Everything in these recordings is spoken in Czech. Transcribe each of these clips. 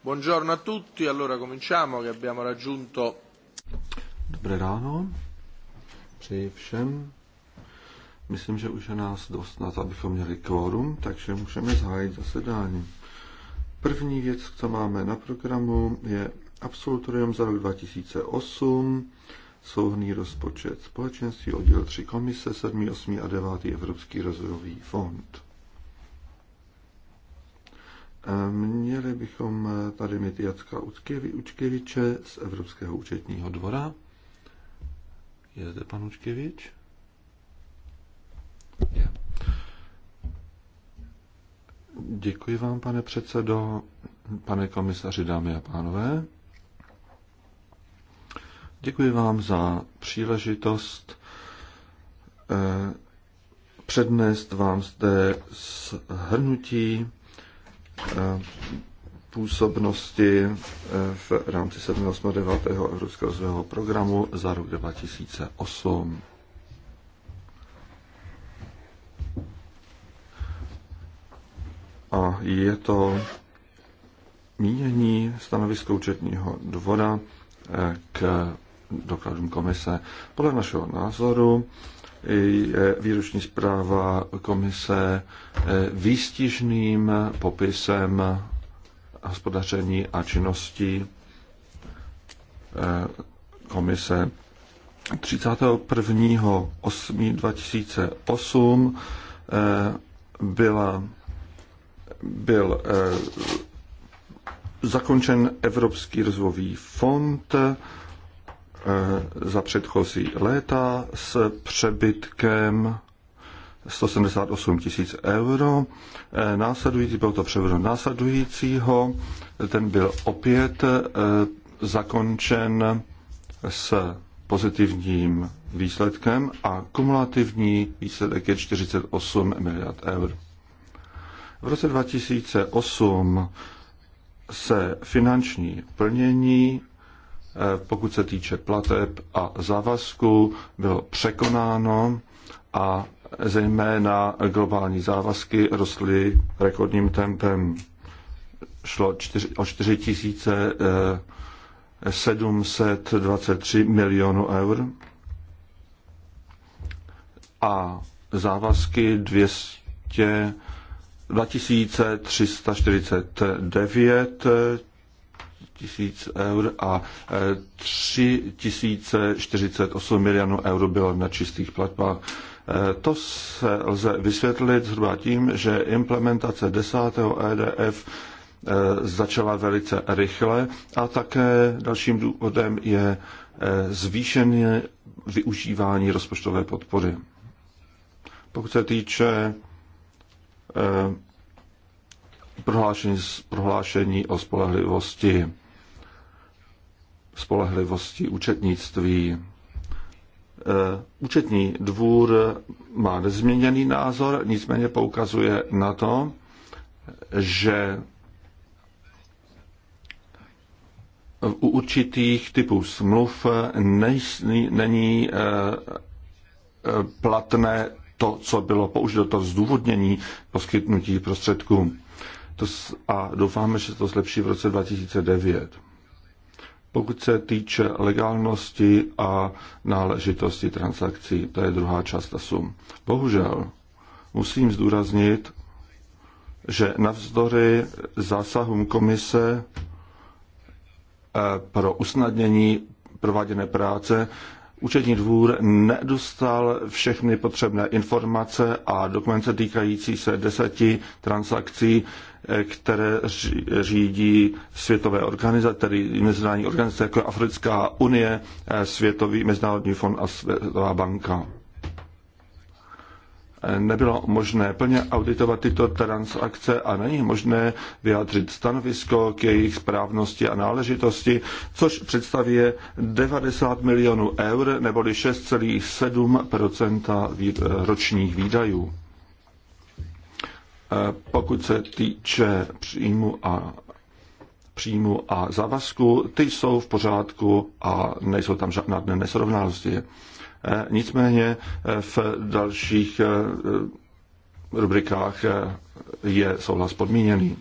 Buongiorno a tutti, allora cominciamo che abbiamo raggiunto. Dobré ráno, přeji všem. Myslím, že už je nás dost na to, abychom měli kvórum, takže můžeme zahájit zasedání. První věc, co máme na programu, je absolutorium za rok 2008, souhrný rozpočet společenství, oddíl 3 komise, 7, 8 a 9 Evropský rozvojový fond. Měli bychom tady mít Jacka Učkeviče z Evropského účetního dvora. Je zde pan Učkevič? Je. Děkuji vám, pane předsedo, pane komisaři, dámy a pánové. Děkuji vám za příležitost eh, přednést vám zde shrnutí Eh, působnosti eh, v rámci 7. 8. 9. Evropského rozvojového programu za rok 2008. A je to mínění stanovisko účetního dvora eh, k dokladům komise. Podle našeho názoru výroční zpráva komise eh, výstižným popisem hospodaření a činnosti eh, komise 31.8.2008 eh, byla, byl zakončen Evropský rozvojový fond Eh, za předchozí léta s přebytkem 178 tisíc euro. Eh, následující, byl to převrot následujícího, ten byl opět eh, zakončen s pozitivním výsledkem a kumulativní výsledek je 48 miliard eur. V roce 2008 se finanční plnění Eh, pokud se týče plateb a závazku, bylo překonáno a zejména globální závazky rostly rekordním tempem. Šlo čtyři, o 4723 eh, milionů eur a závazky 200, 2349 tisíc eur a 3 e, milionů eur bylo na čistých platbách. E, to se lze vysvětlit zhruba tím, že implementace desátého EDF e, začala velice rychle a také dalším důvodem je zvýšené využívání rozpočtové podpory. Pokud se týče prohlášení, prohlášení o spolehlivosti spolehlivosti účetnictví. E, účetní dvůr má nezměněný názor, nicméně poukazuje na to, že u určitých typů smluv není e, platné to, co bylo použito, to zdůvodnění poskytnutí prostředků. A doufáme, že se to zlepší v roce 2009 pokud se týče legálnosti a náležitosti transakcí. To je druhá část sum. Bohužel musím zdůraznit, že navzdory zásahům komise eh, pro usnadnění prováděné práce Účetní dvůr nedostal všechny potřebné informace a dokumence týkající se deseti transakcí, které řídí světové organizace, tedy mezinárodní organizace jako Africká unie, eh, Světový mezinárodní fond a Světová banka. Eh, nebylo možné plně auditovat tyto transakce a není možné vyjádřit stanovisko k jejich správnosti a náležitosti, což představuje 90 milionů eur neboli 6,7 ročních výdajů. Eh, pokud se týče příjmu a příjmu a závazku, ty jsou v pořádku a nejsou tam žádné nesrovnalosti. Eh, nicméně eh, v dalších rubrikách je souhlas podmíněný.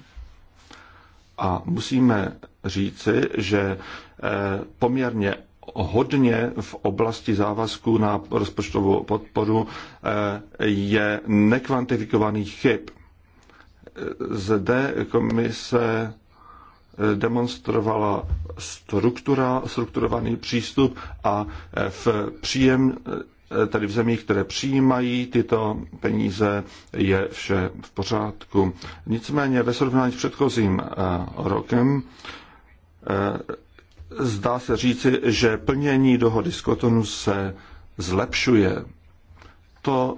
A musíme říci, že poměrně hodně v oblasti závazků na rozpočtovou podporu je nekvantifikovaný chyb zde komise eh, demonstrovala struktura, strukturovaný přístup a eh, v příjem, eh, tedy v zemích, které přijímají tyto peníze, je vše v pořádku. Nicméně ve srovnání s předchozím rokem zdá se říci, že plnění dohody z Kotonu se zlepšuje. To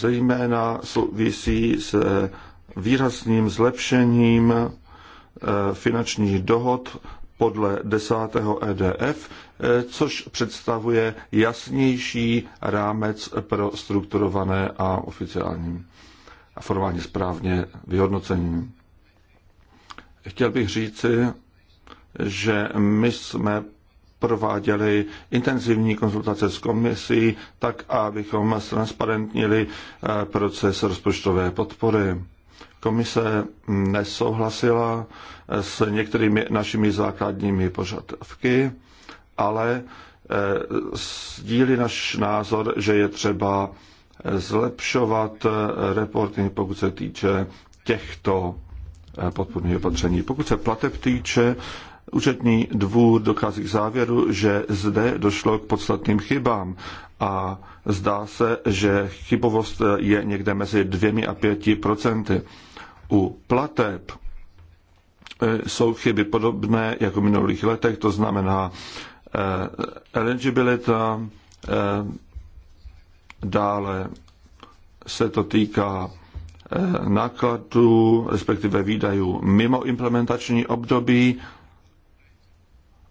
zejména souvisí s výrazným zlepšením eh, finančních dohod podle 10. EDF, eh, což představuje jasnější rámec pro strukturované a oficiální a formálně správně vyhodnocení. Chtěl bych říci, že my jsme prováděli intenzivní konzultace s komisí, tak abychom transparentnili eh, proces rozpočtové podpory. Komise nesouhlasila s některými našimi základními požadavky, ale eh, sdílí náš názor, že je třeba zlepšovat eh, reporting, pokud se týče těchto eh, podpůrných opatření. Pokud se plateb týče, Účetní dvůr dochází k závěru, že zde došlo k podstatným chybám a zdá se, že chybovost je někde mezi dvěmi a pěti procenty. U plateb e, jsou chyby podobné jako v minulých letech, to znamená e, eligibilita, e, dále se to týká nákladů, respektive výdajů mimo implementační období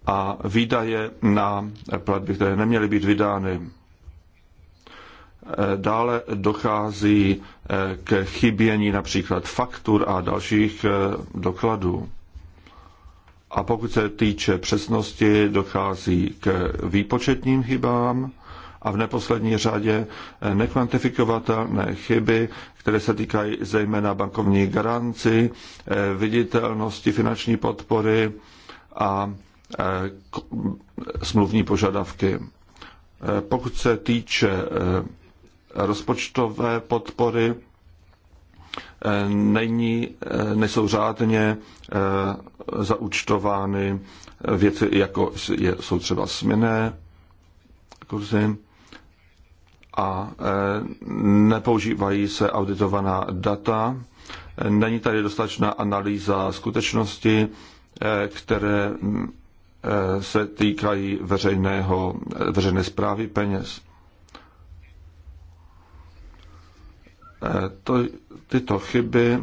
a výdaje na platby, které neměly být vydány. Dále dochází eh, k chybění například faktur a dalších eh, dokladů. A pokud se týče přesnosti, dochází k výpočetním chybám a v neposlední řadě eh, nekvantifikovatelné chyby, které se týkají zejména bankovní garanci, viditelnosti finanční podpory a Eh, eh, smluvní požadavky. Eh, pokud se týče rozpočtové podpory, není, nejsou řádně zaúčtovány věci, jako jsou třeba směné kurzy a nepoužívají se auditovaná data. Není tady dostatečná analýza skutečnosti, které hm, se týkají veřejného, veřejné zprávy peněz. E, to, tyto chyby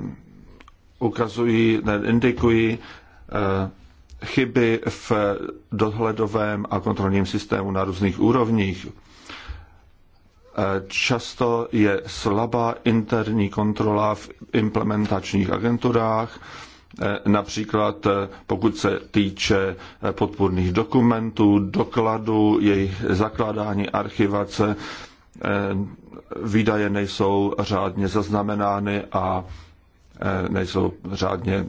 ukazují, ne, indikují e, chyby v dohledovém a kontrolním systému na různých úrovních. E, často je slabá interní kontrola v implementačních agenturách, Eh, například eh, pokud se týče eh, podpůrných dokumentů, dokladů, jejich zakládání, archivace, výdaje nejsou řádně zaznamenány a nejsou řádně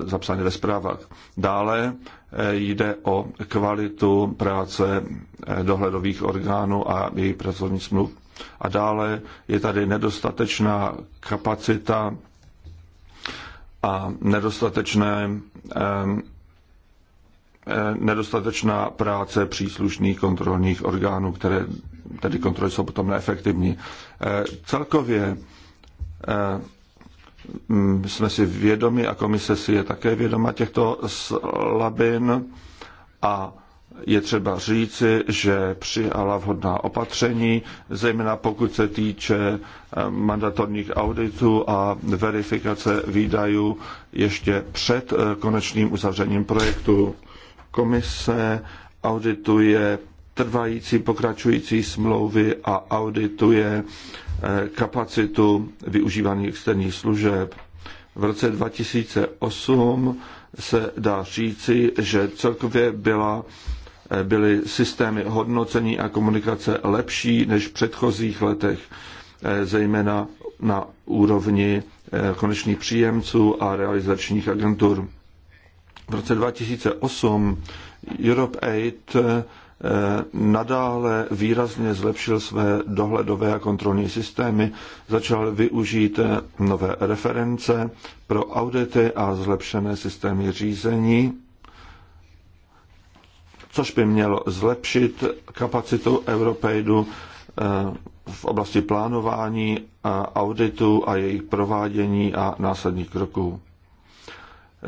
zapsány ve zprávách. Dále jde o kvalitu práce dohledových orgánů a jejich pracovních smluv. A dále je tady nedostatečná kapacita a nedostatečné, nedostatečná práce příslušných kontrolních orgánů, které tedy kontroly jsou potom neefektivní. E, celkově e, jsme si vědomi a komise si je také vědoma těchto slabin a je třeba říci, že přijala vhodná opatření, zejména pokud se týče eh, mandatorních auditů a verifikace výdajů ještě před eh, konečným uzavřením projektu. Komise audituje trvající, pokračující smlouvy a audituje eh, kapacitu využívaných externích služeb. V roce 2008 se dá říci, že celkově byla byly systémy hodnocení a komunikace lepší než v předchozích letech, eh, zejména na úrovni eh, konečných příjemců a realizačních agentur. V roce 2008 Europe Aid eh, nadále výrazně zlepšil své dohledové a kontrolní systémy, začal využít nové reference pro audity a zlepšené systémy řízení což by mělo zlepšit kapacitu Europeidu eh, v oblasti plánování, auditu a jejich provádění a následních kroků.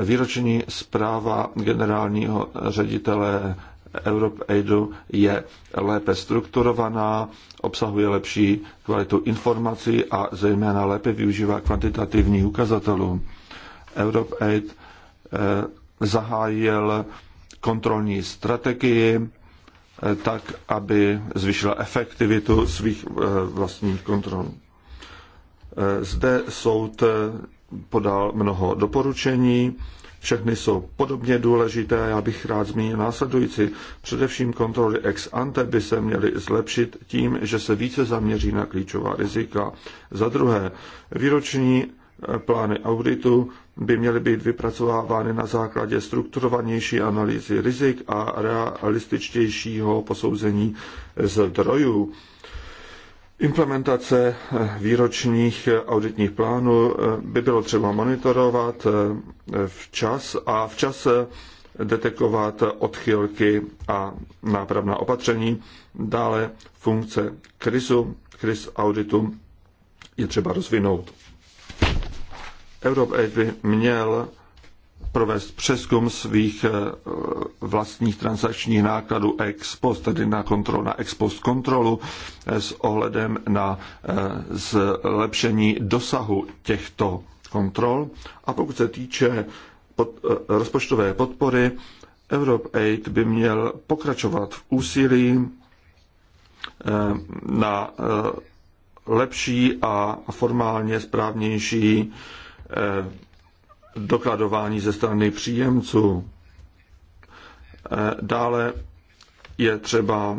Výroční zpráva generálního ředitele Europe je lépe strukturovaná, obsahuje lepší kvalitu informací a zejména lépe využívá kvantitativní ukazatelů. Europe eh, zahájil kontrolní strategii, eh, tak, aby zvyšila efektivitu svých eh, vlastních kontrol. Eh, zde soud podal mnoho doporučení, všechny jsou podobně důležité. Já bych rád zmínil následující. Především kontroly ex ante by se měly zlepšit tím, že se více zaměří na klíčová rizika. Za druhé, výroční plány auditu by měly být vypracovávány na základě strukturovanější analýzy rizik a realističtějšího posouzení zdrojů. Implementace výročních auditních plánů by bylo třeba monitorovat včas a včas detekovat odchylky a nápravná opatření. Dále funkce krizu, kriz auditu je třeba rozvinout. Europe by měl provést přeskum svých eh, vlastních transakčních nákladů ex post, tedy na, kontrol, na ex post kontrolu eh, s ohledem na eh, zlepšení dosahu těchto kontrol. A pokud se týče pod, rozpočtové podpory, Europe Aid by měl pokračovat v úsilí na lepší a formálně správnější Eh, dokladování ze strany příjemců. Eh, dále je třeba,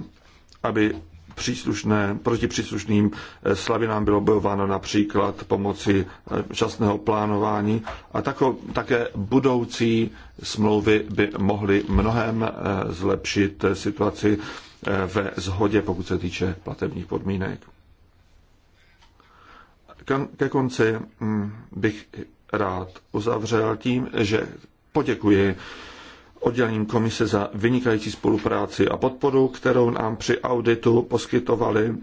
aby příslušné, proti příslušným eh, slavinám bylo bojováno například pomocí časného plánování a tako, také budoucí smlouvy by mohly mnohem zlepšit situaci ve shodě, pokud se týče platebních podmínek ke konci mm, bych rád uzavřel tím, že poděkuji oddělením komise za vynikající spolupráci a podporu, kterou nám při auditu poskytovali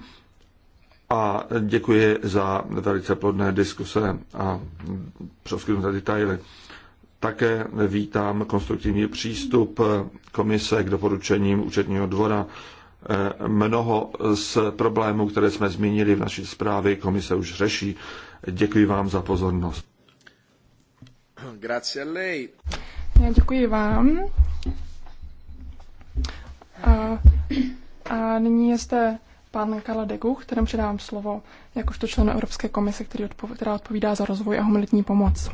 a děkuji za velice plodné diskuse a přeskytnuté detaily. Také vítám konstruktivní přístup komise k doporučením účetního dvora Mnoho z problémů, které jsme zmínili v naší zprávě, komise už řeší. Děkuji vám za pozornost. Grazie a lei. Děkuji vám. A, a nyní je zde pan Karla Degu, kterém předávám slovo jakožto člen Evropské komise, který odpov- která odpovídá za rozvoj a humanitní pomoc.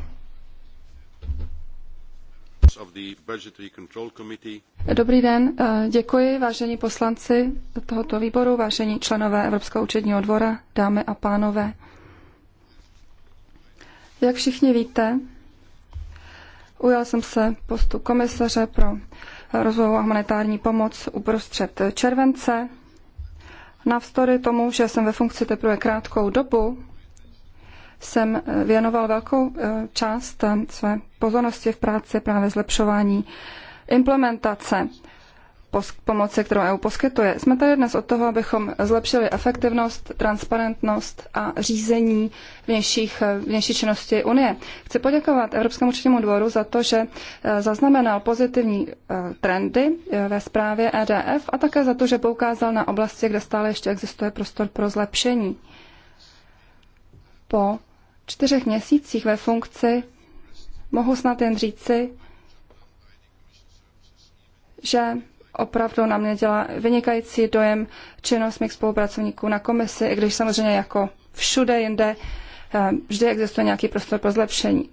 Dobrý den, eh, děkuji vážení poslanci tohoto výboru, vážení členové Evropského účetního dvora, dámy a pánové. Jak všichni víte, ujal jsem se postu komisaře pro rozvojovou a humanitární pomoc uprostřed července. Navzdory tomu, že jsem ve funkci teprve krátkou dobu, jsem eh, věnoval velkou eh, část eh, své pozornosti v práci právě zlepšování implementace pomoci, kterou EU poskytuje. Jsme tady dnes od toho, abychom zlepšili efektivnost, transparentnost a řízení vnějších, vnější činnosti Unie. Chci poděkovat Evropskému účetnímu dvoru za to, že zaznamenal pozitivní trendy ve zprávě EDF a také za to, že poukázal na oblasti, kde stále ještě existuje prostor pro zlepšení. Po čtyřech měsících ve funkci mohu snad jen říci, že opravdu na mě dělá vynikající dojem činnost mých spolupracovníků na komisi, i když samozřejmě jako všude jinde eh, vždy existuje nějaký prostor pro zlepšení.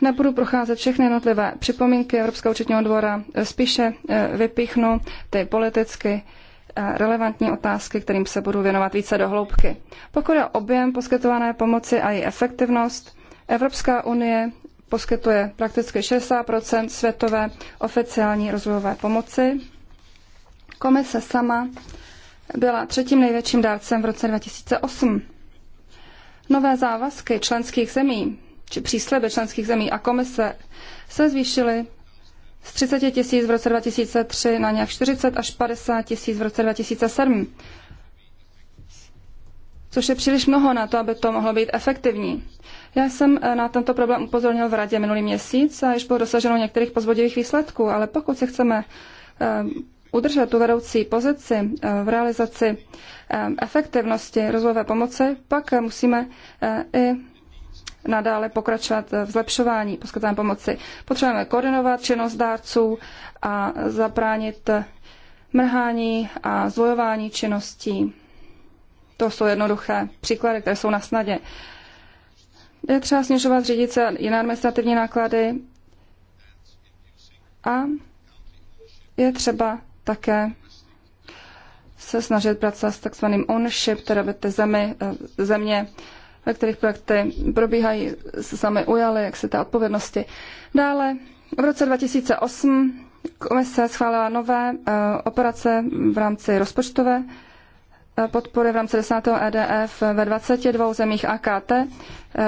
Nebudu procházet všechny jednotlivé připomínky Evropského účetního dvora, spíše eh, vypíchnu ty politicky relevantní otázky, kterým se budu věnovat více dohloubky. Pokud je objem poskytované pomoci a její efektivnost, Evropská unie poskytuje prakticky 60 světové oficiální rozvojové pomoci. Komise sama byla třetím největším dárcem v roce 2008. Nové závazky členských zemí či přísliby členských zemí a komise se zvýšily z 30 tisíc v roce 2003 na nějak 40 až 50 tisíc v roce 2007. Což je příliš mnoho na to, aby to mohlo být efektivní. Já jsem eh, na tento problém upozornil v radě minulý měsíc a již bylo dosaženo některých pozvodivých výsledků, ale pokud se chceme eh, udržet tu vedoucí pozici eh, v realizaci efektivnosti rozvojové pomoci, pak musíme i nadále pokračovat v zlepšování poskytování pomoci. Potřebujeme koordinovat činnost dárců a zabránit mrhání a zvojování činností. To jsou jednoduché příklady, které jsou na snadě. Je třeba snižovat řídice a jiné administrativní náklady a je třeba také se snažit pracovat s takzvaným ownership, tedy aby ty zemi, eh, země ve kterých projekty probíhají, se sami ujaly, jak se ta odpovědnosti. Dále v roce 2008 komise schválila nové eh, operace v rámci rozpočtové eh, podpory v rámci 10. EDF ve 22 zemích AKT, eh,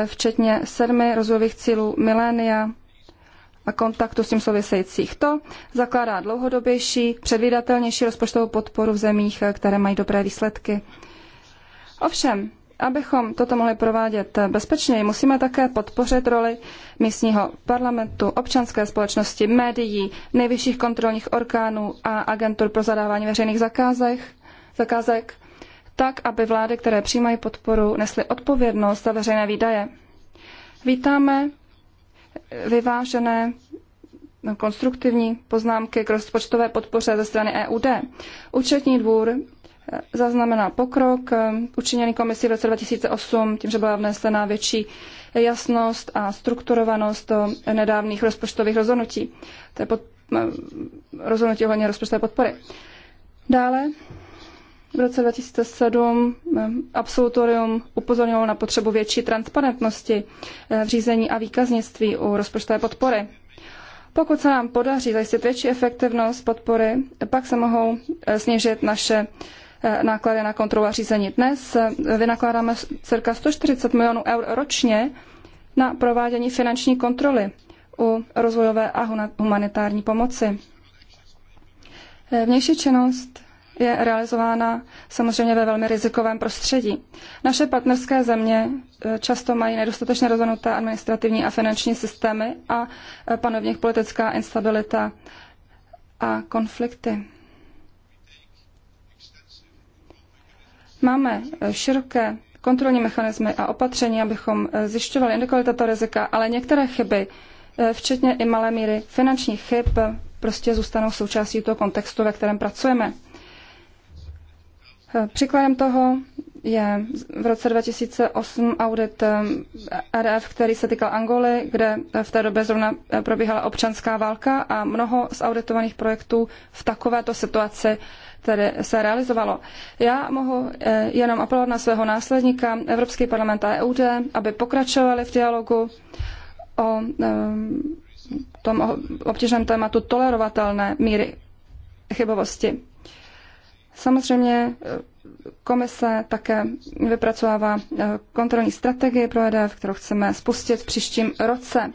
včetně sedmi rozvojových cílů milénia a kontaktu s tím souvisejících. To zakládá dlouhodobější, předvídatelnější rozpočtovou podporu v zemích, které mají dobré výsledky. Ovšem, Abychom toto mohli provádět bezpečněji, musíme také podpořit roli místního parlamentu, občanské společnosti, médií, nejvyšších kontrolních orgánů a agentur pro zadávání veřejných zakázek, zakázek tak, aby vlády, které přijímají podporu, nesly odpovědnost za veřejné výdaje. Vítáme vyvážené konstruktivní poznámky k rozpočtové podpoře ze strany EUD. Účetní dvůr zaznamená pokrok eh, učiněný komisí v roce 2008, tím, že byla vnesena větší jasnost a strukturovanost do nedávných rozpočtových rozhodnutí. To je pod, eh, rozhodnutí ohledně rozpočtové podpory. Dále v roce 2007 eh, absolutorium upozornilo na potřebu větší transparentnosti v řízení a výkaznictví u rozpočtové podpory. Pokud se nám podaří zajistit větší efektivnost podpory, pak se mohou snížit naše Eh, náklady na kontrolu a řízení. Dnes eh, vynakládáme cirka 140 milionů eur ročně na provádění finanční kontroly u rozvojové a humanitární pomoci. Eh, vnější činnost je realizována samozřejmě ve velmi rizikovém prostředí. Naše partnerské země často mají nedostatečně rozvinuté administrativní a finanční systémy a panuje politická instabilita a konflikty. Máme eh, široké kontrolní mechanismy a opatření, abychom eh, zjišťovali indikovali tato rizika, ale některé chyby, eh, včetně i malé míry finančních chyb, prostě zůstanou součástí toho kontextu, ve kterém pracujeme. Příkladem toho je v roce 2008 audit RF, který se týkal Angoly, kde v té době zrovna probíhala občanská válka a mnoho z auditovaných projektů v takovéto situaci které se realizovalo. Já mohu eh, jenom apelovat na svého následníka, Evropský parlament a EUD, aby pokračovali v dialogu o eh, tom obtížném tématu tolerovatelné míry chybovosti. Samozřejmě eh, komise také vypracovává kontrolní strategii pro EDF, kterou chceme spustit v příštím roce.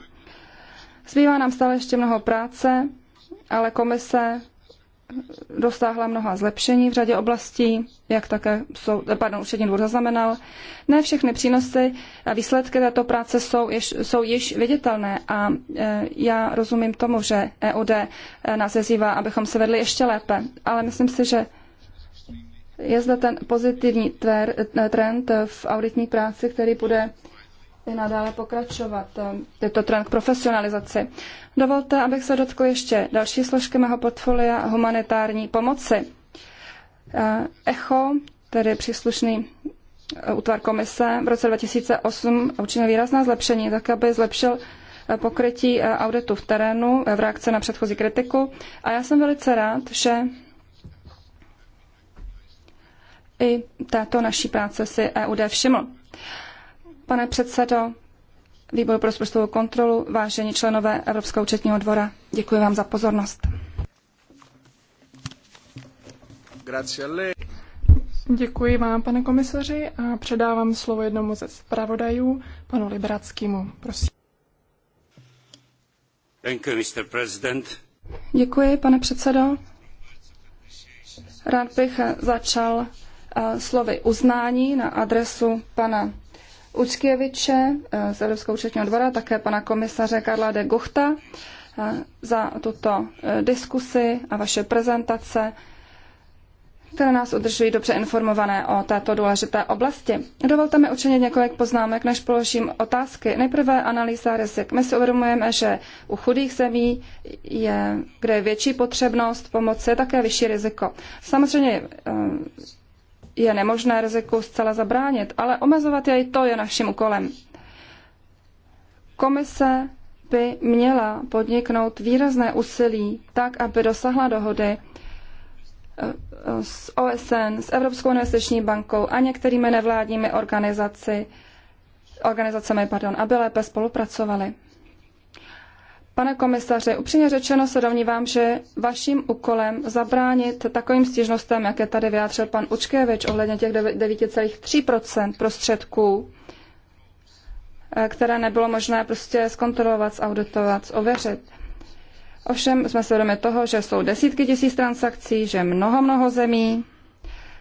Zbývá nám stále ještě mnoho práce, ale komise dosáhla mnoha zlepšení v řadě oblastí, jak také jsou, pardon, Ústřední dvůr zaznamenal. Ne všechny přínosy a výsledky této práce jsou jež jsou již viditelné a e, já rozumím tomu, že EOD e, nás vyzývá, abychom se vedli ještě lépe, ale myslím si, že je zde ten pozitivní tver, e, trend v auditní práci, který bude i nadále pokračovat. Eh, tyto trend k profesionalizaci. Dovolte, abych se dotkl ještě další složky mého portfolia humanitární pomoci. Eh, ECHO, tedy příslušný eh, útvar komise, v roce 2008 učinil výrazná zlepšení, tak aby zlepšil pokrytí auditu v terénu v reakci na předchozí kritiku. A já jsem velice rád, že i této naší práce si EUD všiml pane předsedo výboru pro rozpočtovou kontrolu, vážení členové Evropského účetního dvora. Děkuji vám za pozornost. Děkuji vám, pane komisaři, a předávám slovo jednomu ze zpravodajů, panu Liberackému. Prosím. You, Děkuji, pane předsedo. Rád bych začal eh, slovy uznání na adresu pana Uckěviče eh, z Evropského účetního dvora, také pana komisaře Karla de Guchta eh, za tuto eh, diskusi a vaše prezentace, které nás udržují dobře informované o této důležité oblasti. Dovolte mi učinit několik poznámek, než položím otázky. Nejprve analýza rizik. My si uvědomujeme, že u chudých zemí, je, kde je větší potřebnost pomoci, je také vyšší riziko. Samozřejmě je nemožné riziku zcela zabránit, ale omezovat jej to je naším úkolem. Komise by měla podniknout výrazné úsilí tak, aby dosahla dohody eh, s OSN, s Evropskou investiční bankou a některými nevládními organizaci, organizacemi, pardon, aby lépe spolupracovali. Pane komisaři, upřímně řečeno se domnívám, že vaším úkolem zabránit takovým stížnostem, jaké tady vyjádřil pan Učkevič ohledně těch 9,3 prostředků, eh, které nebylo možné prostě zkontrolovat, zauditovat, ověřit. Ovšem jsme se vědomi toho, že jsou desítky tisíc transakcí, že mnoho, mnoho zemí.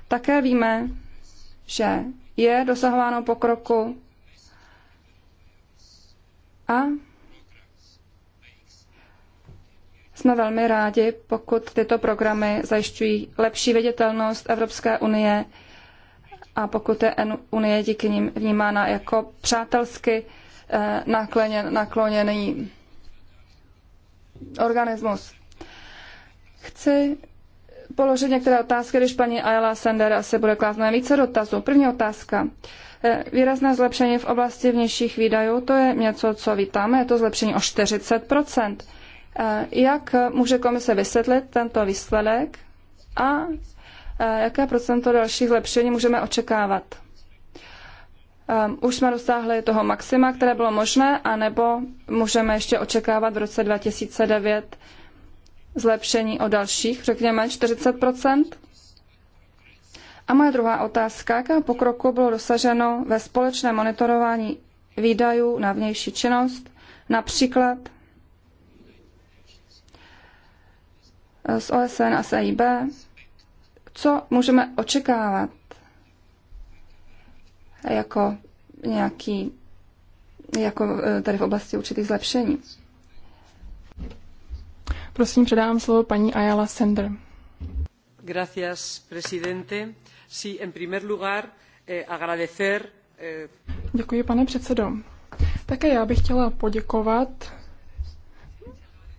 Také víme, že je dosahováno pokroku a jsme velmi rádi, pokud tyto programy zajišťují lepší viditelnost Evropské unie a pokud je Unie díky nim vnímána jako přátelsky eh, nakloněný organismus. Chci položit některé otázky, když paní Ayala Sender asi bude klást mnohem více dotazů. První otázka. Eh, výrazné zlepšení v oblasti vnějších výdajů, to je něco, co vítáme, je to zlepšení o 40 Eh, jak může komise vysvětlit tento výsledek a eh, jaké procento dalších zlepšení můžeme očekávat? Eh, už jsme dosáhli toho maxima, které bylo možné, anebo můžeme ještě očekávat v roce 2009 zlepšení o dalších, řekněme 40 A moje druhá otázka, jakého pokroku bylo dosaženo ve společném monitorování výdajů na vnější činnost, například Eh, z OSN a SIB, e co můžeme očekávat jako nějaký, jako eh, tady v oblasti určitých zlepšení. Prosím, předávám slovo paní Ayala Sender. Gracias, presidente. Sí, en primer lugar, eh, agradecer... Eh... Děkuji, pane předsedo. Také já bych chtěla poděkovat...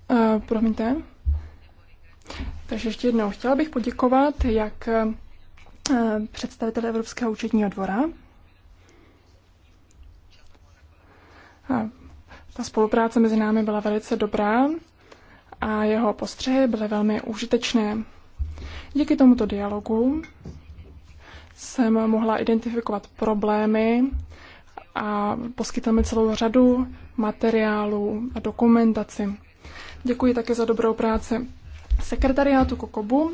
Eh, promiňte. Takže ještě jednou chtěla bych poděkovat jak eh, představitele Evropského účetního dvora. ta spolupráce mezi námi byla velice dobrá a jeho postřehy byly velmi užitečné. Díky tomuto dialogu jsem mohla identifikovat problémy a poskytl mi celou řadu materiálů a dokumentaci. Děkuji také za dobrou práci sekretariátu Kokobu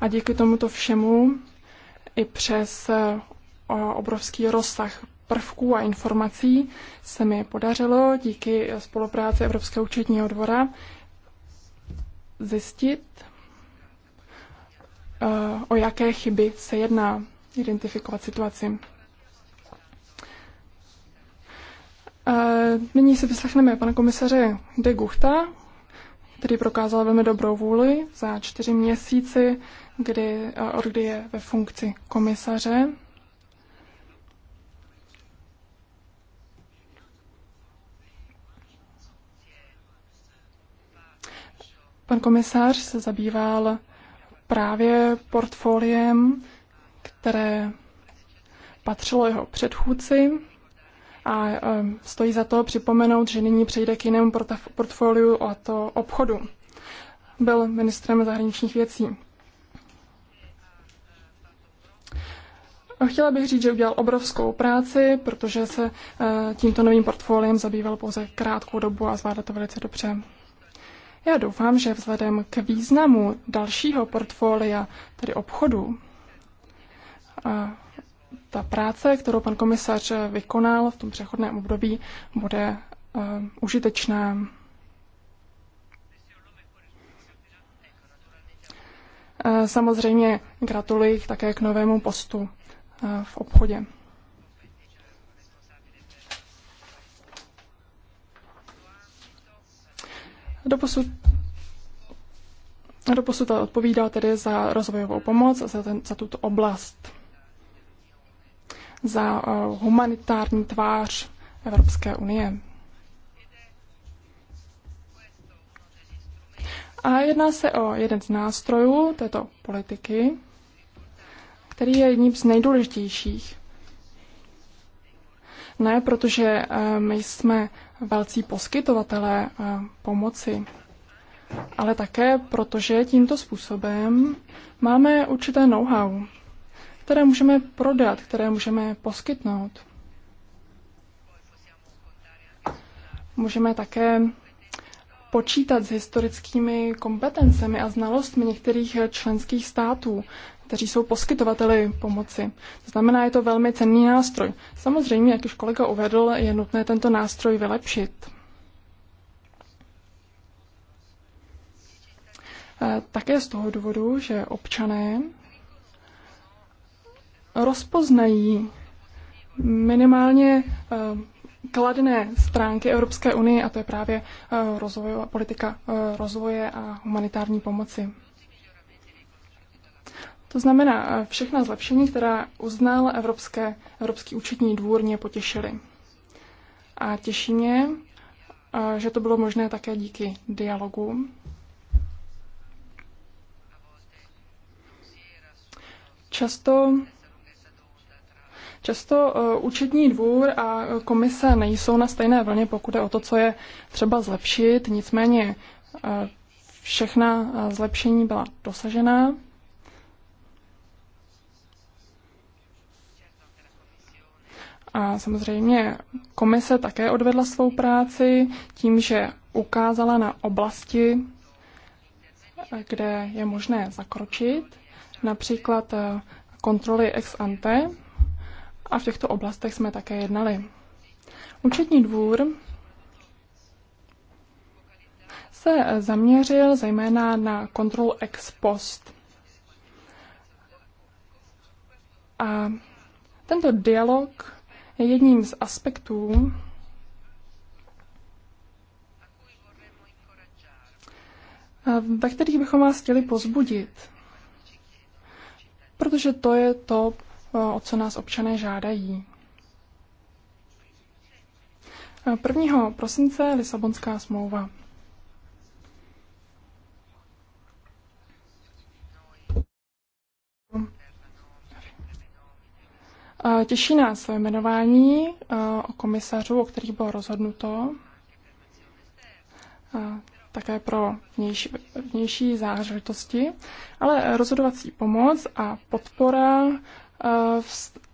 a díky tomuto všemu i přes eh, obrovský rozsah prvků a informací se mi podařilo díky spolupráci Evropského účetního dvora zjistit, eh, o jaké chyby se jedná, identifikovat situaci. Eh, nyní si vyslechneme pana komisaře de Guchta, který prokázal velmi dobrou vůli za čtyři měsíci, kdy eh, Ordy je ve funkci komisaře. Pan komisář se zabýval právě portfoliem, které patřilo jeho předchůdci, a e, stojí za to připomenout, že nyní přejde k jinému portfoliu a to obchodu. Byl ministrem zahraničních věcí. Chtěla bych říct, že udělal obrovskou práci, protože se e, tímto novým portfoliem zabýval pouze krátkou dobu a zvládl to velice dobře. Já doufám, že vzhledem k významu dalšího portfolia, tedy obchodu, ta práce, kterou pan komisař vykonal v tom přechodném období, bude uh, užitečná. Eh, samozřejmě gratuluji také k novému postu eh, v obchodě. Doposud, doposud odpovídal tedy za rozvojovou pomoc a za, ten, za tuto oblast za eh, humanitární tvář Evropské unie. A jedná se o jeden z nástrojů této politiky, který je jedním z nejdůležitějších. Ne, protože eh, my jsme velcí poskytovatelé eh, pomoci, ale také protože tímto způsobem máme určité know-how, které můžeme prodat, které můžeme poskytnout. Můžeme také počítat s historickými kompetencemi a znalostmi některých členských států, kteří jsou poskytovateli pomoci. To znamená, je to velmi cenný nástroj. Samozřejmě, jak už kolega uvedl, je nutné tento nástroj vylepšit. E, také z toho důvodu, že občané rozpoznají minimálně eh, kladné stránky Evropské unie, a to je právě eh, rozvojová politika eh, rozvoje a humanitární pomoci. To znamená, všechna zlepšení, která uznal Evropské, Evropský účetní dvůr, mě potěšily. A těší mě, že to bylo možné také díky dialogu. Často Často eh, účetní dvůr a komise nejsou na stejné vlně, pokud je o to, co je třeba zlepšit. Nicméně eh, všechna eh, zlepšení byla dosažená. A samozřejmě komise také odvedla svou práci tím, že ukázala na oblasti, kde je možné zakročit, například kontroly ex ante, a v těchto oblastech jsme také jednali. Účetní dvůr se zaměřil zejména na kontrolu ex post. A tento dialog je jedním z aspektů, ve kterých bychom vás chtěli pozbudit. Protože to je to, o co nás občané žádají. 1. prosince Lisabonská smlouva. Těší nás jmenování o komisařů, o kterých bylo rozhodnuto, také pro vnější, vnější záležitosti, ale rozhodovací pomoc a podpora Eh,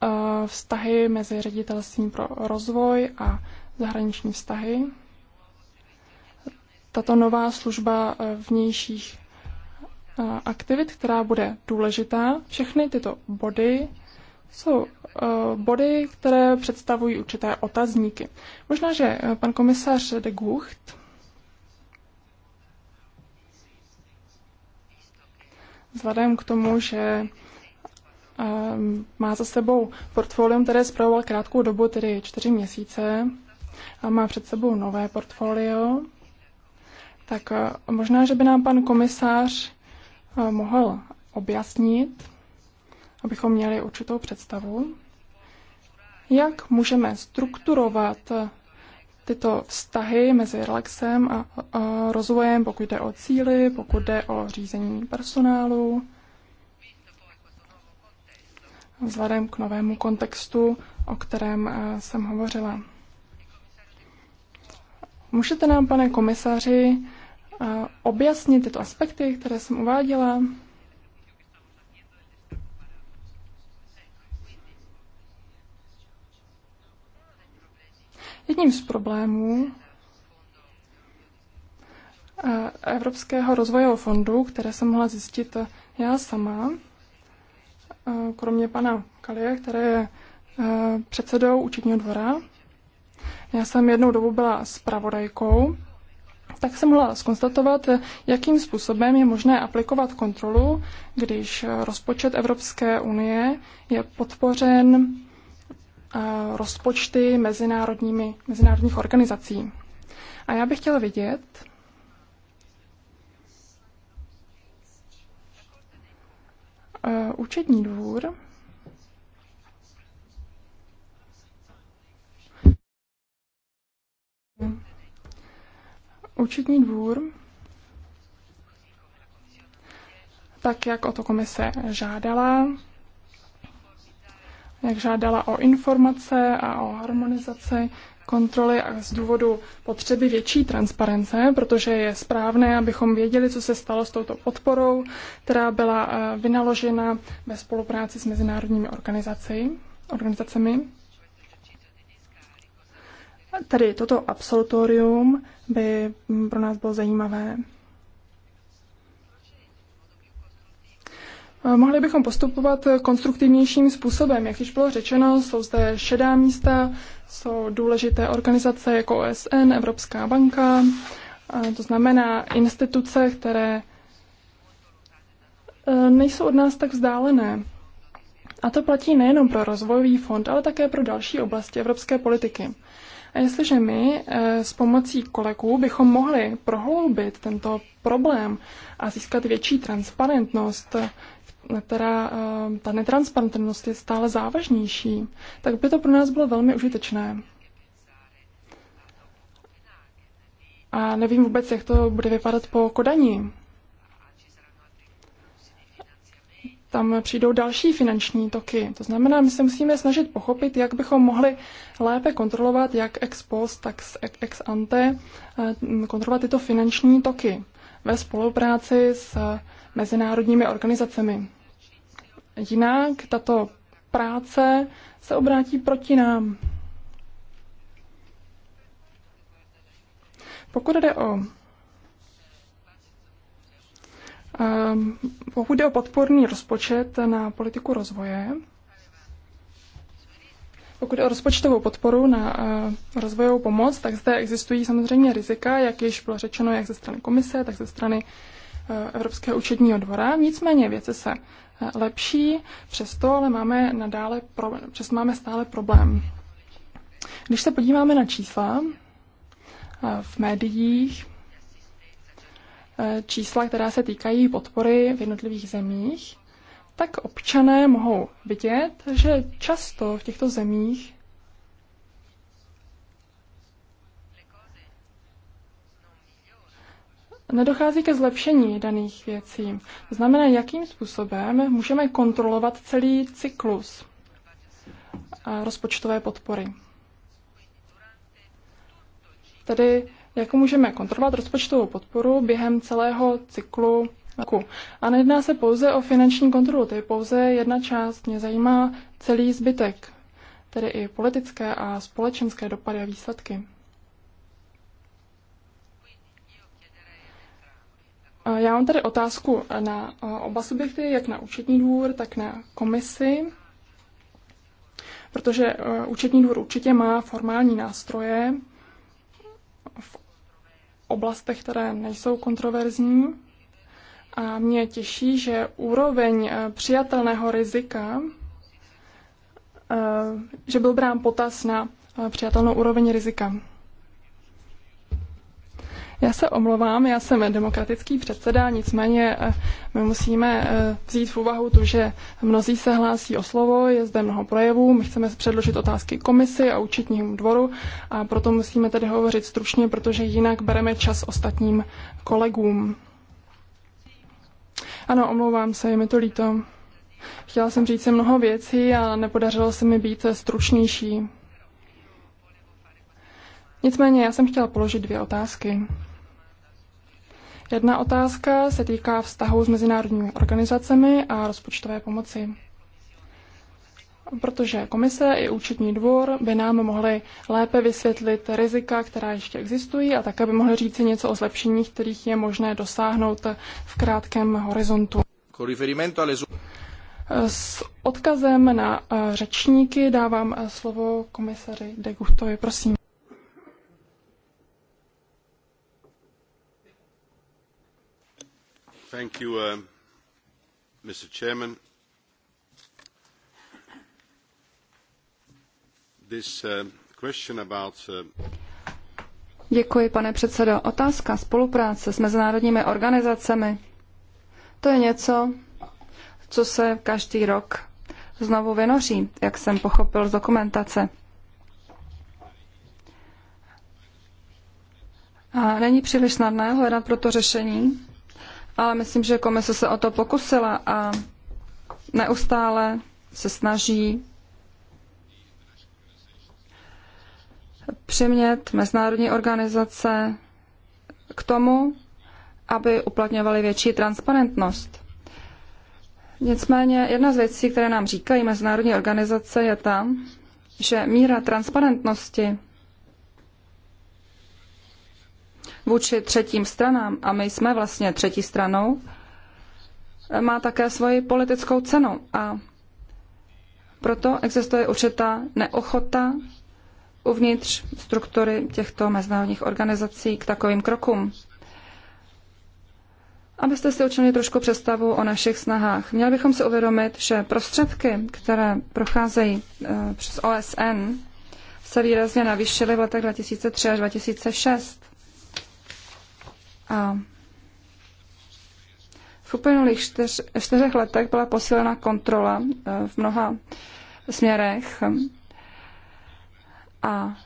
eh, vztahy mezi ředitelstvím pro rozvoj a zahraniční vztahy. Tato nová služba eh, vnějších aktivit, která bude důležitá, všechny tyto body jsou body, které představují určité otazníky. Možná, že pan komisař de Gucht vzhledem k tomu, že má za sebou portfolium, které zpravoval krátkou dobu, tedy čtyři měsíce, a má před sebou nové portfolio, tak možná, že by nám pan komisář mohl objasnit, abychom měli určitou představu, jak můžeme strukturovat tyto vztahy mezi relaxem a rozvojem, pokud jde o cíly, pokud jde o řízení personálu, vzhledem k novému kontextu, o kterém eh, jsem hovořila. Můžete nám, pane komisaři, eh, objasnit tyto aspekty, které jsem uváděla? Jedním z problémů eh, Evropského rozvojového fondu, které jsem mohla zjistit já sama, kromě pana Kalie, který je e, předsedou učitního dvora. Já jsem jednou dobu byla zpravodajkou, tak jsem mohla skonstatovat, jakým způsobem je možné aplikovat kontrolu, když rozpočet Evropské unie je podpořen e, rozpočty mezinárodními, mezinárodních organizací. A já bych chtěla vidět. Eh, účetní dvůr Účetní dvůr, tak jak o to komise žádala, jak žádala o informace a o harmonizaci kontroly a z důvodu potřeby větší transparence, protože je správné, abychom věděli, co se stalo s touto podporou, která byla eh, vynaložena ve spolupráci s mezinárodními organizacemi. Tedy toto absolutorium by pro nás bylo zajímavé. Eh, mohli bychom postupovat konstruktivnějším způsobem. Jak již bylo řečeno, jsou zde šedá místa, jsou důležité organizace jako OSN, Evropská banka, to znamená instituce, které eh, nejsou od nás tak vzdálené. A to platí nejenom pro rozvojový fond, ale také pro další oblasti evropské politiky. A jestliže my eh, s pomocí kolegů bychom mohli prohloubit tento problém a získat větší transparentnost která eh, ta netransparentnost je stále závažnější, tak by to pro nás bylo velmi užitečné. A nevím vůbec, jak to bude vypadat po kodaní. Tam přijdou další finanční toky. To znamená, my se musíme snažit pochopit, jak bychom mohli lépe kontrolovat, jak ex post, tak ex ante, eh, kontrolovat tyto finanční toky ve spolupráci s eh, mezinárodními organizacemi. Jinak tato práce se obrátí proti nám. Pokud jde o ehm, pokud jde o podporný rozpočet na politiku rozvoje, pokud jde o rozpočtovou podporu na eh, rozvojovou pomoc, tak zde existují samozřejmě rizika, jak již bylo řečeno, jak ze strany komise, tak ze strany Eh, Evropského účetního dvora. Nicméně věci se eh, lepší, přesto ale máme, nadále pro, přesto máme stále problém. Když se podíváme na čísla eh, v médiích, čísla, která se týkají podpory v jednotlivých zemích, tak občané mohou vidět, že často v těchto zemích nedochází ke zlepšení daných věcí. To znamená, jakým způsobem můžeme kontrolovat celý cyklus rozpočtové podpory. Tedy, jak můžeme kontrolovat rozpočtovou podporu během celého cyklu roku. A nejedná se pouze o finanční kontrolu, to je pouze jedna část. Mě zajímá celý zbytek, tedy i politické a společenské dopady a výsledky. Já mám tady otázku na eh, oba subjekty, jak na účetní dvůr, tak na komisi, protože eh, účetní dvůr určitě má formální nástroje v oblastech, které nejsou kontroverzní. A mě těší, že úroveň eh, přijatelného rizika, že byl brán potaz na přijatelnou úroveň rizika. Já se omlouvám, já jsem demokratický předseda, nicméně eh, my musíme eh, vzít v úvahu to, že mnozí se hlásí o slovo, je zde mnoho projevů, my chceme předložit otázky komisi a účetnímu dvoru a proto musíme tedy hovořit stručně, protože jinak bereme čas ostatním kolegům. Ano, omlouvám se, je mi to líto. Chtěla jsem říct si mnoho věcí a nepodařilo se mi být stručnější. Nicméně já jsem chtěla položit dvě otázky. Jedna otázka se týká vztahu s mezinárodními organizacemi a rozpočtové pomoci. Protože komise i účetní dvor by nám mohly lépe vysvětlit rizika, která ještě existují a také by mohly říci něco o zlepšeních, kterých je možné dosáhnout v krátkém horizontu. S odkazem na eh, řečníky dávám eh, slovo komisaři de prosím. Uh, Mr. Uh, uh, Děkuji, pane předsedo. Otázka spolupráce s mezinárodními organizacemi. To je něco, co se každý rok znovu vynoří, jak jsem pochopil z dokumentace. A není příliš snadné hledat pro to řešení ale myslím, že komise se o to pokusila a neustále se snaží přimět mezinárodní organizace k tomu, aby uplatňovaly větší transparentnost. Nicméně jedna z věcí, které nám říkají mezinárodní organizace, je ta, že míra transparentnosti vůči třetím stranám, a my jsme vlastně třetí stranou, má také svoji politickou cenu. A proto existuje určitá neochota uvnitř struktury těchto mezinárodních organizací k takovým krokům. Abyste si učinili trošku představu o našich snahách, měli bychom si uvědomit, že prostředky, které procházejí e, přes OSN, se výrazně navýšily v letech 2003 až 2006. A v uplynulých čtyř, čtyřech letech byla posílena kontrola e, v mnoha směrech a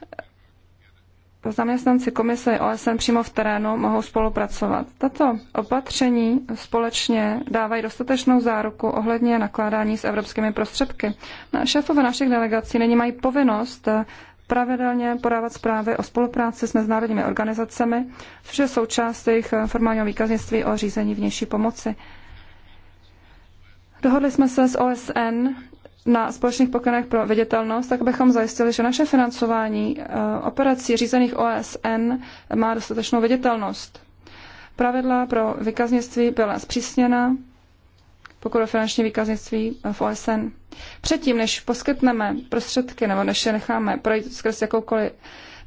zaměstnanci komise OSN přímo v terénu mohou spolupracovat. Tato opatření společně dávají dostatečnou záruku ohledně nakládání s evropskými prostředky. Na šéfové našich delegací nyní mají povinnost pravidelně podávat zprávy o spolupráci s mezinárodními organizacemi, což je součást jejich formálního výkaznictví o řízení vnější pomoci. Dohodli jsme se s OSN na společných pokynech pro viditelnost, tak abychom zajistili, že naše financování eh, operací řízených OSN má dostatečnou viditelnost. Pravidla pro vykaznictví byla zpřísněna pokud o finanční výkaznictví v OSN. Předtím, než poskytneme prostředky nebo než je necháme projít skrz jakoukoliv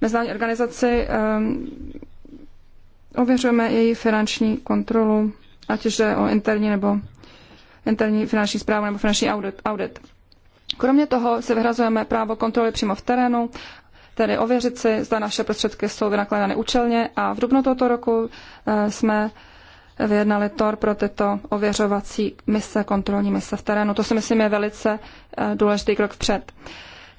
mezinárodní organizaci, um, ověřujeme její finanční kontrolu, ať už je o interní nebo interní finanční zprávu nebo finanční audit. audit. Kromě toho si vyhrazujeme právo kontroly přímo v terénu, tedy ověřit si, zda naše prostředky jsou vynakládány účelně a v dubnu tohoto roku eh, jsme vyjednali TOR pro tyto ověřovací mise, kontrolní mise v terénu. To si myslím je velice eh, důležitý krok vpřed.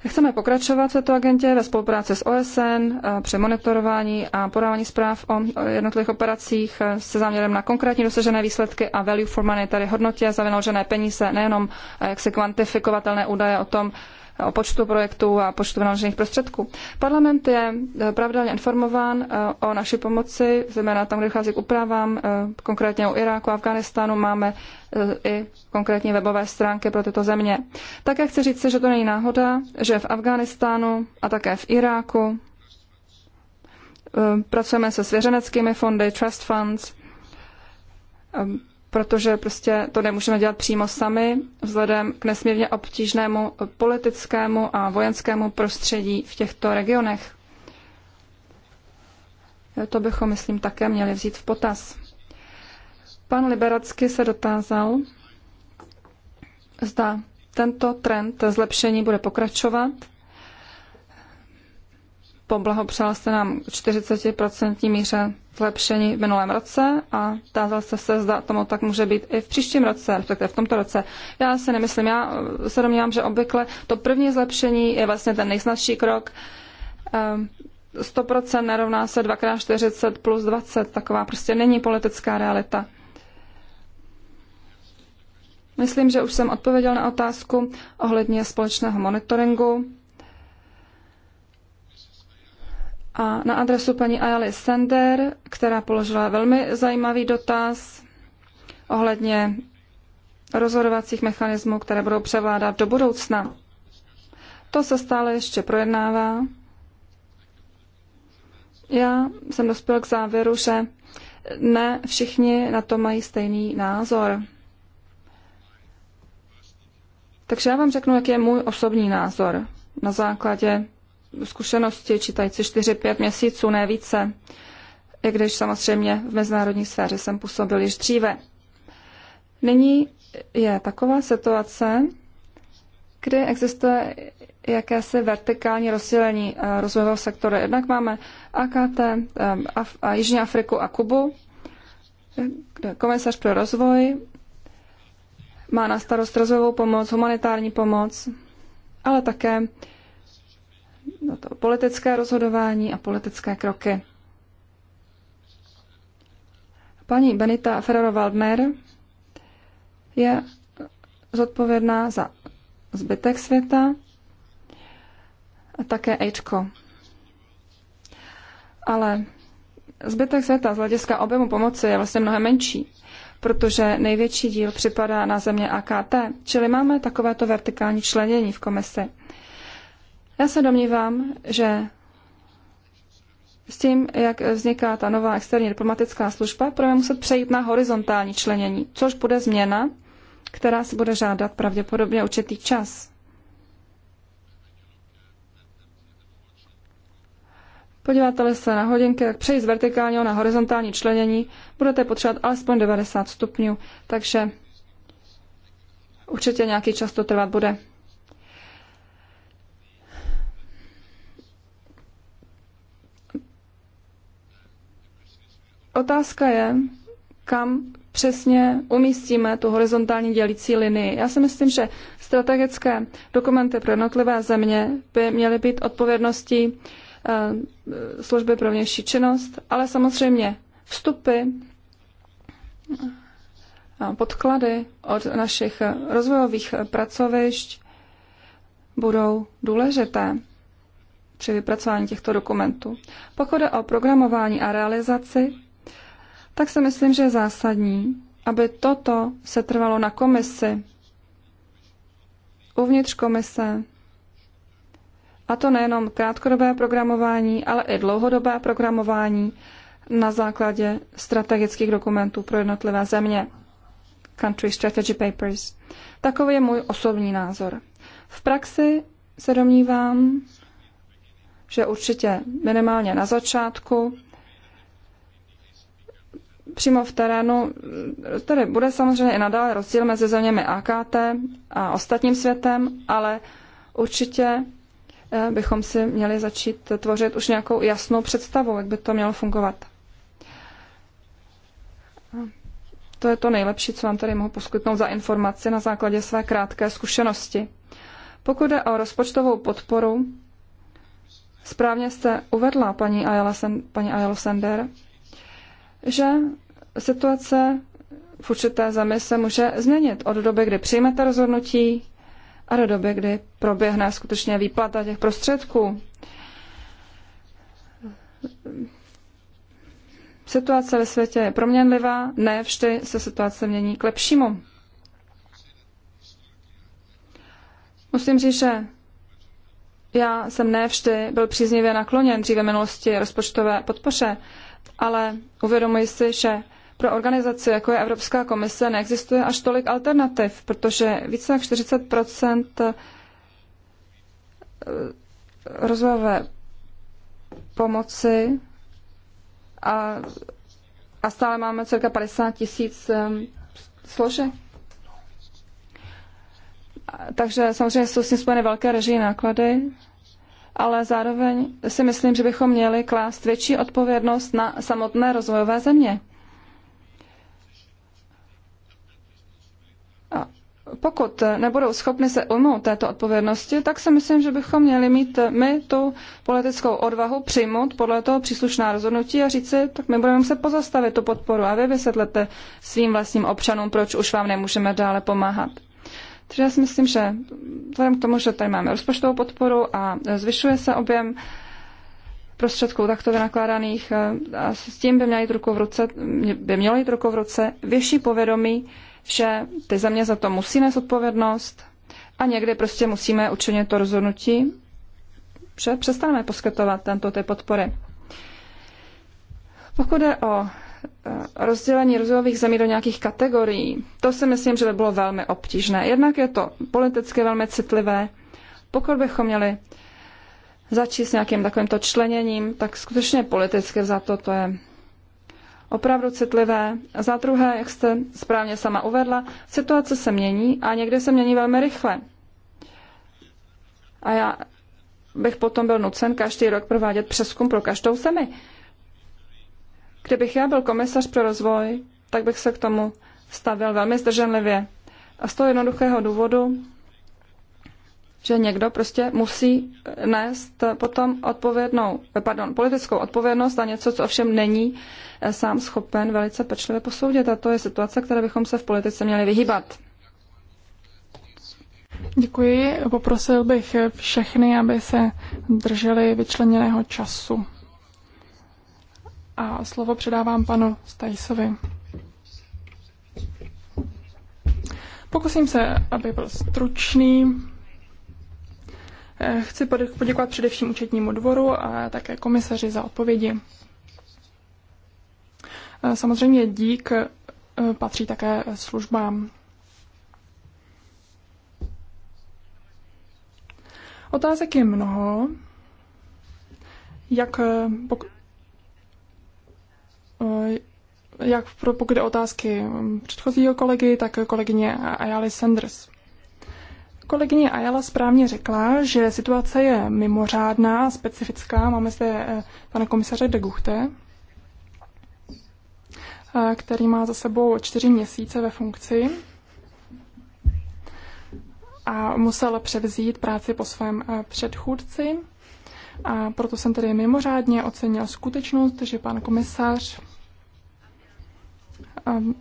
Chceme pokračovat v této agentě ve spolupráci s OSN eh, při monitorování a podávání zpráv o jednotlivých operacích eh, se záměrem na konkrétní dosažené výsledky a value for money, tedy hodnotě za vynaložené peníze, nejenom jaksi kvantifikovatelné údaje o tom, o počtu projektů a počtu vynaložených prostředků. Parlament je eh, pravidelně informován eh, o naší pomoci, zejména tam, kde dochází k úpravám, eh, konkrétně u Iráku a Afganistánu máme i konkrétní webové stránky pro tyto země. Také chci říct, že to není náhoda, že v Afganistánu a také v Iráku pracujeme se svěřeneckými fondy, trust funds, protože prostě to nemůžeme dělat přímo sami, vzhledem k nesmírně obtížnému politickému a vojenskému prostředí v těchto regionech. To bychom, myslím, také měli vzít v potaz. Pan Liberacky se dotázal, zda tento trend zlepšení bude pokračovat Poblahopřál jste nám 40% míře zlepšení v minulém roce a tázal jste se, zda tomu tak může být i v příštím roce, respektive v tomto roce. Já se nemyslím, já se domnívám, že obvykle to první zlepšení je vlastně ten nejsnazší krok. 100% ehm, nerovná se 2x40 plus 20, taková prostě není politická realita. Myslím, že už jsem odpověděl na otázku ohledně společného monitoringu. A na adresu paní Ayali Sender, která položila velmi zajímavý dotaz ohledně rozhodovacích mechanismů, které budou převládat do budoucna. To se stále ještě projednává. Já jsem dospěl k závěru, že ne všichni na to mají stejný názor. Takže já vám řeknu, jaký je můj osobní názor na základě zkušenosti čítající 4-5 měsíců, ne více, i když samozřejmě v mezinárodní sféře jsem působil již dříve. Nyní je taková situace, kdy existuje jakési vertikální rozdělení eh, rozvojového sektoru. Jednak máme AKT, eh, Af- a Jižní Afriku a Kubu, kde komisař pro rozvoj má na starost rozvojovou pomoc, humanitární pomoc, ale také na no to politické rozhodování a politické kroky. Paní Benita Ferrero-Waldner je zodpovědná za zbytek světa a také Ečko. Ale zbytek světa z hlediska objemu pomoci je vlastně mnohem menší, protože největší díl připadá na země AKT, čili máme takovéto vertikální členění v komisi. Já se domnívám, že s tím, jak vzniká ta nová externí diplomatická služba, budeme muset přejít na horizontální členění, což bude změna, která se bude žádat pravděpodobně určitý čas. Podíváte-li se na hodinky, jak přejít z vertikálního na horizontální členění budete potřebovat alespoň 90 stupňů, takže určitě nějaký čas to trvat bude. Otázka je, kam přesně umístíme tu horizontální dělící linii. Já si myslím, že strategické dokumenty pro jednotlivé země by měly být odpovědností eh, služby pro vnější činnost, ale samozřejmě vstupy, eh, podklady od našich rozvojových pracovišť budou důležité při vypracování těchto dokumentů. Pokud je o programování a realizaci, tak si myslím, že je zásadní, aby toto se trvalo na komisi, uvnitř komise, a to nejenom krátkodobé programování, ale i dlouhodobé programování na základě strategických dokumentů pro jednotlivé země. Country Strategy Papers. Takový je můj osobní názor. V praxi se domnívám, že určitě minimálně na začátku přímo v terénu, Tady bude samozřejmě i nadále rozdíl mezi zeměmi AKT a ostatním světem, ale určitě eh, bychom si měli začít tvořit už nějakou jasnou představu, jak by to mělo fungovat. To je to nejlepší, co vám tady mohu poskytnout za informaci na základě své krátké zkušenosti. Pokud jde o rozpočtovou podporu, správně jste uvedla, paní Ayala, paní Ayala Sender, že situace v určité zemi se může změnit od doby, kdy přijmete rozhodnutí a do doby, kdy proběhne skutečně výplata těch prostředků. Situace ve světě je proměnlivá, ne vždy se situace mění k lepšímu. Musím říct, že já jsem ne vždy byl příznivě nakloněn dříve minulosti rozpočtové podpoře ale uvědomuji si, že pro organizaci, jako je Evropská komise, neexistuje až tolik alternativ, protože více jak 40 eh, rozvojové pomoci a, a stále máme cirka 50 tisíc eh, složek. Takže samozřejmě jsou s tím spojeny velké režijní náklady ale zároveň si myslím, že bychom měli klást větší odpovědnost na samotné rozvojové země. A pokud nebudou schopni se ujmout této odpovědnosti, tak si myslím, že bychom měli mít my tu politickou odvahu přijmout podle toho příslušná rozhodnutí a říci, tak my budeme muset pozastavit tu podporu a vy vysvětlete svým vlastním občanům, proč už vám nemůžeme dále pomáhat. Takže já si myslím, že vzhledem k tomu, že tady máme rozpočtovou podporu a zvyšuje se objem prostředků takto vynakládaných eh, a s tím by, měla jít ruku v ruce, by mělo jít ruku v ruce větší povědomí, že ty země za to musí nést odpovědnost a někdy prostě musíme učinit to rozhodnutí, že přestaneme poskytovat tento typ podpory. Pokud jde o Eh, rozdělení rozvojových zemí do nějakých kategorií, to si myslím, že by bylo velmi obtížné. Jednak je to politicky velmi citlivé. Pokud bychom měli začít s nějakým takovýmto členěním, tak skutečně politicky za to to je opravdu citlivé. Za druhé, jak jste správně sama uvedla, situace se mění a někdy se mění velmi rychle. A já bych potom byl nucen každý rok provádět přeskum pro každou zemi. Kdybych já byl komisař pro rozvoj, tak bych se k tomu stavil velmi zdrženlivě. A z toho jednoduchého důvodu, že někdo prostě musí nést potom odpovědnou, pardon, politickou odpovědnost za něco, co ovšem není eh, sám schopen velice pečlivě posoudit. A to je situace, které bychom se v politice měli vyhýbat. Děkuji. Poprosil bych všechny, aby se drželi vyčleněného času a slovo předávám panu Stajsovi. Pokusím se, aby byl stručný. Eh, chci poděkovat především účetnímu dvoru a také komisaři za odpovědi. Eh, samozřejmě dík eh, patří také službám. Otázek je mnoho. Jak Eh, jak pro, pokud jde otázky mm, předchozího kolegy, tak kolegyně Ayala Sanders. Kolegyně Ayala správně řekla, že situace je mimořádná, specifická. Máme zde eh, pana komisaře de Guchte, eh, který má za sebou čtyři měsíce ve funkci a musel převzít práci po svém předchůdci. A proto jsem tedy mimořádně ocenil skutečnost, že pan komisař Ehm,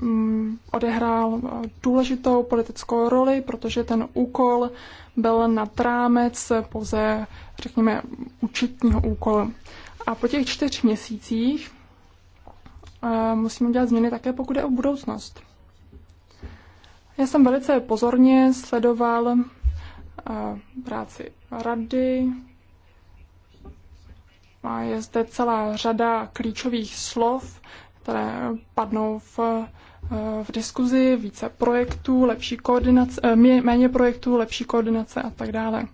mm, odehrál eh, důležitou politickou roli, protože ten úkol byl nad rámec pouze, řekněme, účetního úkolu. A po těch čtyř měsících eh, musíme dělat změny také, pokud je o budoucnost. Já jsem velice pozorně sledoval eh, práci rady, a je zde celá řada klíčových slov, které padnou v, eh, v diskuzi, více projektů, lepší koordinace, eh, méně projektů, lepší koordinace a tak dále.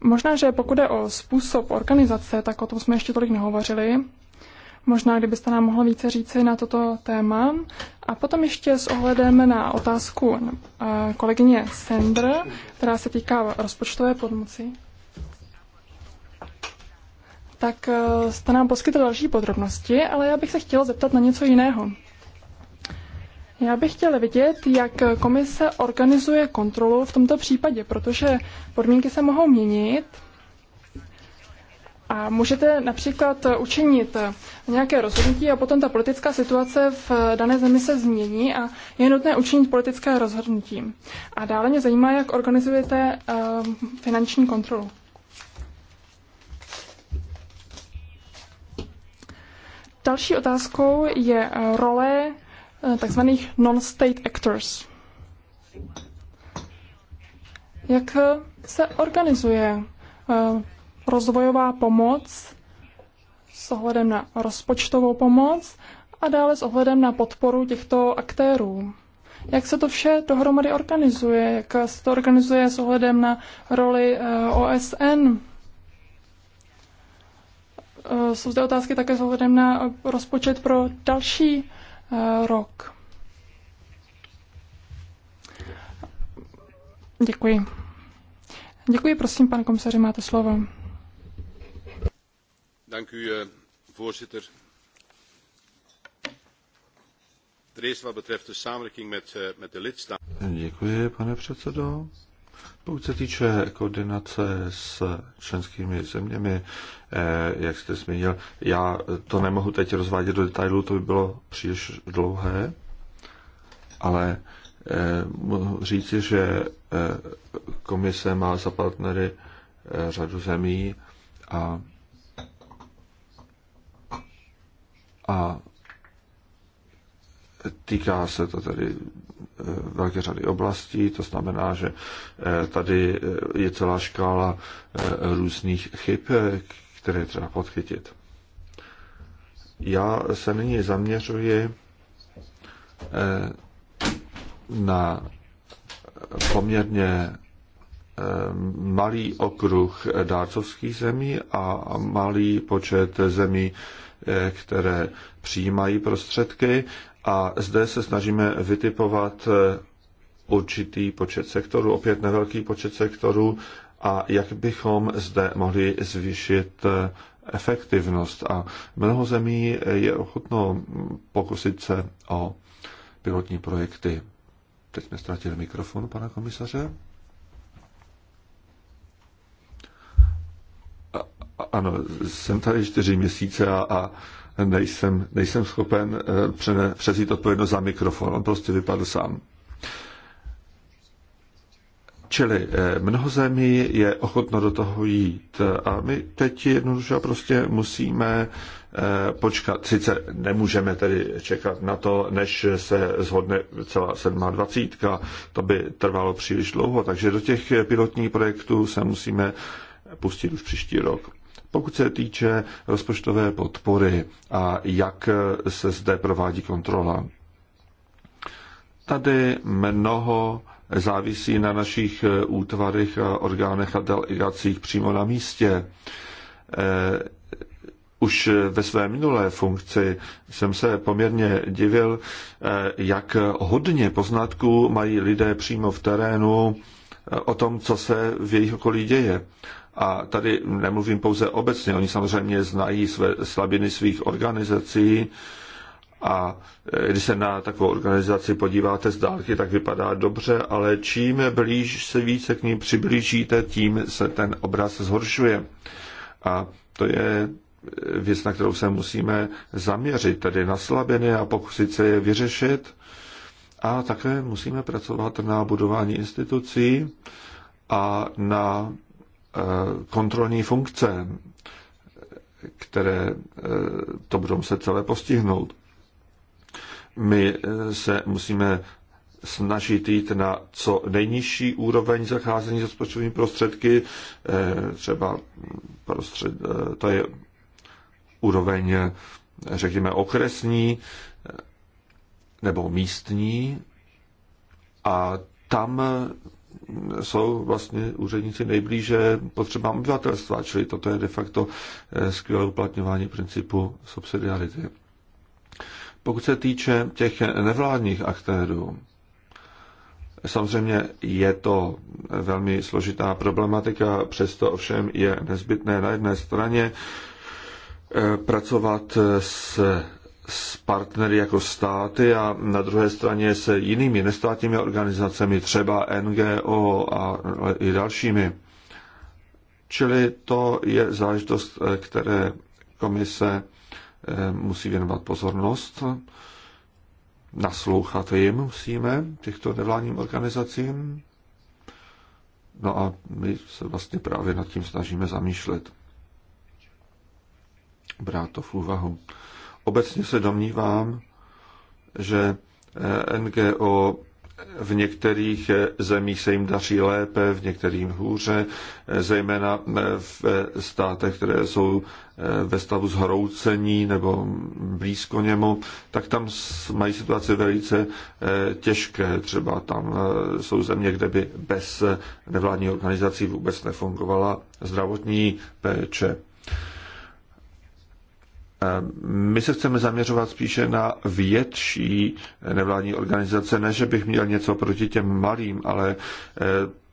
Možná, že pokud je o způsob organizace, tak o tom jsme ještě tolik nehovořili. Možná, kdybyste nám mohla více říci na toto téma. A potom ještě s ohledem na otázku eh, kolegyně Sender, která se týká rozpočtové podmoci tak eh, jste nám poskytl další podrobnosti, ale já bych se chtěla zeptat na něco jiného. Já bych chtěla vidět, jak komise organizuje kontrolu v tomto případě, protože podmínky se mohou měnit a můžete například učinit nějaké rozhodnutí a potom ta politická situace v dané zemi se změní a je nutné učinit politické rozhodnutí. A dále mě zajímá, jak organizujete eh, finanční kontrolu. Další otázkou je eh, role eh, tzv. non-state actors. Jak eh, se organizuje rozvojová pomoc s ohledem na rozpočtovou pomoc a dále s ohledem na podporu těchto aktérů? Jak se to vše dohromady organizuje? Jak se to organizuje s ohledem na roli OSN? Eh, jsou zde otázky také s ohledem na eh, rozpočet pro další eh, rok. Děkuji. Děkuji, prosím, pane komisaři, máte slovo. Dank u, voorzitter. Er is wat betreft de samenwerking met, met de lidstaten. Děkuji, pane předsedo. Pokud se týče koordinace s členskými zeměmi, eh, jak jste zmínil, já to nemohu teď rozvádět do detailů, to by bylo příliš dlouhé, ale eh, mohu říci, že eh, komise má za partnery řadu zemí a, a Týká se to tedy eh, velké řady oblastí, to znamená, že eh, tady eh, je celá škála různých chyb, které třeba podchytit. Já se nyní zaměřuji na poměrně malý okruh dárcovských zemí a malý počet zemí, které přijímají prostředky a zde se snažíme vytipovat eh, určitý počet sektorů, opět nevelký počet sektorů, a jak bychom zde mohli zvýšit eh, efektivnost. A mnoho zemí eh, je ochotno pokusit se o pilotní projekty. Teď jsme ztratili mikrofon, pana komisaře. A, ano, jsem tady čtyři měsíce a, a nejsem, nejsem schopen eh, přezít odpovědnost za mikrofon. On prostě vypadl sám. Čili eh, mnoho zemí je ochotno do toho jít a my teď jednoduše prostě musíme eh, počkat. Sice nemůžeme tedy čekat na to, než se zhodne celá 27. To by trvalo příliš dlouho, takže do těch pilotních projektů se musíme pustit už příští rok pokud se týče rozpočtové podpory a jak se zde provádí kontrola. Tady mnoho závisí na našich útvarech, orgánech a delegacích přímo na místě. Eh, už ve své minulé funkci jsem se poměrně divil, eh, jak hodně poznatků mají lidé přímo v terénu eh, o tom, co se v jejich okolí děje. A tady nemluvím pouze obecně, oni samozřejmě znají své slabiny svých organizací a eh, když se na takovou organizaci podíváte z dálky, tak vypadá dobře, ale čím blíž se více k ní přiblížíte, tím se ten obraz zhoršuje. A to je eh, věc, na kterou se musíme zaměřit, tedy na slabiny a pokusit se je vyřešit. A také musíme pracovat na budování institucí a na Eh, kontrolní funkce, které eh, to budou se celé postihnout. My eh, se musíme snažit jít na co nejnižší úroveň zacházení s rozpočtovými prostředky, třeba prostřed, to je úroveň, řekněme, okresní nebo místní a tam jsou vlastně úředníci nejblíže potřebám obyvatelstva, čili toto je de facto eh, skvělé uplatňování principu subsidiarity. Pokud se týče těch nevládních aktérů, samozřejmě je to velmi složitá problematika, přesto ovšem je nezbytné na jedné straně eh, pracovat s s partnery jako státy a na druhé straně se jinými nestátními organizacemi, třeba NGO a i dalšími. Čili to je záležitost, eh, které komise eh, musí věnovat pozornost. Naslouchat jim musíme, těchto nevládním organizacím. No a my se vlastně právě nad tím snažíme zamýšlet. Brát to v úvahu. Obecně se domnívám, že eh, NGO v některých eh, zemích se jim daří lépe, v některých hůře, eh, zejména v státech, které jsou ve stavu zhroucení nebo blízko němu, tak tam mají situace velice těžké. Třeba tam jsou země, kde by bez nevládní organizací vůbec nefungovala zdravotní péče. Ehm, my se chceme zaměřovat spíše na větší nevládní organizace, ne, že bych měl něco proti těm malým, ale eh,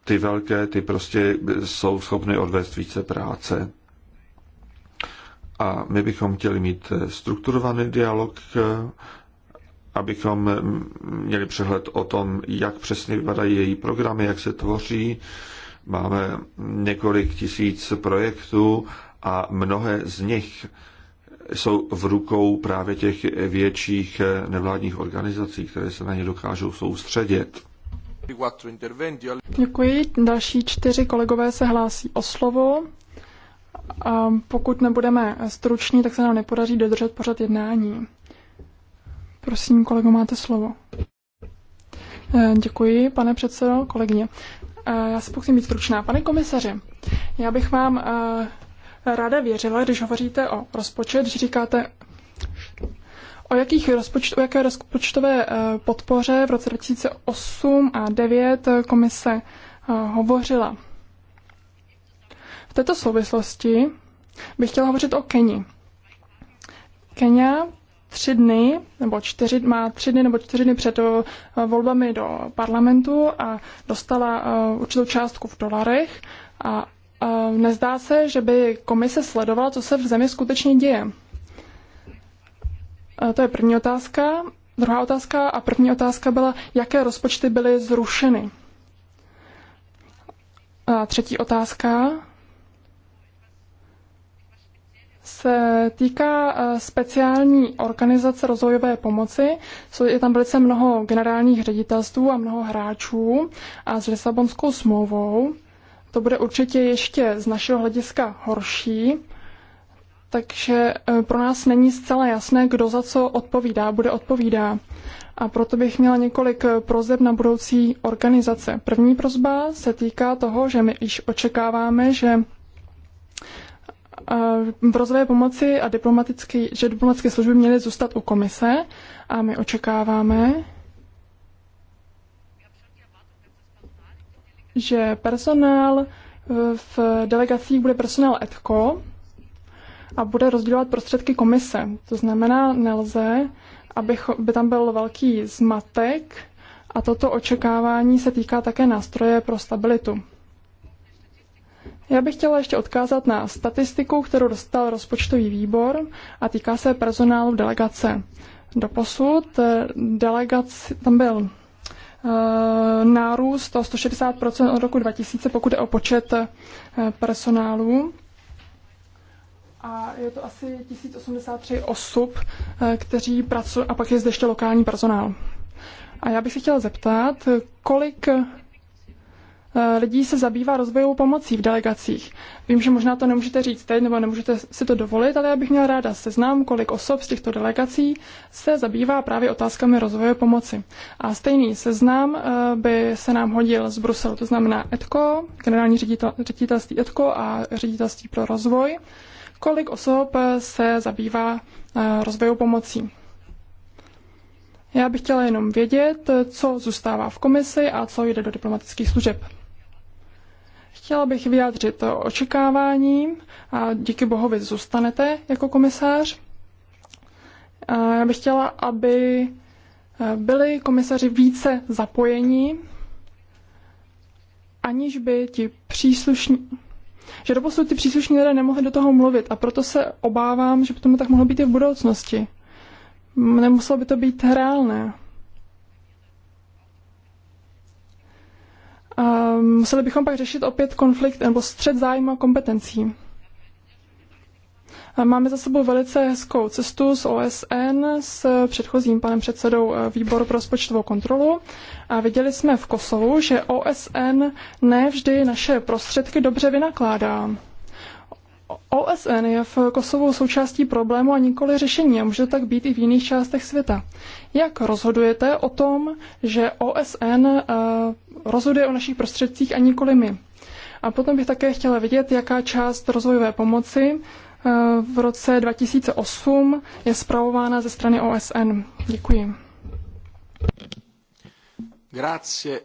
ty velké, ty prostě jsou schopny odvést více práce. A my bychom chtěli mít eh, strukturovaný dialog, eh, abychom mm, měli přehled o tom, jak přesně vypadají její programy, jak se tvoří. Máme několik tisíc projektů a mnohé z nich jsou v rukou právě těch větších eh, nevládních organizací, které se na ně dokážou soustředit. Děkuji. Další čtyři kolegové se hlásí o slovo. A pokud nebudeme struční, tak se nám nepodaří dodržet pořad jednání. Prosím, kolego, máte slovo. Eh, děkuji, pane předsedo, kolegyně. Eh, já se pokusím být stručná. Pane komisaři, já bych vám ráda věřila, když hovoříte o rozpočet, když říkáte, o, jakých rozpočt, o jaké rozpočtové eh, podpoře v roce 2008 a 2009 eh, komise eh, hovořila. V této souvislosti bych chtěla hovořit o Keni. Kenia tři dny, nebo čtyři, má tři dny nebo čtyři dny před volbami do parlamentu a dostala určitou částku v dolarech a nezdá se, že by komise sledovala, co se v zemi skutečně děje. To je první otázka. Druhá otázka a první otázka byla, jaké rozpočty byly zrušeny. A třetí otázka se týká e, speciální organizace rozvojové pomoci. Je tam velice mnoho generálních ředitelství a mnoho hráčů a s Lisabonskou smlouvou to bude určitě ještě z našeho hlediska horší, takže e, pro nás není zcela jasné, kdo za co odpovídá, bude odpovídá. A proto bych měla několik e, prozeb na budoucí organizace. První prozba se týká toho, že my již očekáváme, že e, v rozvoje pomoci a diplomatické, že diplomatické služby měly zůstat u komise a my očekáváme, že personál eh, v delegacích bude personál ETCO a bude rozdělovat prostředky komise. To znamená, nelze, aby tam byl velký zmatek a toto očekávání se týká také nástroje pro stabilitu. Já bych chtěla ještě odkázat na statistiku, kterou dostal rozpočtový výbor a týká se personálu delegace. Doposud eh, delegace, tam byl Eh, nárůst o 160 od roku 2000, pokud je o počet eh, personálu. A je to asi 1083 osob, eh, kteří pracují, a pak je zde ještě lokální personál. A já bych se chtěla zeptat, kolik Eh, lidí se zabývá rozvojovou pomocí v delegacích. Vím, že možná to nemůžete říct teď, nebo nemůžete si to dovolit, ale já bych měla ráda seznám, kolik osob z těchto delegací se zabývá právě otázkami rozvoje pomoci. A stejný seznam eh, by se nám hodil z Bruselu, to znamená ETCO, generální ředitel, ředitelství ETCO a ředitelství pro rozvoj, kolik osob eh, se zabývá rozvojovou pomocí. Já bych chtěla jenom vědět, co zůstává v komisi a co jde do diplomatických služeb. Chtěla bych vyjádřit očekáváním a díky bohu vy zůstanete jako komisář. Já bych chtěla, aby eh, byli komisaři více zapojení, aniž by ti příslušní, že doposud ty příslušní lidé nemohli do toho mluvit a proto se obávám, že by tomu tak mohlo být i v budoucnosti. Nemuselo by to být reálné. museli bychom pak řešit opět konflikt nebo střed zájmu a kompetencí. Máme za sebou velice hezkou cestu s OSN, s předchozím panem předsedou eh, výboru pro rozpočtovou kontrolu a viděli jsme v Kosovu, že OSN ne vždy naše prostředky dobře vynakládá. OSN je v Kosovu součástí problému a nikoli řešení a může tak být i v jiných částech světa. Jak rozhodujete o tom, že OSN eh, rozhoduje o našich prostředcích a nikoli my? A potom bych také chtěla vidět, jaká část rozvojové pomoci eh, v roce 2008 je zpravována ze strany OSN. Děkuji. Grazie.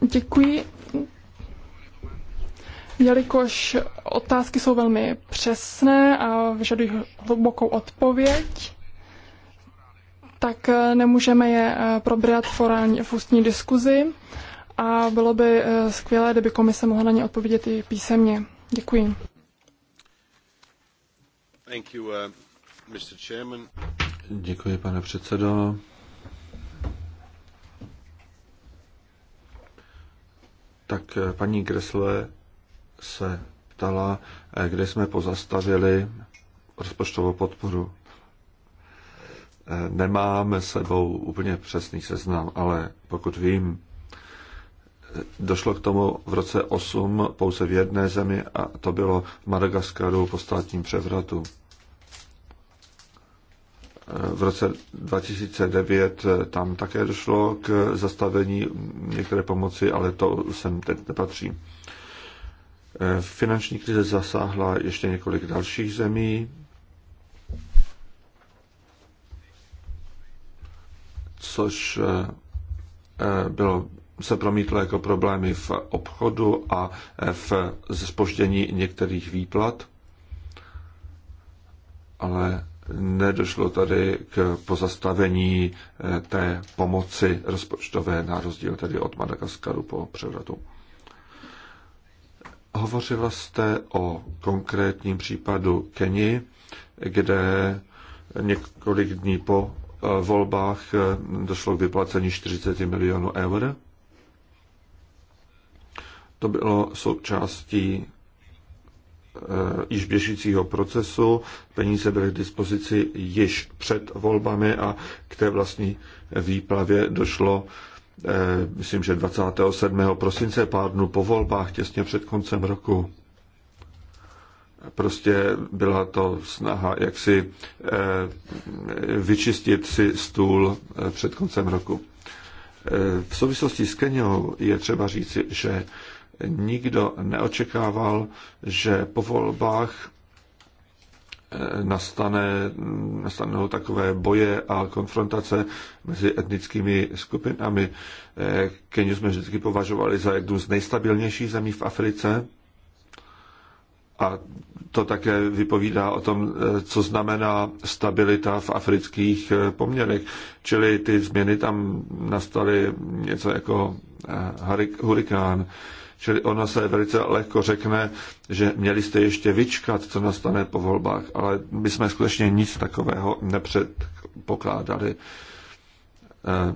Děkuji jelikož otázky jsou velmi přesné a vyžadují hlubokou odpověď, tak eh, nemůžeme je eh, probrat forální v ústní diskuzi a bylo by eh, skvělé, kdyby komise mohla na ně odpovědět i písemně. Děkuji. Thank you, uh, Mr. Chairman. Děkuji, pane předsedo. Tak paní Gresle se ptala, eh, kde jsme pozastavili rozpočtovou podporu. Eh, Nemáme sebou úplně přesný seznam, ale pokud vím, eh, došlo k tomu v roce 8 pouze v jedné zemi a to bylo v Madagaskaru po státním převratu. V roce 2009 tam také došlo k zastavení některé pomoci, ale to sem teď nepatří. Finanční krize zasáhla ještě několik dalších zemí. což eh, bylo, se promítlo jako problémy v obchodu a eh, v zpoždění některých výplat, ale nedošlo tady k pozastavení eh, té pomoci rozpočtové na rozdíl tedy od Madagaskaru po převratu. Hovořila jste o konkrétním případu Keni, kde několik dní po eh, volbách eh, došlo k vyplacení 40 milionů eur. To bylo součástí eh, již běžícího procesu. Peníze byly k dispozici již před volbami a k té vlastní výplavě došlo Eh, myslím, že 27. prosince, pár dnů po volbách, těsně před koncem roku. Prostě byla to snaha, jak si eh, vyčistit si stůl eh, před koncem roku. V souvislosti s Keniou je třeba říci, že nikdo neočekával, že po volbách nastane, nastane takové boje a konfrontace mezi etnickými skupinami. Keniu jsme vždycky považovali za jednu z nejstabilnějších zemí v Africe. A to také vypovídá o tom, co znamená stabilita v afrických poměrech. Čili ty změny tam nastaly něco jako hurikán. Čili ono se velice lehko řekne, že měli jste ještě vyčkat, co nastane po volbách, ale my jsme skutečně nic takového nepředpokládali. Eh,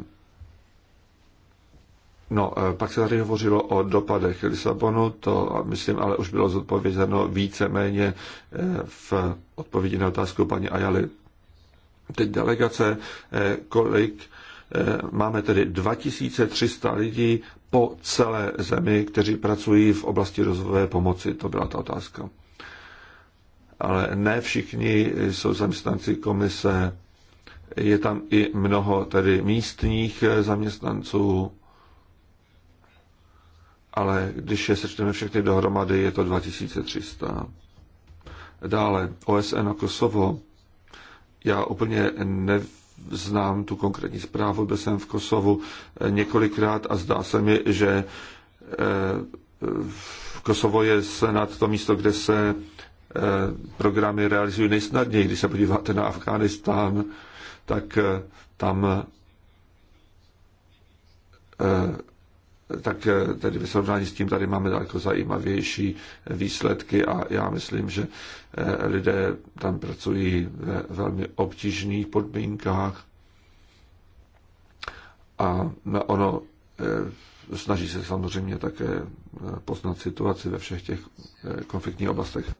no, eh, pak se tady hovořilo o dopadech Lisabonu, to myslím ale už bylo zodpovězeno víceméně eh, v odpovědi na otázku paní Ajaly. Teď delegace, kolik máme tedy 2300 lidí, po celé zemi, kteří pracují v oblasti rozvojové pomoci. To byla ta otázka. Ale ne všichni jsou zaměstnanci komise. Je tam i mnoho tedy místních zaměstnanců, ale když je sečteme všechny dohromady, je to 2300. Dále OSN a Kosovo. Já úplně nevím, znám tu konkrétní zprávu, byl jsem v Kosovu eh, několikrát a zdá se mi, že eh, Kosovo je snad to místo, kde se eh, programy realizují nejsnadněji. Když se podíváte na Afghánistán, tak tam tak eh, tedy ve srovnání s tím tady máme daleko zajímavější výsledky a já myslím, že eh, lidé tam pracují ve velmi obtížných podmínkách a no, ono eh, snaží se samozřejmě také poznat situaci ve všech těch konfliktních oblastech.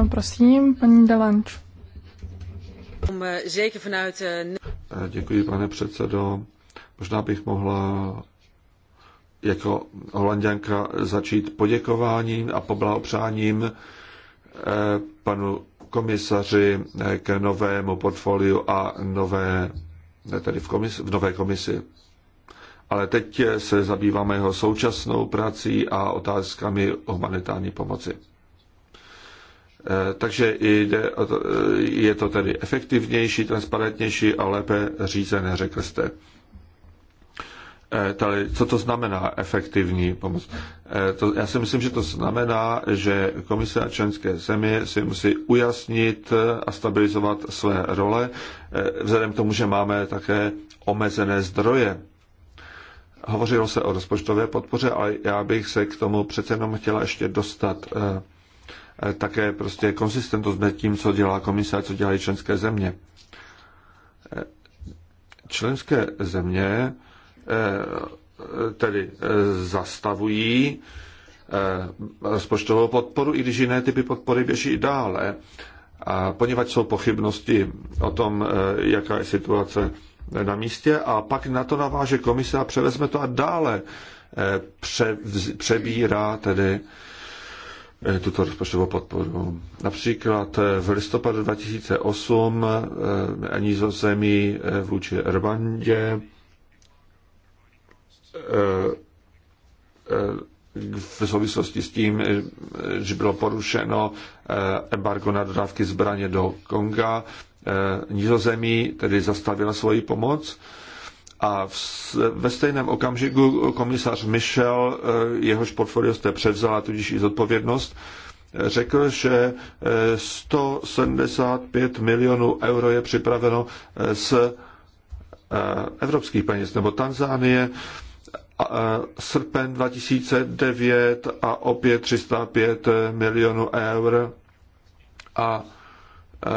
A prosím, paní Delanč. Děkuji, pane předsedo. Možná bych mohla jako holanděnka začít poděkováním a poblahopřáním eh, panu komisaři eh, k novému portfoliu a nové, tedy v, komis, v nové komisi. Ale teď eh, se zabýváme jeho současnou prací a otázkami humanitární pomoci. Takže je to tedy efektivnější, transparentnější a lépe řízené, řekl jste. Eh, tady, co to znamená efektivní pomoc? Eh, to, já si myslím, že to znamená, že komise a členské země si musí ujasnit eh, a stabilizovat své role, vzhledem k tomu, že máme také omezené zdroje. Hovořilo se o rozpočtové podpoře, ale já bych se k tomu přece jenom chtěla ještě dostat také prostě konsistentnost mezi tím, co dělá komise a co dělají členské země. Členské země Eh, tedy eh, zastavují eh, rozpočtovou podporu, i když jiné typy podpory běží i dále. A poněvadž jsou pochybnosti o tom, jaká je situace na místě a pak na to naváže komise a převezme to a dále přebírá tedy tuto rozpočtovou podporu. Například v listopadu 2008 ani zemí vůči Rwandě Eh, eh, v souvislosti s tím, eh, že bylo porušeno embargo na dodávky zbraně do Konga. Nizozemí tedy zastavila svoji pomoc a v, ve stejném okamžiku komisař Michel, jehož portfolio jste převzala, tudíž i zodpovědnost, řekl, že 175 milionů euro je připraveno z evropských peněz, nebo Tanzánie E, srpen 2009 a opět 305 milionů eur a e,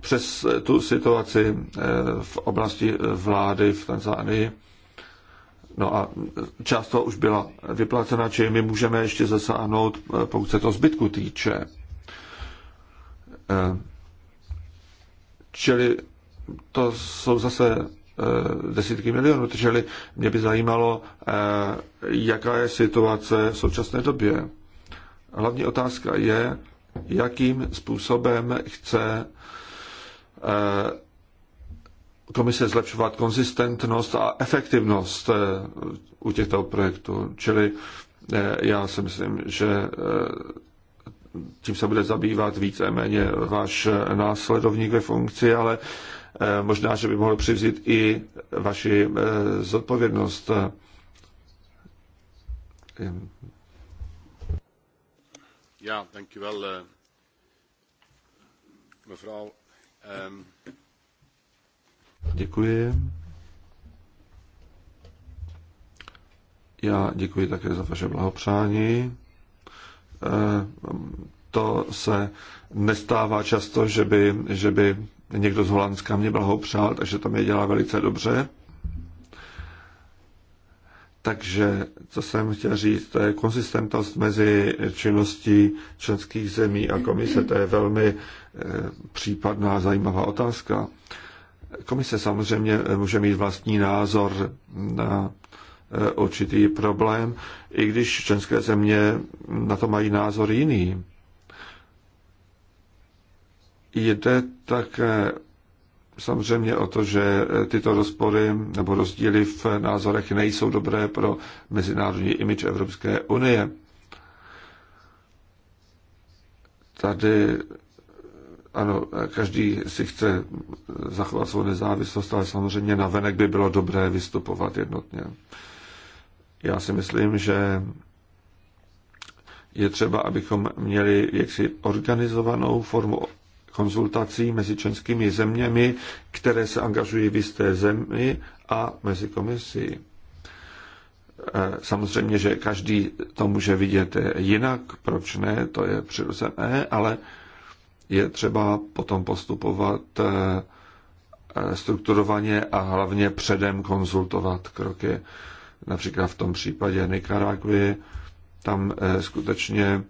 přes tu situaci e, v oblasti vlády v Tanzánii. No a část toho už byla vyplacena, či my můžeme ještě zasáhnout, pokud se to zbytku týče. Čili to jsou zase Eh, desítky milionů. protože mě by zajímalo, eh, jaká je situace v současné době. Hlavní otázka je, jakým způsobem chce eh, komise zlepšovat konzistentnost a efektivnost u těchto projektů. Čili já si myslím, že tím se bude zabývat více méně váš následovník ve funkci, ale Eh, možná, že by mohl přivzít i vaši eh, zodpovědnost. Ja, dankjewel, eh, mevrouw. Ehm, děkuji. Já děkuji také za vaše blahopřání. To se nestává často, že by, že by někdo z Holandska mě blahopřál, takže to mě dělá velice dobře. Takže, co jsem chtěl říct, to je konsistentnost mezi činností členských zemí a komise. To je velmi eh, případná zajímavá otázka. Komise samozřejmě eh, může mít vlastní názor na eh, určitý problém, i když členské země na to mají názor jiný. Jde tak samozřejmě o to, že tyto rozpory nebo rozdíly v názorech nejsou dobré pro mezinárodní imič Evropské unie. Tady ano, každý si chce zachovat svou nezávislost, ale samozřejmě na venek by bylo dobré vystupovat jednotně. Já si myslím, že je třeba, abychom měli jaksi organizovanou formu konzultací mezi členskými zeměmi, které se angažují v jisté zemi a mezi komisí. E, samozřejmě, že každý to může vidět jinak, proč ne, to je přirozené, ale je třeba potom postupovat e, strukturovaně a hlavně předem konzultovat kroky. Například v tom případě Nikaragui, tam e, skutečně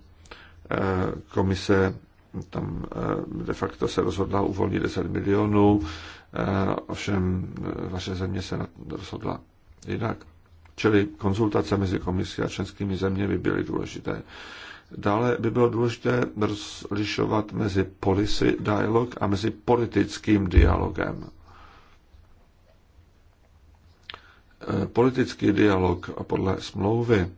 komise tam eh, de facto se rozhodla uvolnit 10 milionů, eh, ovšem eh, vaše země se rozhodla jinak. Čili konzultace mezi komisí a členskými zeměmi byly důležité. Dále by bylo důležité rozlišovat mezi policy dialog a mezi politickým dialogem. Politický dialog podle smlouvy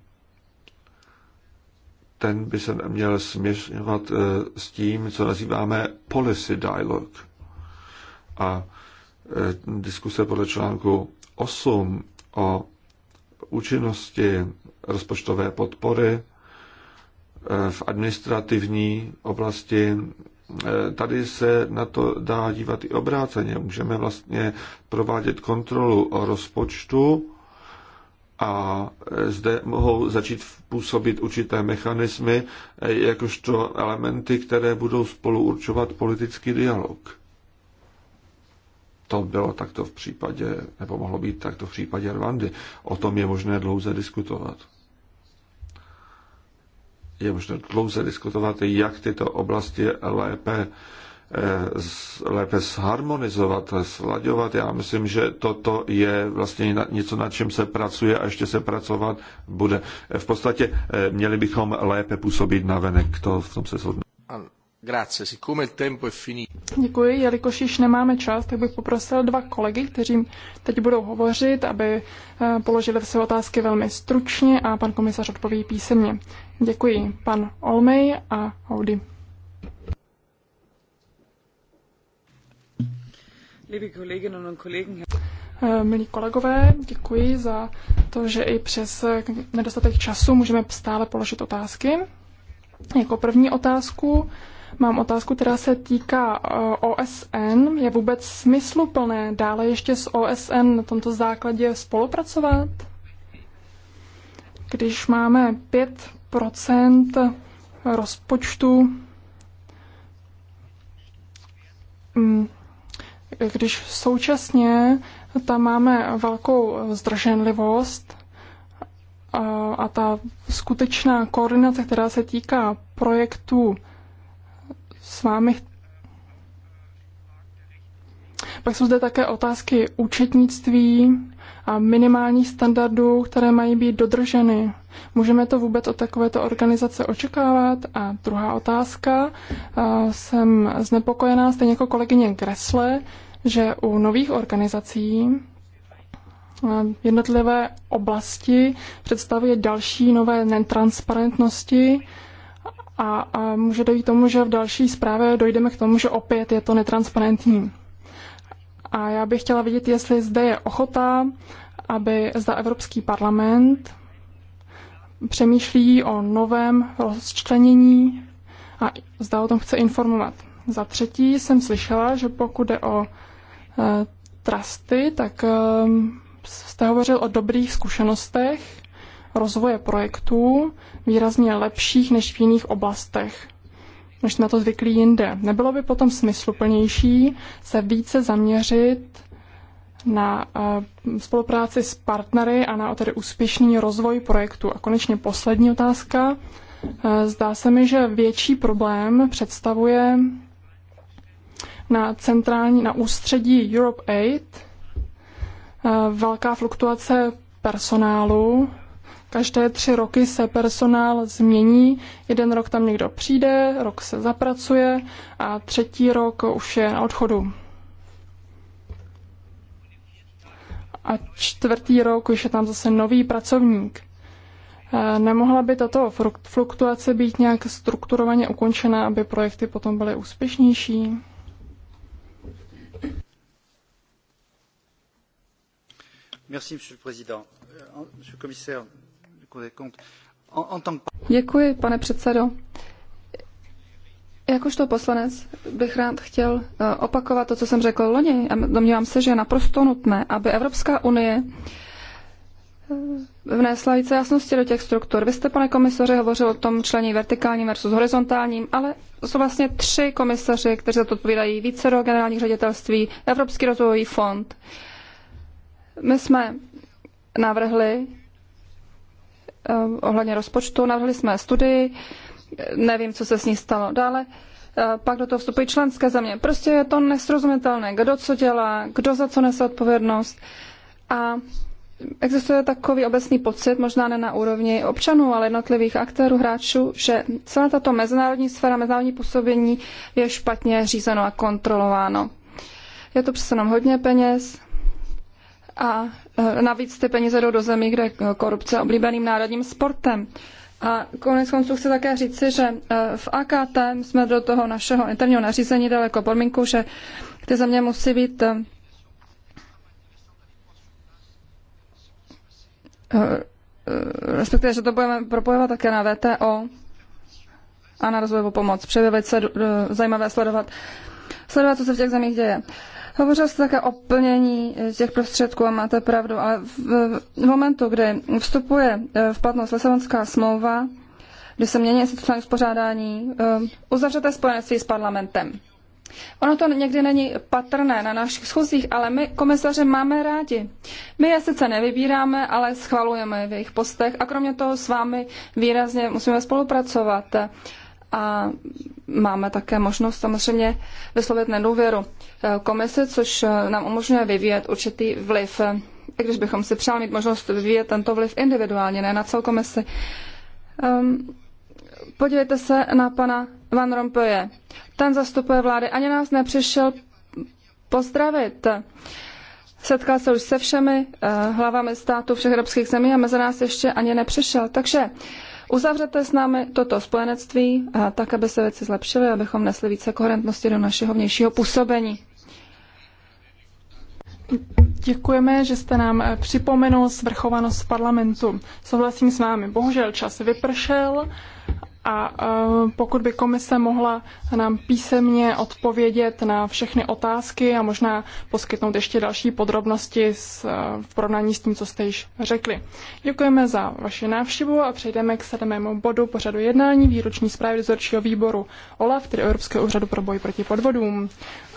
ten by se měl směšovat eh, s tím, co nazýváme policy dialogue. A eh, diskuse podle článku 8 o účinnosti rozpočtové podpory eh, v administrativní oblasti. Tady se na to dá dívat i obráceně. Můžeme vlastně provádět kontrolu o rozpočtu a zde mohou začít působit určité mechanismy, jakožto elementy, které budou spolu určovat politický dialog. To bylo takto v případě, nebo mohlo být takto v případě Rwandy. O tom je možné dlouze diskutovat. Je možné dlouze diskutovat, jak tyto oblasti lépe Eh, lépe zharmonizovat, slaďovat. Já myslím, že toto je vlastně něco, na čem se pracuje a ještě se pracovat bude. V podstatě eh, měli bychom lépe působit na venek, to v tom se shodnu. Děkuji, jelikož již nemáme čas, tak bych poprosil dva kolegy, kteří teď budou hovořit, aby eh, položili své otázky velmi stručně a pan komisař odpoví písemně. Děkuji, pan Olmej a Audi. Eh, milí kolegové, děkuji za to, že i přes nedostatek času můžeme stále položit otázky. Jako první otázku mám otázku, která se týká eh, OSN. Je vůbec smysluplné dále ještě s OSN na tomto základě spolupracovat? Když máme 5 rozpočtu když současně tam máme velkou zdrženlivost a ta skutečná koordinace, která se týká projektů s vámi. Pak jsou zde také otázky účetnictví a minimálních standardů, které mají být dodrženy. Můžeme to vůbec od takovéto organizace očekávat? A druhá otázka. Jsem znepokojená, stejně jako kolegyně Gressle, že u nových organizací eh, jednotlivé oblasti představuje další nové netransparentnosti a, a může dojít tomu, že v další zprávě dojdeme k tomu, že opět je to netransparentní. A já bych chtěla vidět, jestli zde je ochota, aby zda Evropský parlament přemýšlí o novém rozčlenění a zda o tom chce informovat. Za třetí jsem slyšela, že pokud jde o Eh, trusty, tak eh, jste hovořil o dobrých zkušenostech rozvoje projektů, výrazně lepších než v jiných oblastech než jsme na to zvyklí jinde. Nebylo by potom smysluplnější se více zaměřit na eh, spolupráci s partnery a na tedy úspěšný rozvoj projektu. A konečně poslední otázka. Zdá se mi, že větší problém představuje na centrální, na ústředí Europe Aid, eh, velká fluktuace personálu. Každé tři roky se personál změní. Jeden rok tam někdo přijde, rok se zapracuje a třetí rok už je na odchodu. A čtvrtý rok už je tam zase nový pracovník. Eh, nemohla by tato fluktuace být nějak strukturovaně ukončena, aby projekty potom byly úspěšnější? Merci, monsieur le président. Euh, monsieur le commissaire, pane předsedo. Jakožto poslanec bych rád chtěl eh, opakovat to, co jsem řekl loni. Domnívám se, že je naprosto nutné, aby Evropská unie eh, vnesla více jasnosti do těch struktur. Vy jste, pane komisaři, hovořil o tom člení vertikálním versus horizontálním, ale jsou vlastně tři komisaři, kteří za to odpovídají více do generálních ředitelství, Evropský rozvojový fond. My jsme navrhli eh, ohledně rozpočtu, navrhli jsme studii, nevím, co se s ní stalo dále. Eh, pak do toho vstupují členské země. Prostě je to nesrozumitelné, kdo co dělá, kdo za co nese odpovědnost. A existuje takový obecný pocit, možná ne na úrovni občanů, ale jednotlivých aktérů, hráčů, že celá tato mezinárodní sféra, mezinárodní působení je špatně řízeno a kontrolováno. Je to přece hodně peněz, a e, navíc ty peníze jdou do zemí, kde korupce je oblíbeným národním sportem. A konec konců chci také říci, že e, v AKT jsme do toho našeho interního nařízení dali jako podmínku, že ty země musí být e, respektive, že to budeme propojovat také na VTO a na rozvojovou pomoc. Přeje velice zajímavé sledovat, sledovat, co se v těch zemích děje. Hovořil jste také o plnění eh, těch prostředků a máte pravdu, ale v, v momentu, kdy vstupuje eh, v platnost Lisabonská smlouva, kdy se mění institucionální uspořádání, eh, uzavřete spojenectví s parlamentem. Ono to někdy není patrné na našich schůzích, ale my komisaře máme rádi. My je sice nevybíráme, ale schvalujeme v jejich postech a kromě toho s vámi výrazně musíme spolupracovat a máme také možnost samozřejmě vyslovit nedůvěru eh, komise, což eh, nám umožňuje vyvíjet určitý vliv. Eh, I když bychom si přáli mít možnost vyvíjet tento vliv individuálně, ne na celou komisi. Um, podívejte se na pana Van Rompuye. Ten zastupuje vlády. Ani nás nepřišel pozdravit. Setkal se už se všemi uh, hlavami států všech evropských zemí a mezi nás ještě ani nepřišel. Takže uh, uzavřete s námi toto spojenectví, a tak, aby se věci zlepšily, abychom nesli více koherentnosti do našeho vnějšího působení. Děkujeme, že jste nám eh, připomenul svrchovanost parlamentu. Souhlasím s vámi. Bohužel čas vypršel a e, pokud by komise mohla nám písemně odpovědět na všechny otázky a možná poskytnout ještě další podrobnosti s, e, v porovnání s tím, co jste již řekli. Děkujeme za vaši návštěvu a přejdeme k sedmému bodu pořadu jednání výroční zprávy dozorčího výboru OLAF, tedy Evropského úřadu pro boj proti podvodům.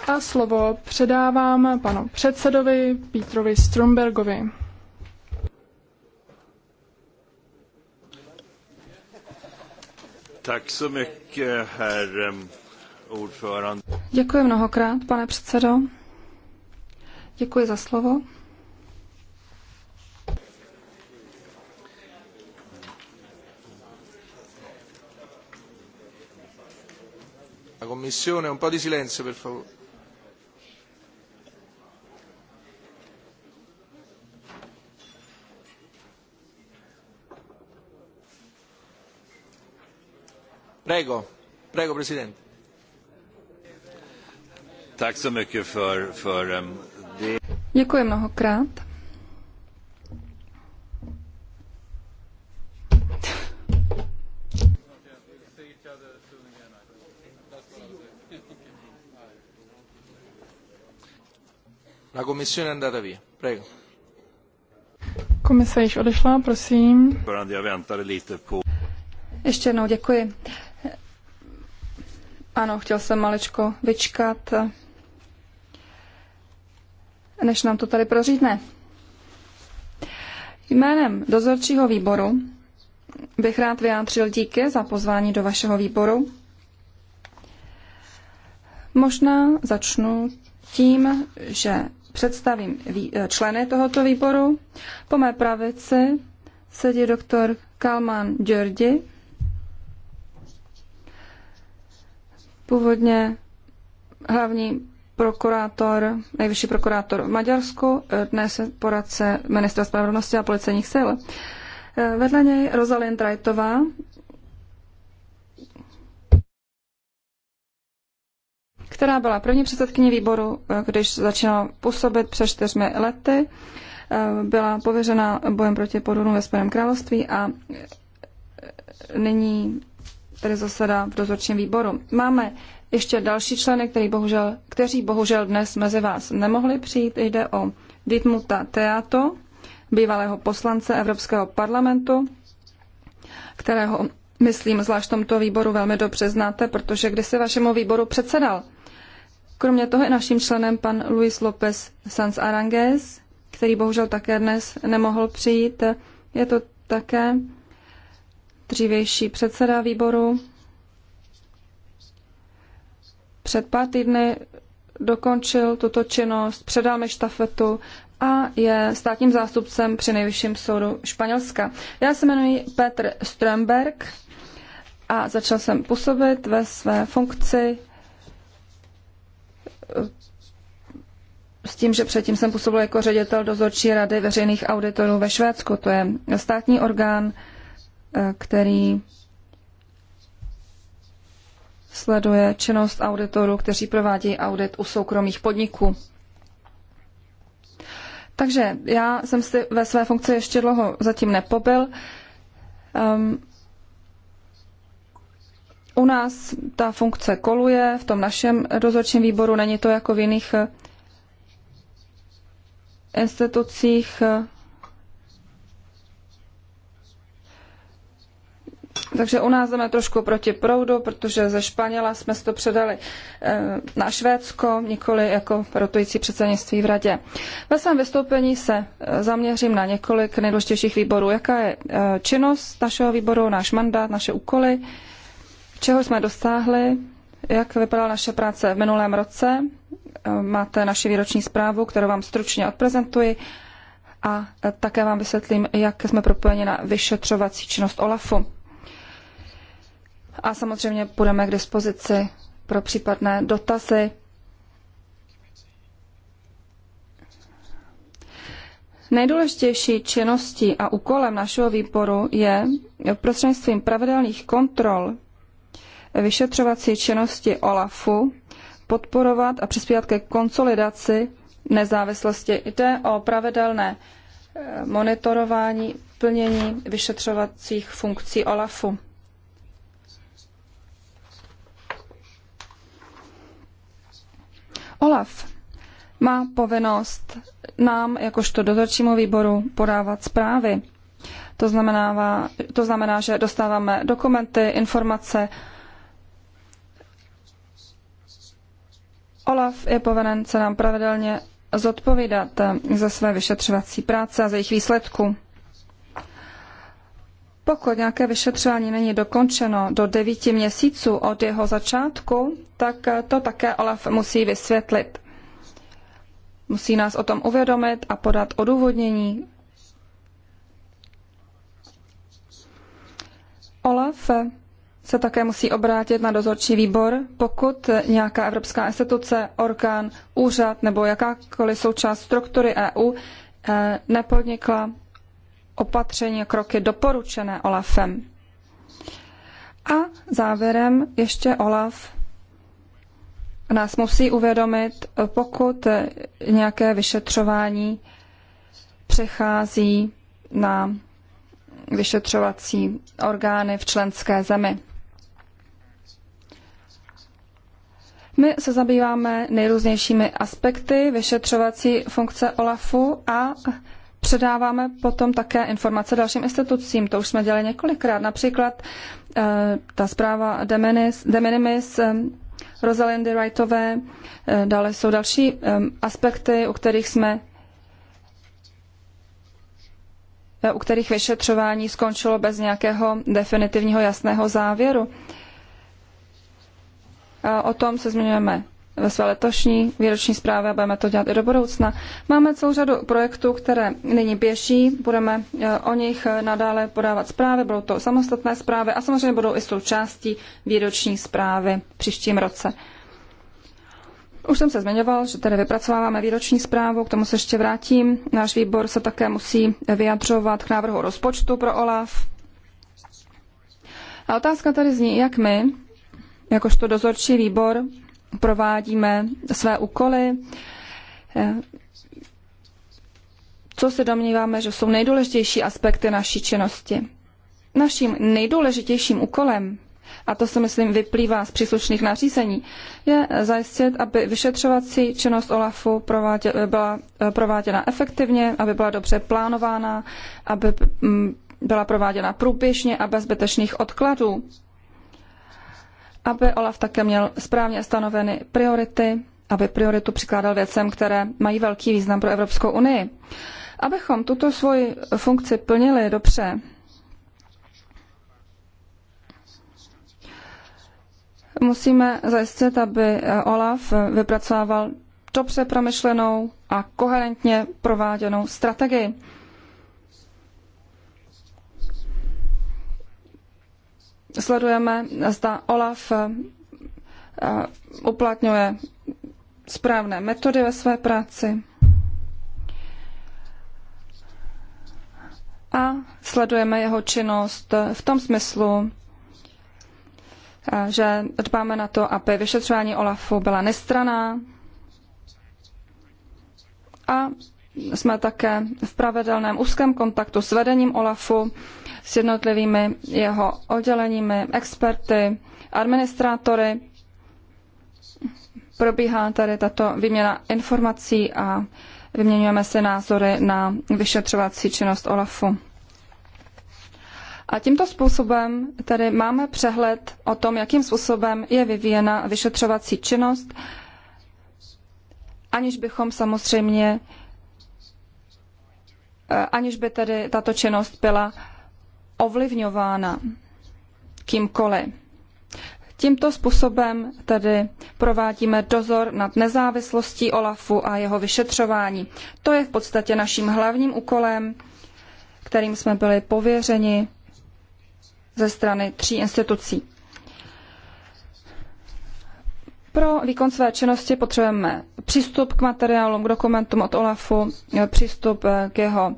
A slovo předávám panu předsedovi Pítrovi Strumbergovi. Děkuji mnohokrát, pane předsedo. Děkuji za slovo. La un po' di silenzio per favore. Prego, prego president. Tak ehm, Děkuji mnohokrát. La commissione è andata via. Prego. Komise již odešla, prosím. Ještě jednou děkuji. Ano, chtěl jsem maličko vyčkat, než nám to tady prořídne. Jménem dozorčího výboru bych rád vyjádřil díky za pozvání do vašeho výboru. Možná začnu tím, že představím členy tohoto výboru. Po mé pravici sedí doktor Kalman Djordi, Původně hlavní prokurátor, nejvyšší prokurátor v Maďarsku, eh, dnes je poradce ministra spravedlnosti a policejních sil. Eh, vedle něj Rosalind Rajtová, která byla první předsedkyní výboru, eh, když začínala působit před čtyřmi lety. Byla pověřena bojem proti podvodům ve Spojeném království a nyní který zasedá v dozorčím výboru. Máme ještě další členy, který bohužel, kteří bohužel dnes mezi vás nemohli přijít. Jde o Dietmuta Teato, bývalého poslance Evropského parlamentu, kterého, myslím, zvlášť tomto výboru velmi dobře znáte, protože když se vašemu výboru předsedal. Kromě toho je naším členem pan Luis López Sanz Aranguez, který bohužel také dnes nemohl přijít. Je to také dřívější předseda výboru před pár týdny dokončil tuto činnost, předal mi štafetu a je státním zástupcem při nejvyšším soudu Španělska. Já se jmenuji Petr Strömberg a začal jsem působit ve své funkci s tím, že předtím jsem působil jako ředitel dozorčí rady veřejných auditorů ve Švédsku. To je státní orgán, který sleduje činnost auditorů, kteří provádějí audit u soukromých podniků. Takže já jsem si ve své funkci ještě dlouho zatím nepobyl. Um, u nás ta funkce koluje, v tom našem dozorčím výboru není to jako v jiných eh, institucích. Eh, Takže u nás jdeme trošku proti proudu, protože ze Španěla jsme si to předali eh, na Švédsko, nikoli jako rotující předsednictví v radě. Ve svém vystoupení se eh, zaměřím na několik nejdůležitějších výborů. Jaká je eh, činnost našeho výboru, náš mandát, naše úkoly, čeho jsme dosáhli, jak vypadala naše práce v minulém roce. Máte naši výroční zprávu, kterou vám stručně odprezentuji a také vám vysvětlím, jak jsme propojeni na vyšetřovací činnost OLAFu a samozřejmě budeme k dispozici pro případné dotazy. Nejdůležitější činností a úkolem našeho výboru je prostřednictvím pravidelných kontrol vyšetřovací činnosti OLAFu podporovat a přispívat ke konsolidaci nezávislosti. Jde o pravidelné eh, monitorování plnění vyšetřovacích funkcí OLAFu. Olaf má povinnost nám, jakožto dozorčímu výboru, podávat zprávy. To znamená, to znamená, že dostáváme dokumenty, informace. Olaf je povinen se nám pravidelně zodpovídat za své vyšetřovací práce a za jejich výsledku. Pokud nějaké vyšetřování není dokončeno do devíti měsíců od jeho začátku, tak to také Olaf musí vysvětlit. Musí nás o tom uvědomit a podat odůvodnění. Olaf se také musí obrátit na dozorčí výbor, pokud nějaká evropská instituce, orgán, úřad nebo jakákoliv součást struktury EU eh, nepodnikla opatření a kroky doporučené Olafem. A závěrem ještě Olaf nás musí uvědomit, pokud nějaké vyšetřování přechází na vyšetřovací orgány v členské zemi. My se zabýváme nejrůznějšími aspekty vyšetřovací funkce OLAFu a Předáváme potom také informace dalším institucím, to už jsme dělali několikrát. Například eh, ta zpráva de minimis, eh, Rosalindy Wrightové, eh, dále jsou další aspekty, u kterých jsme u kterých vyšetřování skončilo bez nějakého definitivního jasného závěru. O tom se zmiňujeme ve své letošní výroční zprávě a budeme to dělat i do budoucna. Máme celou řadu projektů, které nyní běží, budeme eh, o nich eh, nadále podávat zprávy, budou to samostatné zprávy a samozřejmě budou i součástí výroční zprávy v příštím roce. Už jsem se zmiňoval, že tedy vypracováváme výroční zprávu, k tomu se ještě vrátím. Náš výbor se také musí vyjadřovat k návrhu rozpočtu pro OLAF. A otázka tady zní, jak my, jakožto dozorčí výbor, provádíme své úkoly, co se domníváme, že jsou nejdůležitější aspekty naší činnosti. Naším nejdůležitějším úkolem, a to se myslím vyplývá z příslušných nařízení, je zajistit, aby vyšetřovací činnost OLAFu byla eh, prováděna efektivně, aby byla dobře plánována, aby mm, byla prováděna průběžně a bez zbytečných odkladů aby Olaf také měl správně stanoveny priority, aby prioritu přikládal věcem, které mají velký význam pro Evropskou unii. Abychom tuto svoji funkci plnili dobře, musíme zajistit, aby Olaf vypracovával dobře promyšlenou a koherentně prováděnou strategii. sledujeme, zda OLAF eh, uplatňuje správné metody ve své práci a sledujeme jeho činnost v tom smyslu, eh, že dbáme na to, aby vyšetřování OLAFu byla nestraná a jsme také v pravidelném úzkém kontaktu s vedením OLAFu, s jednotlivými jeho odděleními, experty, administrátory. Probíhá tady tato výměna informací a vyměňujeme si názory na vyšetřovací činnost OLAFu. A tímto způsobem tedy máme přehled o tom, jakým způsobem je vyvíjena vyšetřovací činnost, aniž bychom samozřejmě Eh, aniž by tedy tato činnost byla ovlivňována kýmkoliv. Tímto způsobem tedy provádíme dozor nad nezávislostí OLAFu a jeho vyšetřování. To je v podstatě naším hlavním úkolem, kterým jsme byli pověřeni ze strany tří institucí. Pro výkon své činnosti potřebujeme přístup k materiálům, k dokumentům od OLAFu, přístup eh, k jeho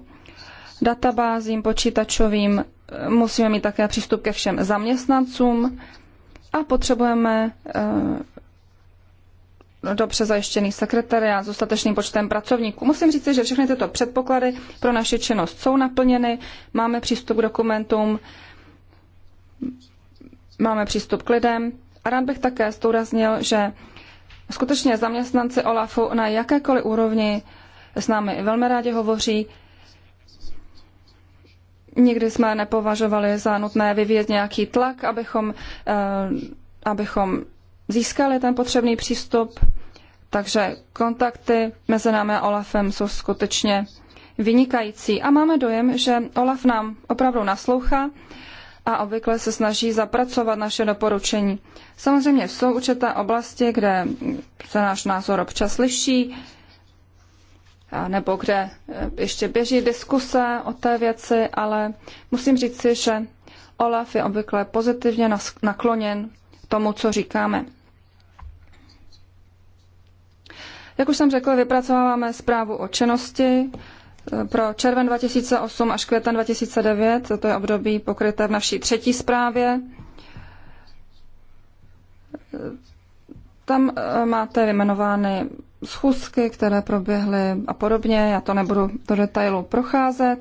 databázím počítačovým, eh, musíme mít také přístup ke všem zaměstnancům a potřebujeme eh, no, dobře zajištěný sekretariát s dostatečným počtem pracovníků. Musím říct, že všechny tyto předpoklady pro naši činnost jsou naplněny, máme přístup k dokumentům, máme přístup k lidem a rád bych také zdůraznil, že skutečně zaměstnanci OLAFu na jakékoliv úrovni s námi velmi rádi hovoří. Nikdy jsme nepovažovali za nutné vyvíjet nějaký tlak, abychom, eh, abychom získali ten potřebný přístup. Takže kontakty mezi námi a Olafem jsou skutečně vynikající. A máme dojem, že Olaf nám opravdu naslouchá a obvykle se snaží zapracovat naše doporučení. Samozřejmě jsou určité oblasti, kde se náš názor občas liší, nebo kde e, ještě běží diskuse o té věci, ale musím si, že Olaf je obvykle pozitivně nakloněn tomu, co říkáme. Jak už jsem řekla, vypracováváme zprávu o činnosti pro červen 2008 až květen 2009, to je období pokryté v naší třetí zprávě. Tam eh, máte vyjmenovány schůzky, které proběhly a podobně. Já to nebudu do detailu procházet.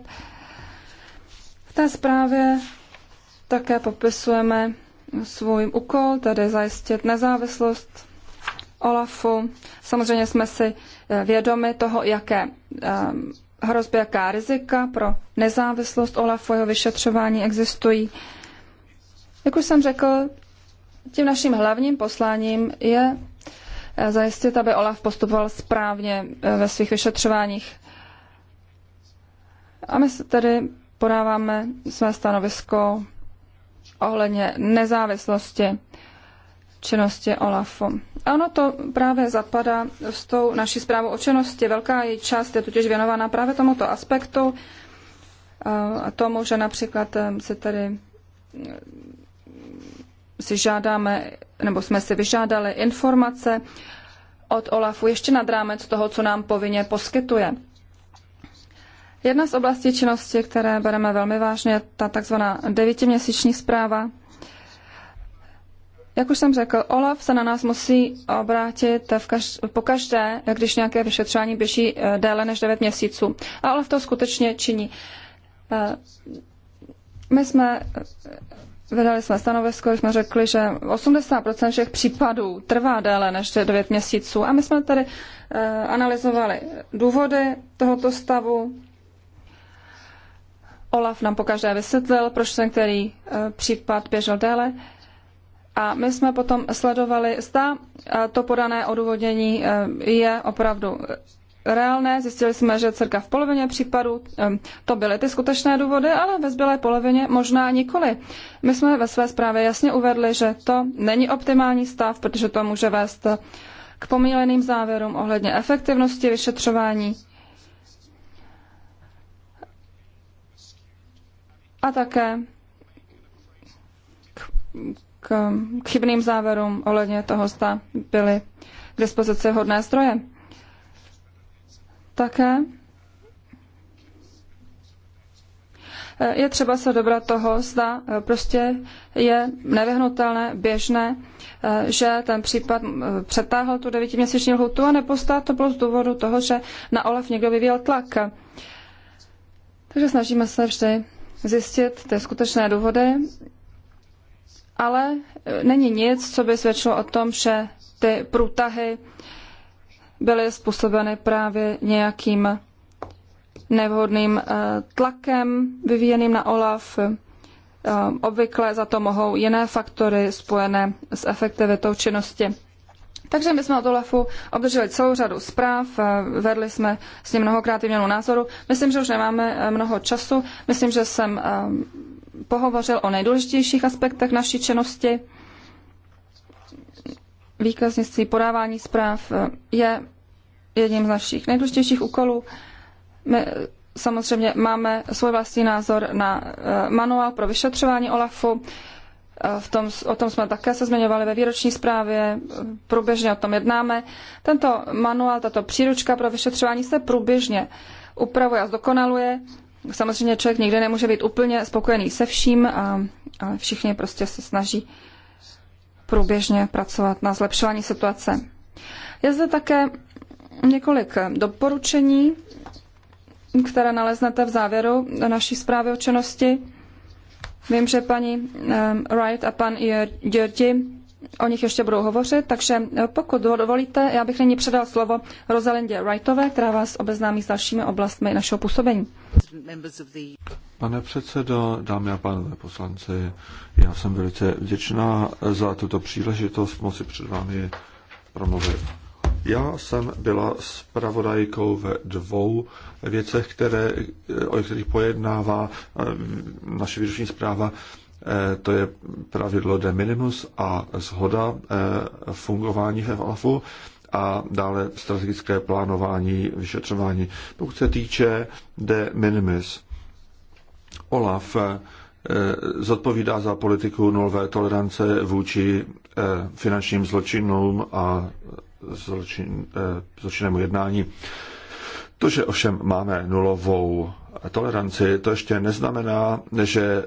V té zprávě také popisujeme svůj úkol, tedy zajistit nezávislost OLAFu. Samozřejmě jsme si eh, vědomi toho, jaké eh, hrozby, jaká rizika pro nezávislost OLAFu, jeho vyšetřování existují. Jak už jsem řekl, tím naším hlavním posláním je eh, zajistit, aby OLAF postupoval správně eh, ve svých vyšetřováních. A my se tedy podáváme své stanovisko ohledně nezávislosti činnosti OLAFu. Ano, to právě zapadá s tou naší zprávou o činnosti. Velká její část je totiž věnována právě tomuto aspektu eh, a tomu, že například eh, se tady eh, si žádáme, nebo jsme si vyžádali informace od OLAFu ještě nad rámec toho, co nám povinně poskytuje. Jedna z oblastí činnosti, které bereme velmi vážně, je ta takzvaná devítiměsíční zpráva, jak už jsem řekl, Olaf se na nás musí obrátit v kaž- pokaždé, když nějaké vyšetřování běží eh, déle než 9 měsíců. A Olaf to skutečně činí. Eh, my jsme eh, vydali jsme stanovisko, jsme řekli, že 80% všech případů trvá déle než 9 měsíců. A my jsme tady analyzovali důvody tohoto stavu. Olaf nám pokaždé vysvětlil, proč ten který případ běžel déle. A my jsme potom sledovali, zda e, to podané odůvodnění e, je opravdu reálné. Zjistili jsme, že cirka v polovině případů e, to byly ty skutečné důvody, ale ve zbylé polovině možná nikoli. My jsme ve své zprávě jasně uvedli, že to není optimální stav, protože to může vést k pomíleným závěrům ohledně efektivnosti vyšetřování a také k, k chybným závěrům ohledně toho, zda byly k dispozici hodné zdroje. Také je třeba se dobrat toho, zda prostě je nevyhnutelné, běžné, že ten případ přetáhl tu devítiměsíční lhutu, a zda to bylo z důvodu toho, že na Olaf někdo vyvíjel tlak. Takže snažíme se vždy zjistit ty skutečné důvody ale e, není nic, co by svědčilo o tom, že ty průtahy byly způsobeny právě nějakým nevhodným e, tlakem vyvíjeným na OLAF. E, obvykle za to mohou jiné faktory spojené s efektivitou činnosti. Takže my jsme od OLAFu obdrželi celou řadu zpráv, vedli jsme s ním mnohokrát i měnou názoru. Myslím, že už nemáme mnoho času. Myslím, že jsem pohovořil o nejdůležitějších aspektech naší činnosti. Výkaznictví, podávání zpráv je jedním z našich nejdůležitějších úkolů. My samozřejmě máme svůj vlastní názor na eh, manuál pro vyšetřování OLAFu. Eh, v tom, o tom jsme také se zmiňovali ve výroční zprávě, průběžně o tom jednáme. Tento manuál, tato příručka pro vyšetřování se průběžně upravuje a zdokonaluje samozřejmě člověk nikdy nemůže být úplně spokojený se vším a, a všichni prostě se snaží průběžně pracovat na zlepšování situace. Je zde také několik doporučení, které naleznete v závěru naší zprávy o činnosti. Vím, že paní Wright a pan Jirti o nich ještě budou hovořit, takže eh, pokud ho dovolíte, já bych nyní předal slovo Rosalindě Wrightové, která vás obeznámí s dalšími oblastmi našeho působení. Pane předsedo, dámy a pánové poslanci, já jsem velice vděčná za tuto příležitost moci před vámi promluvit. Já jsem byla spravodajkou ve dvou věcech, které, o kterých pojednává eh, naše výroční zpráva. Eh, to je pravidlo de minimus a zhoda eh, fungování v EFAFu a dále strategické plánování, vyšetřování. Pokud se týče de minimis, OLAF eh, zodpovídá za politiku nulové tolerance vůči eh, finančním zločinům a zločin, eh, zločinnému jednání. To, že ovšem máme nulovou toleranci, to ještě neznamená, že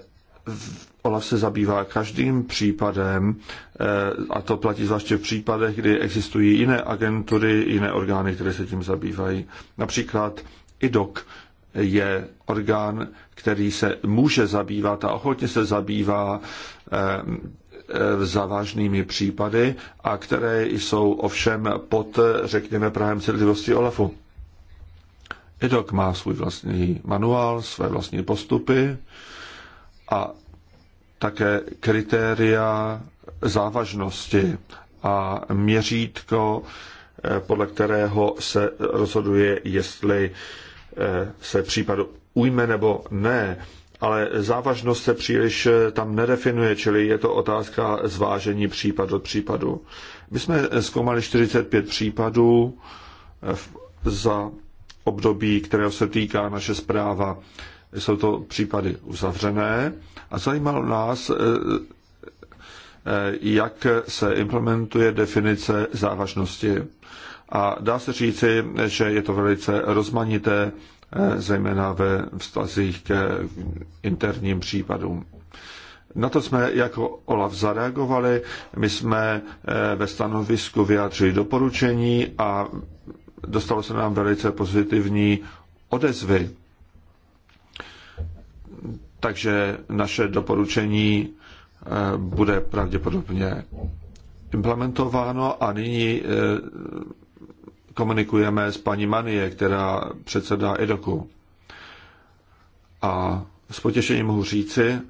Olaf se zabývá každým případem, eh, a to platí zvláště v případech, kdy existují jiné agentury, jiné orgány, které se tím zabývají. Například IDOC je orgán, který se může zabývat a ochotně se zabývá eh, eh, závažnými případy a které jsou ovšem pod, řekněme, právem citlivosti OLAFu. IDOC má svůj vlastní manuál, své vlastní postupy a také kritéria závažnosti a měřítko, eh, podle kterého se rozhoduje, jestli eh, se případu ujme nebo ne. Ale závažnost se příliš eh, tam nedefinuje, čili je to otázka zvážení případ od případu. My jsme zkoumali 45 případů za období, kterého se týká naše zpráva. Jsou to případy uzavřené, a zajímalo nás, eh, eh, jak se implementuje definice závažnosti. A dá se říci, že je to velice rozmanité, eh, zejména ve vztazích k interním případům. Na to jsme jako OLAF zareagovali, my jsme ve stanovisku vyjádřili doporučení a dostalo se nám velice pozitivní odezvy. Takže naše doporučení eh, bude pravděpodobně implementováno a nyní eh, komunikujeme s paní Manie, která předsedá EDOKu. A s potěšením mohu říci,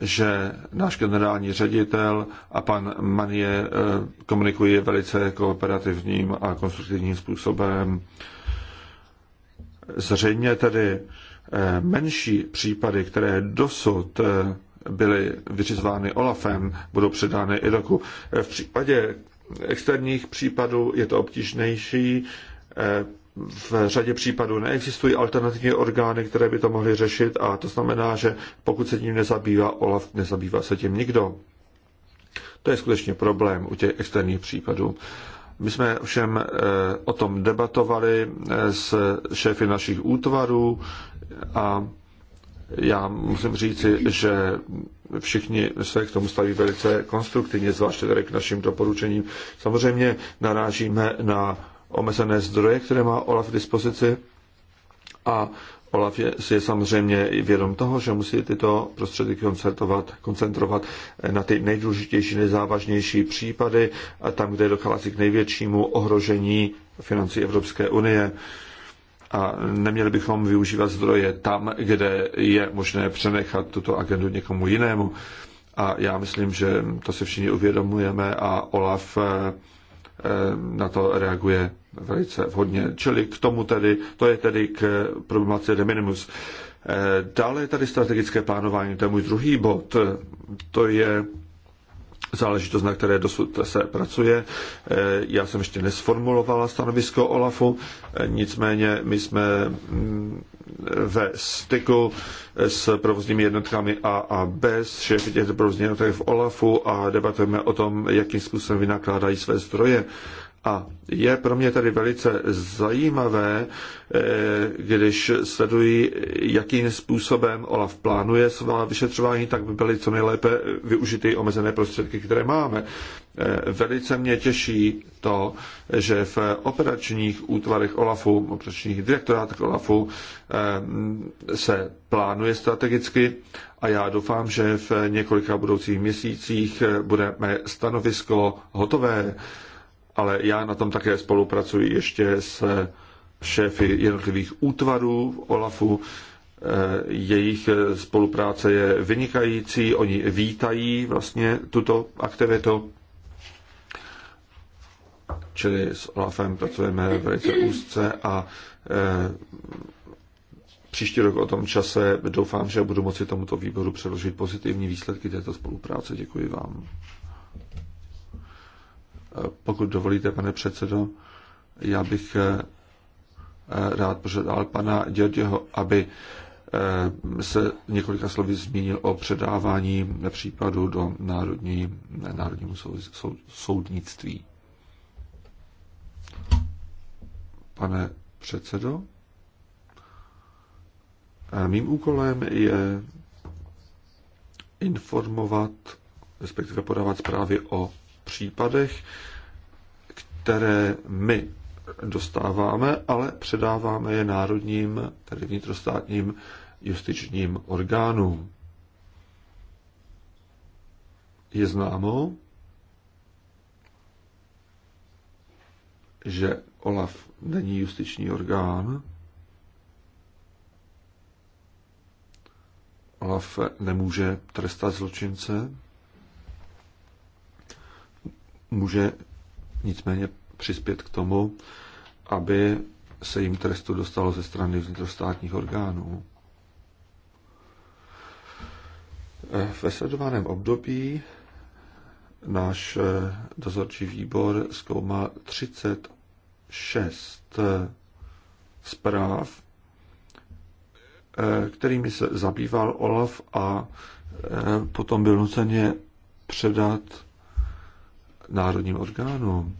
že náš generální ředitel a pan Manie eh, komunikují velice kooperativním a konstruktivním způsobem. Zřejmě tedy Eh, menší případy, které dosud eh, byly vyřizovány Olafem, budou předány roku. Eh, v případě externích případů je to obtížnější. V řadě případů neexistují alternativní orgány, které by to mohly řešit a to znamená, že pokud se tím nezabývá Olaf, nezabývá se tím nikdo. To je skutečně problém u těch externích případů. My jsme všem o tom debatovali s šéfy našich útvarů, a já musím říci, že všichni se k tomu staví velice konstruktivně, zvláště tady k našim doporučením. Samozřejmě narážíme na omezené zdroje, které má OLAF k dispozici a OLAF je, je samozřejmě i vědom toho, že musí tyto prostředky koncentrovat, koncentrovat na ty nejdůležitější, nejzávažnější případy a tam, kde dochází k největšímu ohrožení financí Evropské unie a neměli bychom využívat zdroje tam, kde je možné přenechat tuto agendu někomu jinému. A já myslím, že to se všichni uvědomujeme a Olaf eh, eh, na to reaguje velice vhodně. Čili k tomu tedy, to je tedy k problematice de minimus. Eh, dále je tady strategické plánování, to je můj druhý bod. To je záležitost, na které dosud se pracuje. E, já jsem ještě nesformulovala stanovisko OLAFu, e, nicméně my jsme mm, ve styku s provozními jednotkami A a B, s šéfy těch provozních jednotek v OLAFu a debatujeme o tom, jakým způsobem vynakládají své zdroje. A je pro mě tedy velice zajímavé, eh, když sledují, jakým způsobem OLAF plánuje svá vyšetřování, tak by byly co nejlépe využity omezené prostředky, které máme. Eh, velice mě těší to, že v operačních útvarech OLAFu, operačních direktorátech OLAFu eh, se plánuje strategicky a já doufám, že v několika budoucích měsících bude stanovisko hotové ale já na tom také spolupracuji ještě s šéfy jednotlivých útvarů v OLAFu. Eh, jejich eh, spolupráce je vynikající, oni vítají vlastně tuto aktivitu. Čili s OLAFem pracujeme velice úzce a eh, příští rok o tom čase doufám, že budu moci tomuto výboru předložit pozitivní výsledky této spolupráce. Děkuji vám. Pokud dovolíte, pane předsedo, já bych eh, eh, rád požádal pana Děrděho, aby eh, se několika slovy zmínil o předávání případu do národní, Národnímu sou, sou, soudnictví. Pane předsedo, mým úkolem je informovat, respektive podávat zprávy o případech, které my dostáváme, ale předáváme je národním, tedy vnitrostátním justičním orgánům. Je známo, že OLAF není justiční orgán, OLAF nemůže trestat zločince, může nicméně přispět k tomu, aby se jim trestu dostalo ze strany vnitrostátních orgánů. Ve sledovaném období náš dozorčí výbor zkoumá 36 zpráv, kterými se zabýval Olaf a potom byl nuceně předat národním orgánům.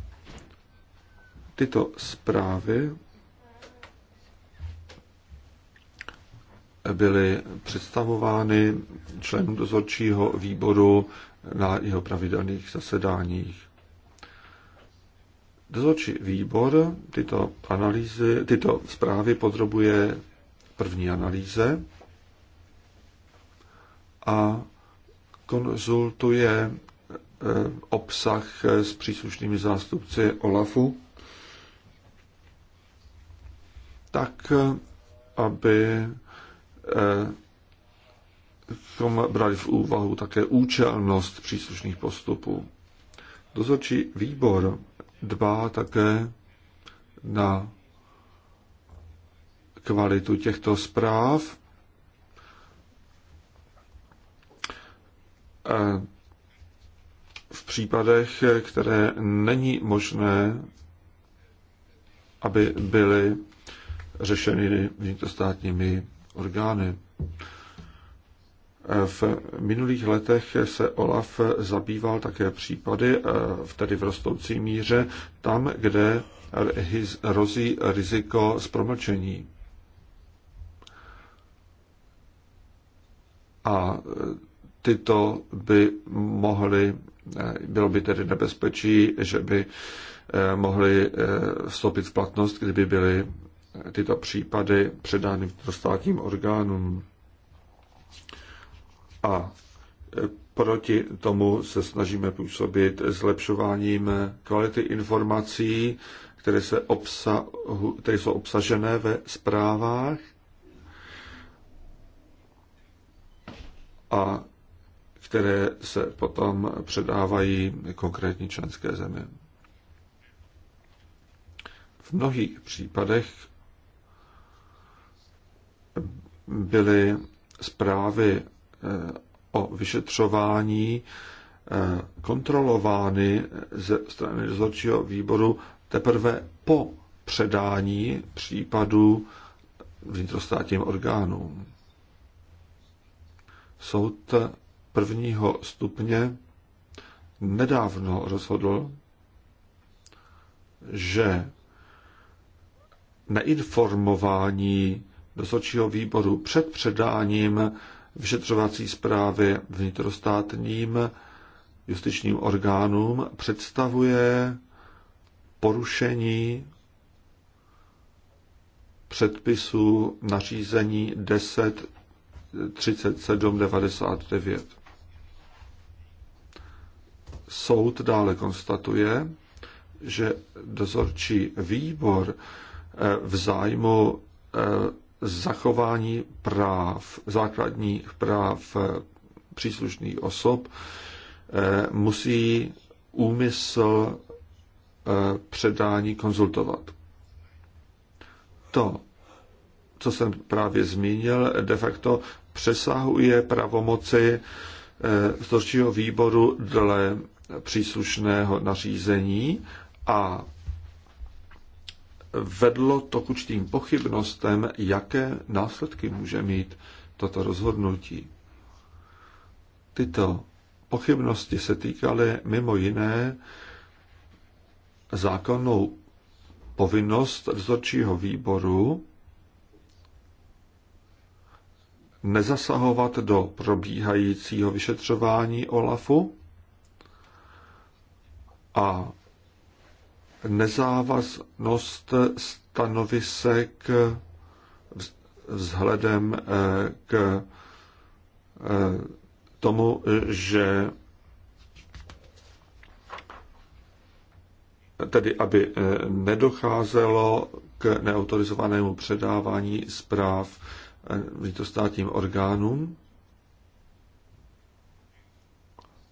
Tyto zprávy byly představovány členům dozorčího výboru na jeho pravidelných zasedáních. Dozorčí výbor tyto, analýzy, tyto zprávy podrobuje první analýze a konzultuje Eh, obsah eh, s příslušnými zástupci OLAFu, tak eh, aby brali v úvahu také účelnost příslušných postupů. Dozorčí výbor dbá také na kvalitu těchto zpráv v případech, které není možné, aby byly řešeny vnitrostátními orgány. V minulých letech se OLAF zabýval také případy, eh, tedy v rostoucí míře, tam, kde hrozí riziko z promlčení. A eh, tyto by mohly Eh, bylo by tedy nebezpečí, že by eh, mohly eh, vstoupit v platnost, kdyby byly tyto případy předány vnitrostátním orgánům. A proti tomu se snažíme působit zlepšováním kvality informací, které, se obsa, které jsou obsažené ve zprávách a které se potom předávají konkrétní členské zemi. V mnohých případech byly zprávy eh, o vyšetřování eh, kontrolovány ze strany dozorčího výboru teprve po předání případu vnitrostátním orgánům. Soud prvního stupně nedávno rozhodl, že neinformování dosočího výboru před předáním vyšetřovací zprávy vnitrostátním justičním orgánům představuje porušení předpisů nařízení 10 99 Soud dále konstatuje, že dozorčí výbor eh, v zájmu eh, zachování práv, základních práv eh, příslušných osob musí úmysl předání konzultovat. To, co jsem právě zmínil, de facto přesahuje pravomoci dozorčího výboru dle příslušného nařízení a vedlo to k určitým pochybnostem, jaké následky může mít toto rozhodnutí. Tyto pochybnosti se týkaly mimo jiné zákonnou povinnost vzorčího výboru nezasahovat do probíhajícího vyšetřování OLAFu a nezávaznost stanovisek vzhledem eh, k eh, tomu, že tedy aby eh, nedocházelo k neautorizovanému předávání zpráv vnitrostátním orgánům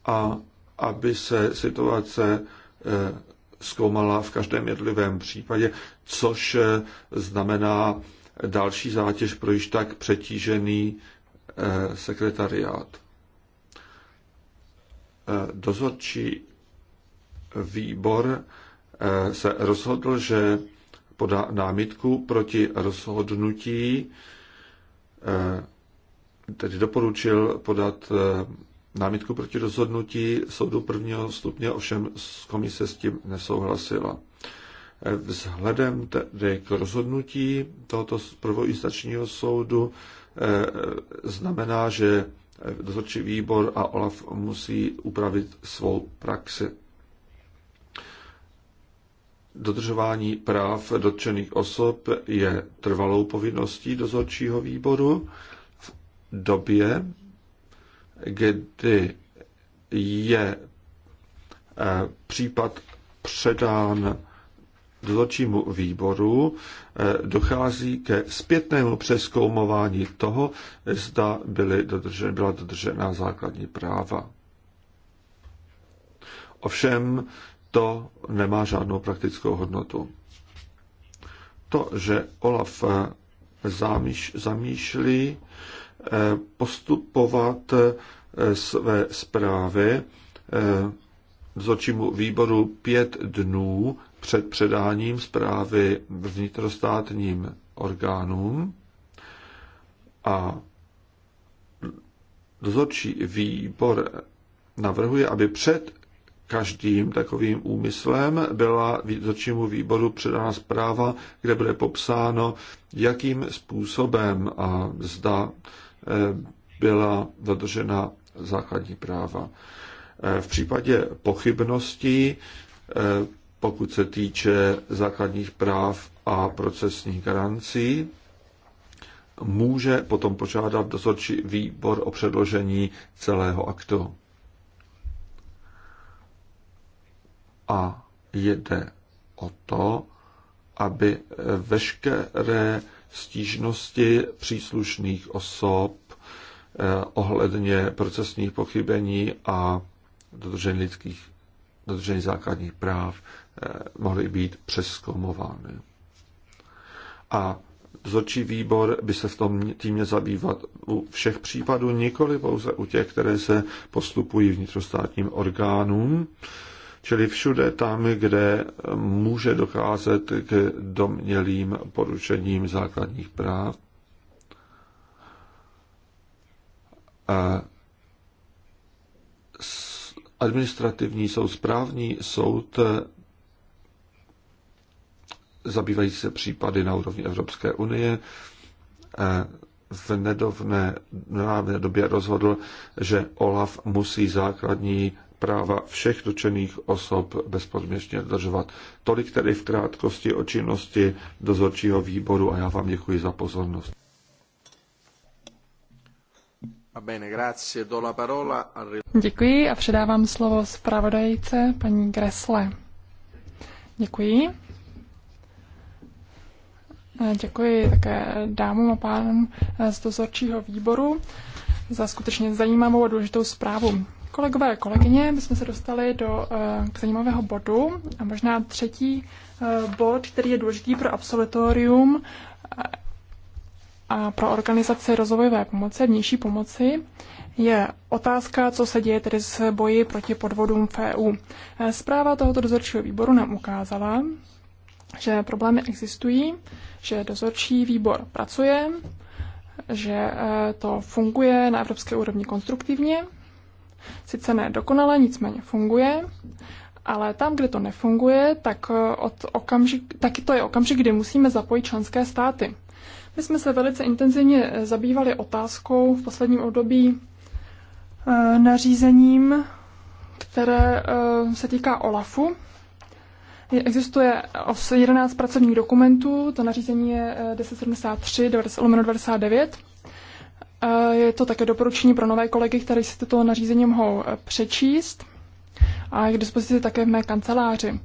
a aby se situace eh, zkoumala v každém jednotlivém případě, což eh, znamená další zátěž pro již tak přetížený eh, sekretariát. Dozorčí výbor se rozhodl, že podá námitku proti rozhodnutí, tedy doporučil podat Námitku proti rozhodnutí soudu prvního stupně ovšem komise s tím nesouhlasila. Vzhledem tedy k rozhodnutí tohoto prvoinstačního soudu eh, znamená, že dozorčí výbor a OLAF musí upravit svou praxi. Dodržování práv dotčených osob je trvalou povinností dozorčího výboru v době, kdy je eh, případ předán dozorčímu výboru, eh, dochází ke zpětnému přeskoumování toho, zda byly dodržen, byla dodržena základní práva. Ovšem to nemá žádnou praktickou hodnotu. To, že Olaf eh, zamýšlí, zamýšlí postupovat eh, své zprávy dozorčímu eh, výboru pět dnů před předáním zprávy vnitrostátním orgánům a dozorčí výbor navrhuje, aby před každým takovým úmyslem byla dozorčímu výboru předána zpráva, kde bude popsáno, jakým způsobem a zda Eh, byla dodržena základní práva. Eh, v případě pochybností, eh, pokud se týče základních práv a procesních garancí, může potom požádat dozorčí výbor o předložení celého aktu. A jde o to, aby veškeré stížnosti příslušných osob eh, ohledně procesních pochybení a dodržení lidských dodržení základních práv eh, mohly být přeskomovány. A dozorčí výbor by se v tom týmě zabývat u všech případů, nikoli pouze u těch, které se postupují vnitrostátním orgánům, Čili všude tam, kde může docházet k domělým poručením základních práv. A administrativní soud, správní soud zabývají se případy na úrovni Evropské unie v nedovné době rozhodl, že OLAF musí základní práva všech dočených osob bezpodmínečně dodržovat. Tolik tedy v krátkosti o činnosti dozorčího výboru a já vám děkuji za pozornost. Děkuji a předávám slovo zpravodajce paní Gresle. Děkuji. Děkuji také dámům a pánům z dozorčího výboru za skutečně zajímavou a důležitou zprávu. Kolegové a kolegyně, my jsme se dostali do eh, k zajímavého bodu a možná třetí eh, bod, který je důležitý pro absolutorium eh, a pro organizaci rozvojové pomoci, vnější pomoci, je otázka, co se děje tedy s boji proti podvodům v EU. Zpráva tohoto dozorčího výboru nám ukázala, že problémy existují, že dozorčí výbor pracuje, že to funguje na evropské úrovni konstruktivně sice ne dokonale, nicméně funguje, ale tam, kde to nefunguje, tak, eh, od okamžik, taky to je okamžik, kdy musíme zapojit členské státy. My jsme se velice intenzivně eh, zabývali otázkou v posledním období eh, nařízením, které se týká OLAFu. Existuje 11 pracovních dokumentů, to nařízení je 1073 99 je to také doporučení pro nové kolegy, kteří si toto nařízení mohou eh, přečíst a je k dispozici také v mé kanceláři.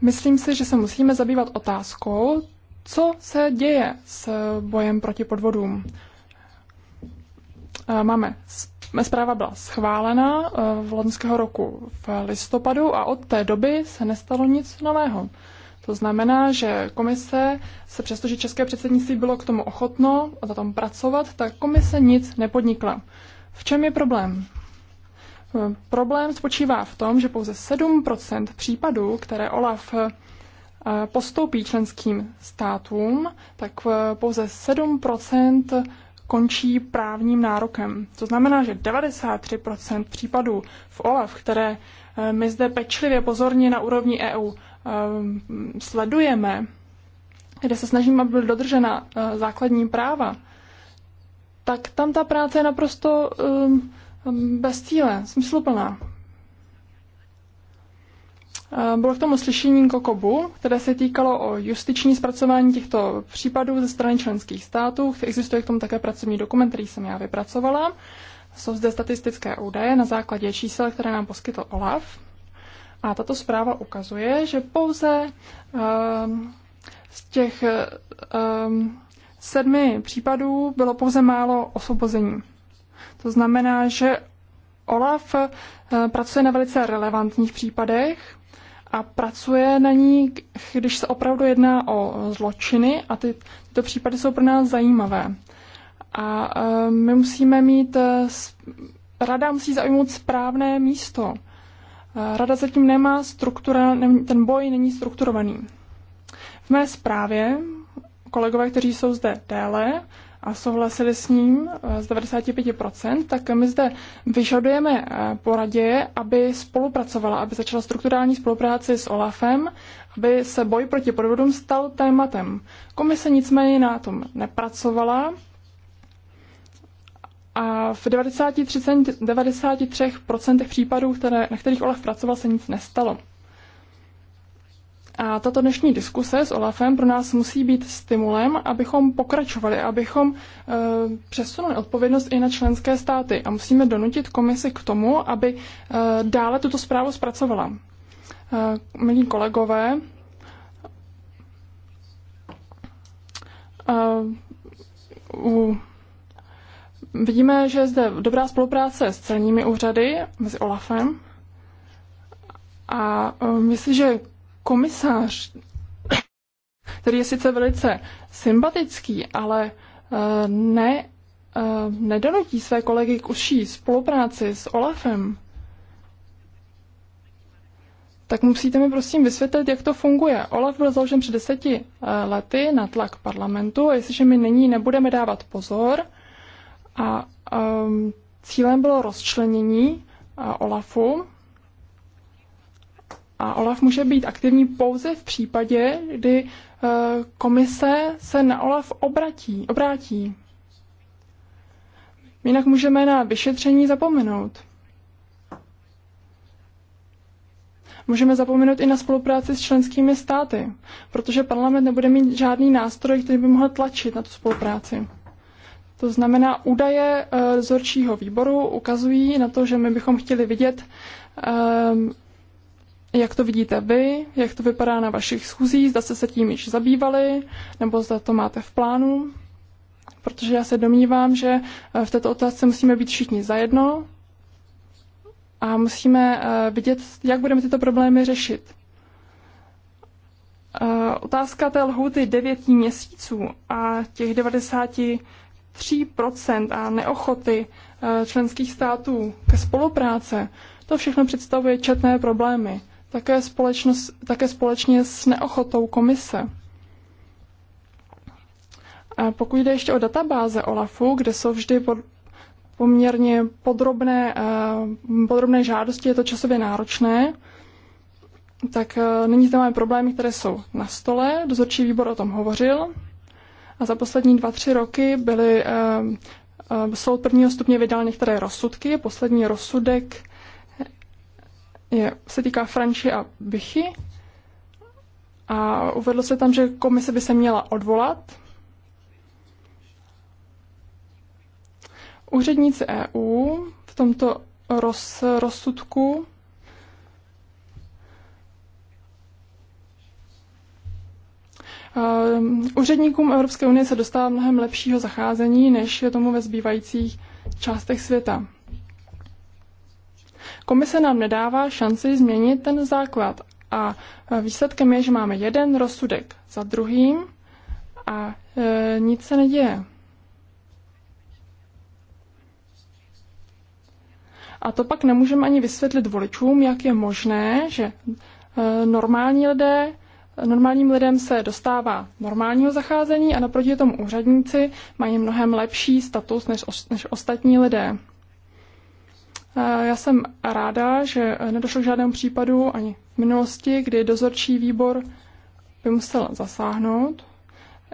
Myslím si, že se musíme zabývat otázkou, co se děje s bojem proti podvodům. Eh, máme Zpráva byla schválena eh, v loňského roku v listopadu a od té doby se nestalo nic nového. To znamená, že komise se přestože české předsednictví bylo k tomu ochotno a tom pracovat, tak komise nic nepodnikla. V čem je problém? Problém spočívá v tom, že pouze 7 případů, které OLAF eh, postoupí členským státům, tak eh, pouze 7 končí právním nárokem. To znamená, že 93 případů v OLAF, které eh, my zde pečlivě pozorně na úrovni EU Ehm, sledujeme, kde se snažíme, aby byly dodržena eh, základní práva, tak tam ta práce je naprosto ehm, bez cíle, smysluplná. Ehm, bylo k tomu slyšení Kokobu, které se týkalo o justiční zpracování těchto případů ze strany členských států. Existuje k tomu také pracovní dokument, který jsem já vypracovala. Jsou zde statistické údaje na základě čísel, které nám poskytl OLAF. A tato zpráva ukazuje, že pouze um, z těch um, sedmi případů bylo pouze málo osvobození. To znamená, že OLAF eh, pracuje na velice relevantních případech a pracuje na ní, když se opravdu jedná o zločiny a ty, tyto případy jsou pro nás zajímavé. A ehm, my musíme mít, eh, rada musí zaujmout správné místo. Rada zatím nemá struktura, ten boj není strukturovaný. V mé zprávě kolegové, kteří jsou zde déle a souhlasili s ním eh, z 95%, tak my zde vyžadujeme eh, poradě, aby spolupracovala, aby začala strukturální spolupráci s OLAFem, aby se boj proti podvodům stal tématem. Komise nicméně na tom nepracovala, a v 93, případů, které, na kterých Olaf pracoval, se nic nestalo. A tato dnešní diskuse s Olafem pro nás musí být stimulem, abychom pokračovali, abychom e, přesunuli odpovědnost i na členské státy a musíme donutit komisi k tomu, aby e, dále tuto zprávu zpracovala. E, milí kolegové, e, u Vidíme, že je zde dobrá spolupráce s celními úřady, mezi OLAFem. A myslím, um, že komisář, který je sice velice sympatický, ale uh, ne, uh, nedonutí své kolegy k užší spolupráci s OLAFem, tak musíte mi prosím vysvětlit, jak to funguje. Olaf byl založen před deseti uh, lety na tlak parlamentu a jestliže my nyní nebudeme dávat pozor, a um, cílem bylo rozčlenění uh, OLAFu. A OLAF může být aktivní pouze v případě, kdy uh, komise se na OLAF obratí, obrátí. Jinak můžeme na vyšetření zapomenout. Můžeme zapomenout i na spolupráci s členskými státy, protože parlament nebude mít žádný nástroj, který by mohl tlačit na tu spolupráci. To znamená, údaje eh, zorčího výboru ukazují na to, že my bychom chtěli vidět, ehm, jak to vidíte vy, jak to vypadá na vašich schůzích, zda jste se tím již zabývali, nebo zda to máte v plánu. Protože já se domnívám, že eh, v této otázce musíme být všichni zajedno a musíme eh, vidět, jak budeme tyto problémy řešit. Otázka té lhuty 9 měsíců a těch 90 3% a neochoty eh, členských států ke spolupráce, to všechno představuje četné problémy, také, také společně s neochotou komise. A pokud jde ještě o databáze OLAFu, kde jsou vždy pod, poměrně podrobné, eh, podrobné žádosti, je to časově náročné, tak eh, nyní zde máme problémy, které jsou na stole. Dozorčí výbor o tom hovořil. A za poslední dva, tři roky byly eh, eh, soud prvního stupně vydal některé rozsudky. Poslední rozsudek je, se týká Franči a Bichy. A uvedlo se tam, že komise by se měla odvolat. Úředníci EU v tomto roz, rozsudku Eh, úředníkům Evropské unie se dostává mnohem lepšího zacházení, než je tomu ve zbývajících částech světa. Komise nám nedává šanci změnit ten základ a eh, výsledkem je, že máme jeden rozsudek za druhým a e, nic se neděje. A to pak nemůžeme ani vysvětlit voličům, jak je možné, že e, normální lidé normálním lidem se dostává normálního zacházení a naproti tomu úředníci mají mnohem lepší status než, než ostatní lidé. Já jsem ráda, že nedošlo k žádnému případu ani v minulosti, kdy dozorčí výbor by musel zasáhnout.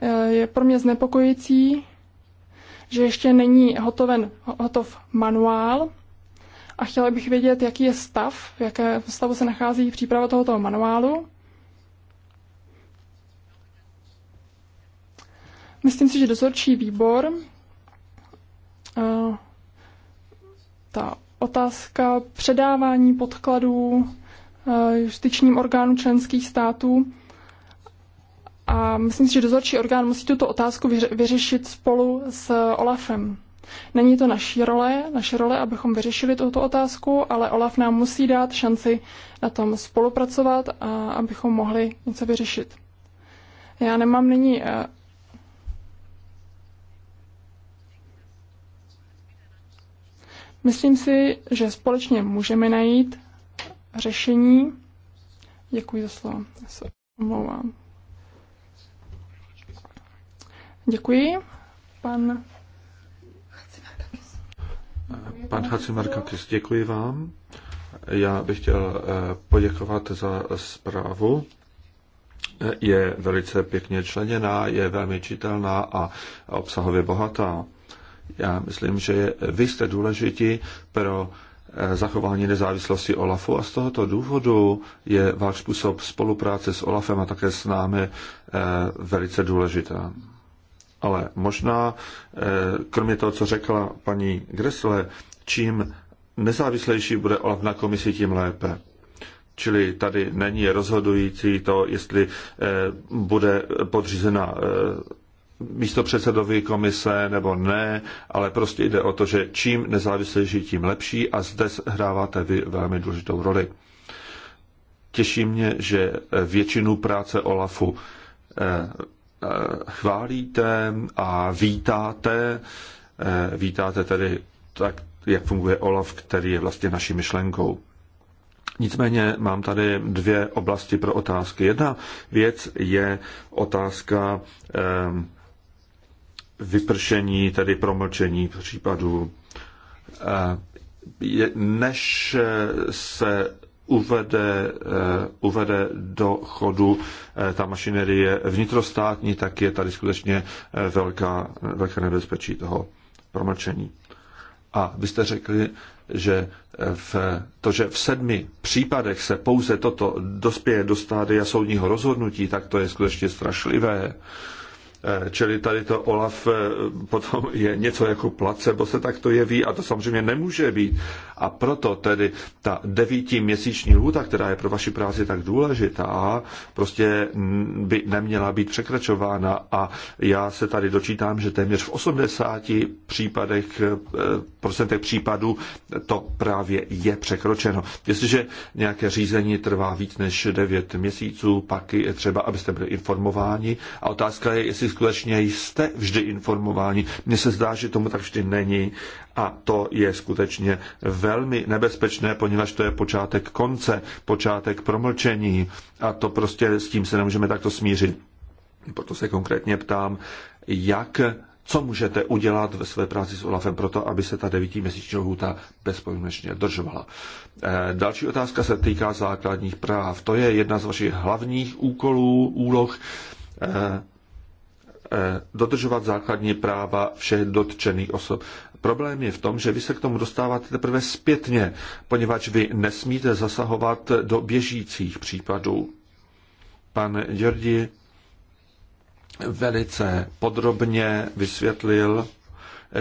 E, je pro mě znepokojící, že ještě není hotoven, hotov manuál a chtěla bych vědět, jaký je stav, v jaké stavu se nachází příprava tohoto manuálu Myslím si, že dozorčí výbor eh, ta otázka předávání podkladů eh, justičním orgánům členských států. A myslím si, že dozorčí orgán musí tuto otázku vyřešit spolu s OLAFem. Není to naší role, naše role, abychom vyřešili tuto otázku, ale OLAF nám musí dát šanci na tom spolupracovat a abychom mohli něco vyřešit. Já nemám nyní eh, Myslím si, že společně můžeme najít řešení. Děkuji za slovo. Já se omlouvám. Děkuji. Pan Pan Hacimarkakis, děkuji vám. Já bych chtěl eh, poděkovat za zprávu. Je velice pěkně členěná, je velmi čitelná a obsahově bohatá. Já myslím, že vy jste důležití pro eh, zachování nezávislosti OLAFu a z tohoto důvodu je váš způsob spolupráce s OLAFem a také s námi eh, velice důležitá. Ale možná, eh, kromě toho, co řekla paní Gresle, čím nezávislejší bude OLAF na komisi, tím lépe. Čili tady není rozhodující to, jestli bude podřízena místo předsedovi komise nebo ne, ale prostě jde o to, že čím nezávislejší, tím lepší a zde hráváte vy velmi důležitou roli. Těší mě, že většinu práce Olafu eh, eh, chválíte a vítáte. Eh, vítáte tedy tak, jak funguje Olaf, který je vlastně naší myšlenkou. Nicméně mám tady dvě oblasti pro otázky. Jedna věc je otázka vypršení, tedy promlčení případů. Eh, než se uvede, eh, uvede do chodu eh, ta mašinerie vnitrostátní, tak je tady skutečně velká, velké nebezpečí toho promlčení. A vy jste řekli, že v, to, že v sedmi případech se pouze toto dospěje do stády a soudního rozhodnutí, tak to je skutečně strašlivé. Eh, čili tady to OLAF eh, potom je něco jako placebo se tak to jeví a to samozřejmě nemůže být. A proto tedy ta devítiměsíční lhůta, která je pro vaši práci tak důležitá, prostě by neměla být překračována a já se tady dočítám, že téměř v 80 případech, eh, procentech případů to právě je překročeno. Jestliže nějaké řízení trvá víc než 9 měsíců, pak je třeba, abyste byli informováni a otázka je, jestli skutečně jste vždy informováni. Mně se zdá, že tomu tak vždy není a to je skutečně velmi nebezpečné, poněvadž to je počátek konce, počátek promlčení a to prostě s tím se nemůžeme takto smířit. Proto se konkrétně ptám, jak co můžete udělat ve své práci s Olafem proto, aby se ta devítiměsíční lhůta bezpodmínečně držovala. Eh, další otázka se týká základních práv. To je jedna z vašich hlavních úkolů, úloh. Eh, Eh, dodržovat základní práva všech dotčených osob. Problém je v tom, že vy se k tomu dostáváte teprve zpětně, poněvadž vy nesmíte zasahovat do běžících případů. Pan Jordi velice podrobně vysvětlil,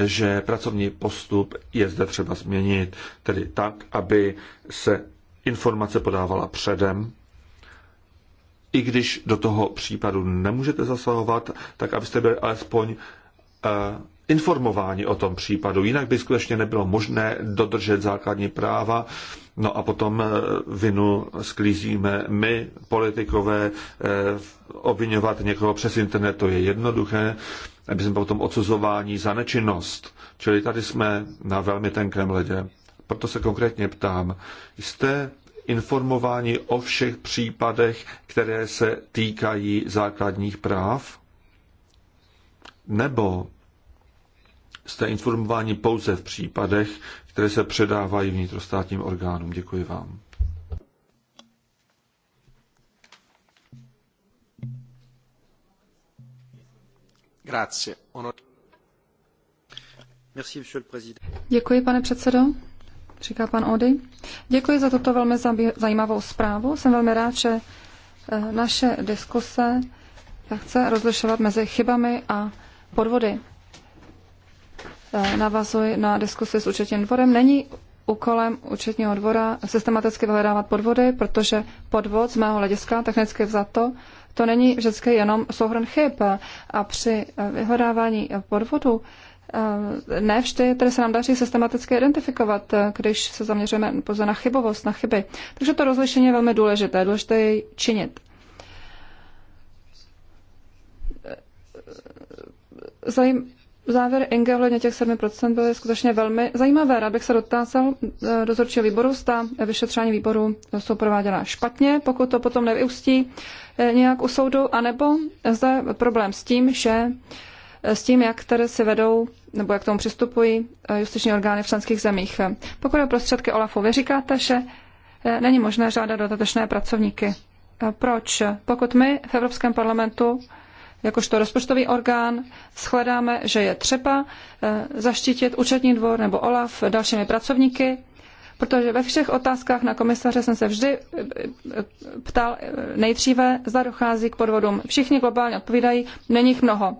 že pracovní postup je zde třeba změnit, tedy tak, aby se informace podávala předem i když do toho případu nemůžete zasahovat, tak abyste byli alespoň eh, informováni o tom případu. Jinak by skutečně nebylo možné dodržet základní práva. No a potom eh, vinu sklízíme my, politikové, eh, obvinovat někoho přes internet, to je jednoduché. Aby jsme potom odsuzování za nečinnost. Čili tady jsme na velmi tenkém ledě. Proto se konkrétně ptám, jste informováni o všech případech, které se týkají základních práv? Nebo jste informováni pouze v případech, které se předávají vnitrostátním orgánům? Děkuji vám. Grazie. Ono... Děkuji, pane předsedo říká pan Ody. Děkuji za tuto velmi zajímavou zprávu. Jsem velmi rád, že eh, naše diskuse chce rozlišovat mezi chybami a podvody. Eh, navazuji na diskusi s účetním dvorem. Není úkolem účetního dvora systematicky vyhledávat podvody, protože podvod z mého hlediska technicky vzato to není vždycky jenom souhrn chyb. A při eh, vyhledávání podvodu Eh, ne vždy tedy se nám daří systematicky identifikovat, eh, když se zaměřujeme pouze na chybovost, na chyby. Takže to rozlišení je velmi důležité, důležité je činit. Eh, zajím, závěr Inge ohledně těch 7% byly skutečně velmi zajímavé. Rád bych se dotázal dozorčího výboru, zda vyšetřování výboru jsou prováděna špatně, pokud to potom nevyustí nějak u soudu, anebo zde problém s tím, že s tím, jak tady si vedou nebo jak k tomu přistupují eh, justiční orgány v členských zemích. Eh, pokud o prostředky OLAFu, vy říkáte, že eh, není možné žádat dodatečné pracovníky. Proč? Pokud my v Evropském parlamentu jakožto rozpočtový orgán shledáme, že je třeba zaštítit účetní dvor nebo OLAF dalšími pracovníky, protože ve všech otázkách na komisaře jsem se vždy ptal nejdříve, zda dochází k podvodům. Všichni globálně odpovídají, není jich mnoho.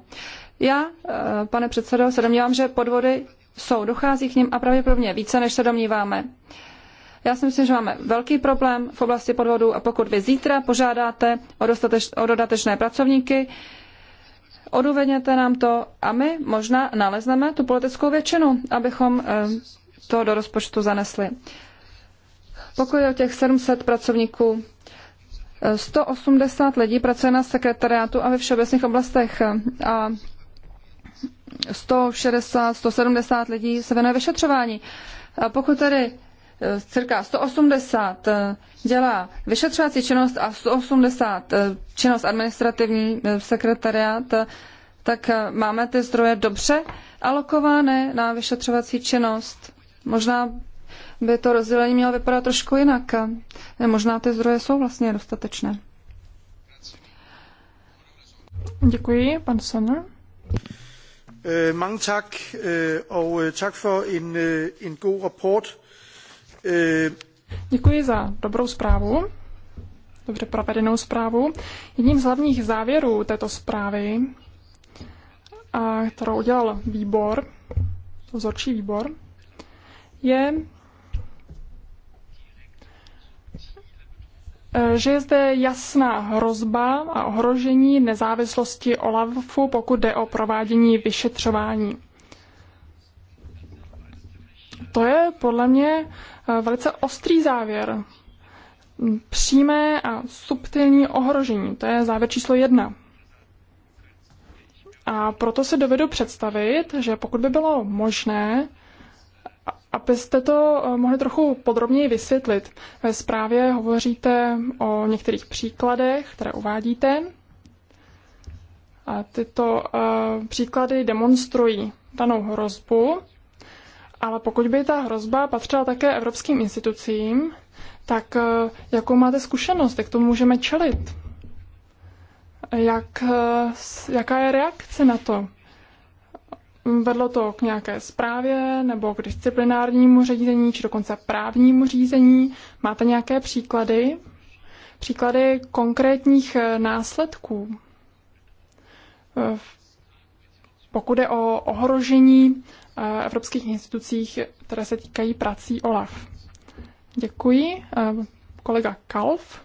Já, eh, pane předsedo, se domnívám, že podvody jsou, dochází k nim a pravděpodobně více, než se domníváme. Já si myslím, že máme velký problém v oblasti podvodů a pokud vy zítra požádáte o, dostateč, o dodatečné pracovníky, odůvodněte nám to a my možná nalezneme tu politickou většinu, abychom eh, to do rozpočtu zanesli. Pokud je o těch 700 pracovníků, 180 eh, lidí pracuje na sekretariátu a ve všeobecných oblastech. A 160, 170 lidí se věnuje vyšetřování. A pokud tedy eh, cirka 180 eh, dělá vyšetřovací činnost a 180 eh, činnost administrativní sekretariát, tak máme ty zdroje dobře alokovány na vyšetřovací činnost. Možná by to rozdělení mělo vypadat trošku jinak. Možná ty zdroje jsou vlastně dostatečné. Děkuji, pan Sonner. Øh, mange tak, øh, og øh, tak for en, en god rapport. Děkuji za dobrou zprávu, dobře provedenou zprávu. Jedním z hlavních závěrů této zprávy, kterou udělal výbor, dozorčí výbor, je že je zde jasná hrozba a ohrožení nezávislosti OLAFu, pokud jde o provádění vyšetřování. To je podle mě eh, velice ostrý závěr. Přímé a subtilní ohrožení, to je závěr číslo jedna. A proto si dovedu představit, že pokud by bylo možné Abyste to eh, mohli trochu podrobněji vysvětlit. Ve zprávě hovoříte o některých příkladech, které uvádíte. A tyto uh, příklady demonstrují danou hrozbu, ale pokud by ta hrozba patřila také evropským institucím, tak uh, jakou máte zkušenost, jak to můžeme čelit? Jak, uh, jaká je reakce na to? Vedlo to k nějaké zprávě nebo k disciplinárnímu řízení, či dokonce právnímu řízení. Máte nějaké příklady? Příklady konkrétních eh, následků? Eh, pokud je o ohrožení eh, evropských institucích, které se týkají prací OLAF. Děkuji. Kolega Kalf.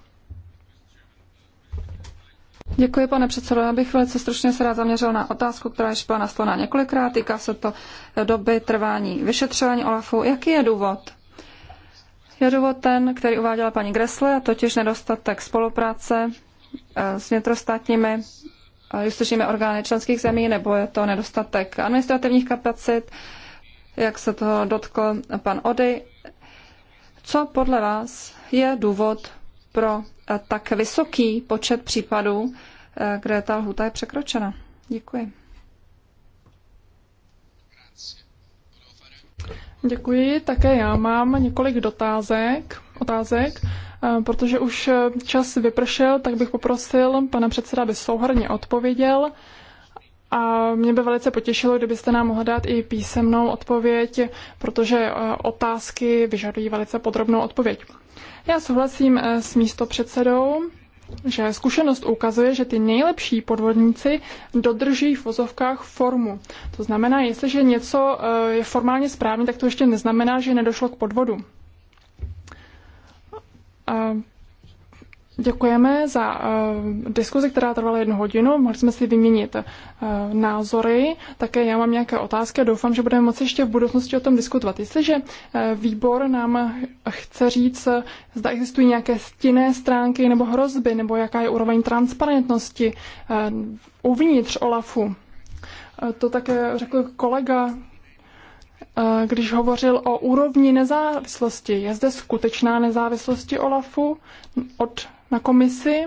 Děkuji, pane předsedo. Já bych velice stručně se rád zaměřil na otázku, která již byla nastavena několikrát. Týká se to doby trvání vyšetřování OLAFu. Jaký je důvod? Je důvod ten, který uváděla paní Gresle, a totiž nedostatek spolupráce eh, s vnitrostátními eh, justičními orgány členských zemí, nebo je to nedostatek administrativních kapacit, jak se toho dotkl pan Ody. Co podle vás je důvod pro eh, tak vysoký počet případů, eh, kde ta lhuta je překročena. Děkuji. Děkuji. Také já mám několik dotázek, otázek. Eh, protože už čas vypršel, tak bych poprosil pana předseda, aby souhrně odpověděl a mě by velice potěšilo, kdybyste nám mohla dát i písemnou odpověď, protože e, otázky vyžadují velice podrobnou odpověď. Já souhlasím e, s místopředsedou, že zkušenost ukazuje, že ty nejlepší podvodníci dodrží v vozovkách formu. To znamená, jestliže něco e, je formálně správně, tak to ještě neznamená, že nedošlo k podvodu. Děkujeme za uh, diskuzi, která trvala jednu hodinu. Mohli jsme si vyměnit uh, názory. Také já mám nějaké otázky a doufám, že budeme moci ještě v budoucnosti o tom diskutovat. Jestliže uh, výbor nám chce říct, zda existují nějaké stinné stránky nebo hrozby, nebo jaká je úroveň transparentnosti uh, uvnitř OLAFu. Uh, to také řekl kolega když hovořil o úrovni nezávislosti. Je zde skutečná nezávislosti OLAFu od na komisi,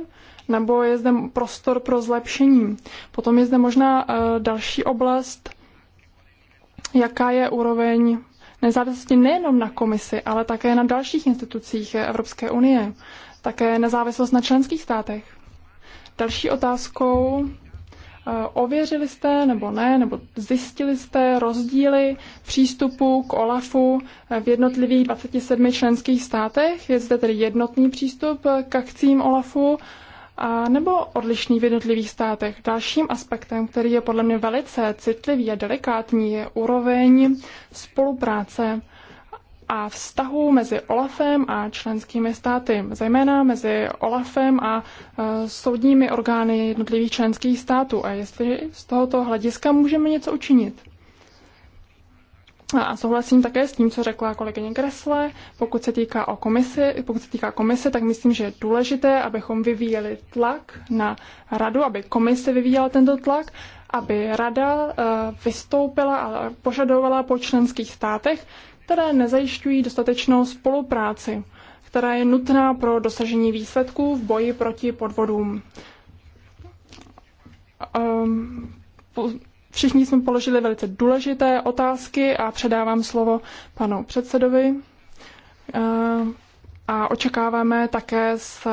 nebo je zde prostor pro zlepšení. Potom je zde možná eh, další oblast, jaká je úroveň nezávislosti nejenom na komisi, ale také na dalších institucích Evropské unie, také nezávislost na členských státech. Další otázkou Eh, ověřili jste nebo ne, nebo zjistili jste rozdíly přístupu k OLAFu eh, v jednotlivých 27 členských státech? Je zde tedy jednotný přístup k akcím OLAFu a nebo odlišný v jednotlivých státech? Dalším aspektem, který je podle mě velice citlivý a delikátní, je úroveň spolupráce a vztahů mezi OLAFem a členskými státy, zejména mezi OLAFem a e, soudními orgány jednotlivých členských států a jestli z tohoto hlediska můžeme něco učinit. A souhlasím také s tím, co řekla kolegyně Gresle. Pokud se týká o komisi, pokud se týká komise, tak myslím, že je důležité, abychom vyvíjeli tlak na radu, aby komise vyvíjela tento tlak, aby rada e, vystoupila a požadovala po členských státech, které nezajišťují dostatečnou spolupráci, která je nutná pro dosažení výsledků v boji proti podvodům. Ehm, všichni jsme položili velice důležité otázky a předávám slovo panu předsedovi. Ehm, a očekáváme také s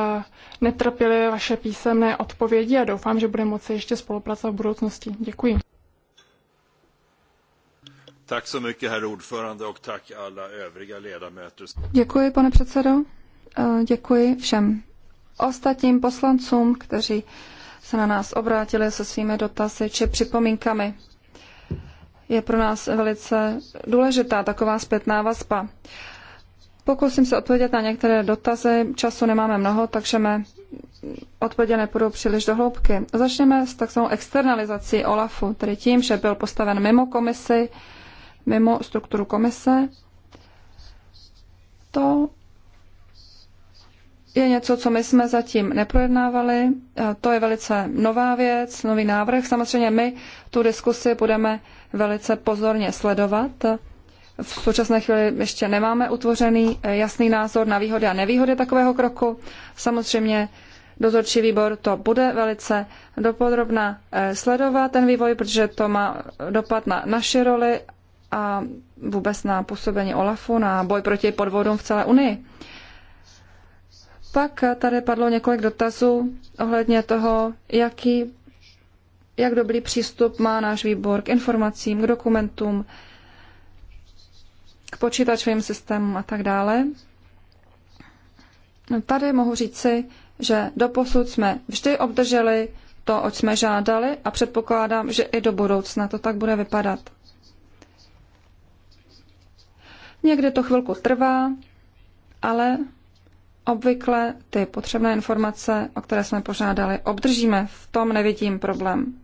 netrpěli vaše písemné odpovědi a doufám, že budeme moci ještě spolupracovat v budoucnosti. Děkuji så mycket, herr ordförande, och tack alla övriga ledamöter. Děkuji, pane předsedo. Eh, děkuji všem ostatním poslancům, kteří se na nás obrátili se svými dotazy či připomínkami. Je pro nás velice důležitá taková zpětná vazba. Pokusím se odpovědět na některé dotazy. Času nemáme mnoho, takže mé odpovědi nepůjdou příliš do hloubky. Začněme s takzvanou externalizací OLAFu, tedy tím, že byl postaven mimo komisi, mimo strukturu komise. To je něco, co my jsme zatím neprojednávali. E, to je velice nová věc, nový návrh. Samozřejmě my tu diskusi budeme velice pozorně sledovat. V současné chvíli ještě nemáme utvořený e, jasný názor na výhody a nevýhody takového kroku. Samozřejmě dozorčí výbor to bude velice dopodrobna e, sledovat ten vývoj, protože to má dopad na naše roli a vůbec na působení OLAFu, na boj proti podvodům v celé Unii. Pak tady padlo několik dotazů ohledně toho, jaký, jak dobrý přístup má náš výbor k informacím, k dokumentům, k počítačovým systémům a tak dále. Tady mohu říci, že doposud jsme vždy obdrželi to, oč jsme žádali a předpokládám, že i do budoucna to tak bude vypadat. Někdy to chvilku trvá, ale obvykle ty potřebné informace, o které jsme požádali, obdržíme. V tom nevidím problém.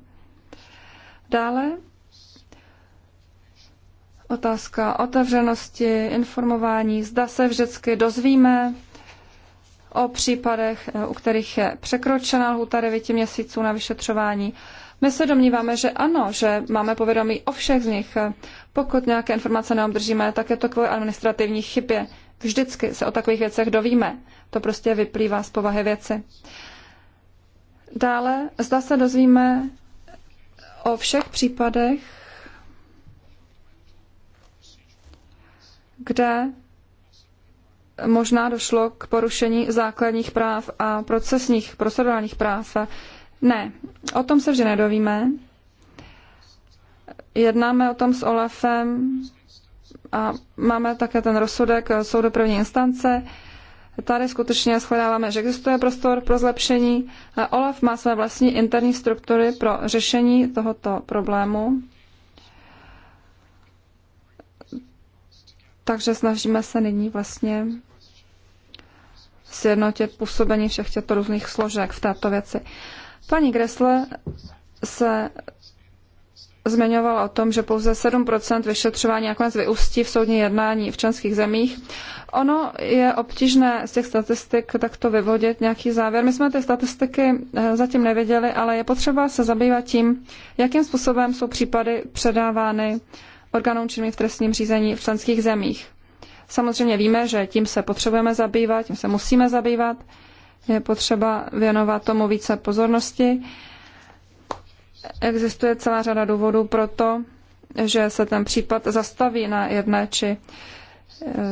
Dále otázka otevřenosti, informování. Zda se vždycky dozvíme o případech, eh, u kterých je překročena lhůta 9 měsíců na vyšetřování. My se domníváme, že ano, že máme povědomí o všech z nich. Pokud nějaké informace neobdržíme, tak je to kvůli administrativní chybě. Vždycky se o takových věcech dovíme. To prostě vyplývá z povahy věci. Dále, zda se dozvíme o všech případech, kde možná došlo k porušení základních práv a procesních, procedurálních práv. Ne, o tom se vždy nedovíme. Jednáme o tom s Olafem a máme také ten rozsudek soudu první instance. Tady skutečně shledáváme, že existuje prostor pro zlepšení. Olaf má své vlastní interní struktury pro řešení tohoto problému. Takže snažíme se nyní vlastně sjednotit působení všech těchto různých složek v této věci. Paní Gressle se zmiňovala o tom, že pouze 7 vyšetřování nakonec vyústí v soudní jednání v členských zemích. Ono je obtížné z těch statistik takto vyvodit nějaký závěr. My jsme ty statistiky eh, zatím nevěděli, ale je potřeba se zabývat tím, jakým způsobem jsou případy předávány orgánům činným v trestním řízení v členských zemích. Samozřejmě víme, že tím se potřebujeme zabývat, tím se musíme zabývat, je potřeba věnovat tomu více pozornosti. Existuje celá řada důvodů pro to, že se ten případ zastaví na jedné či e,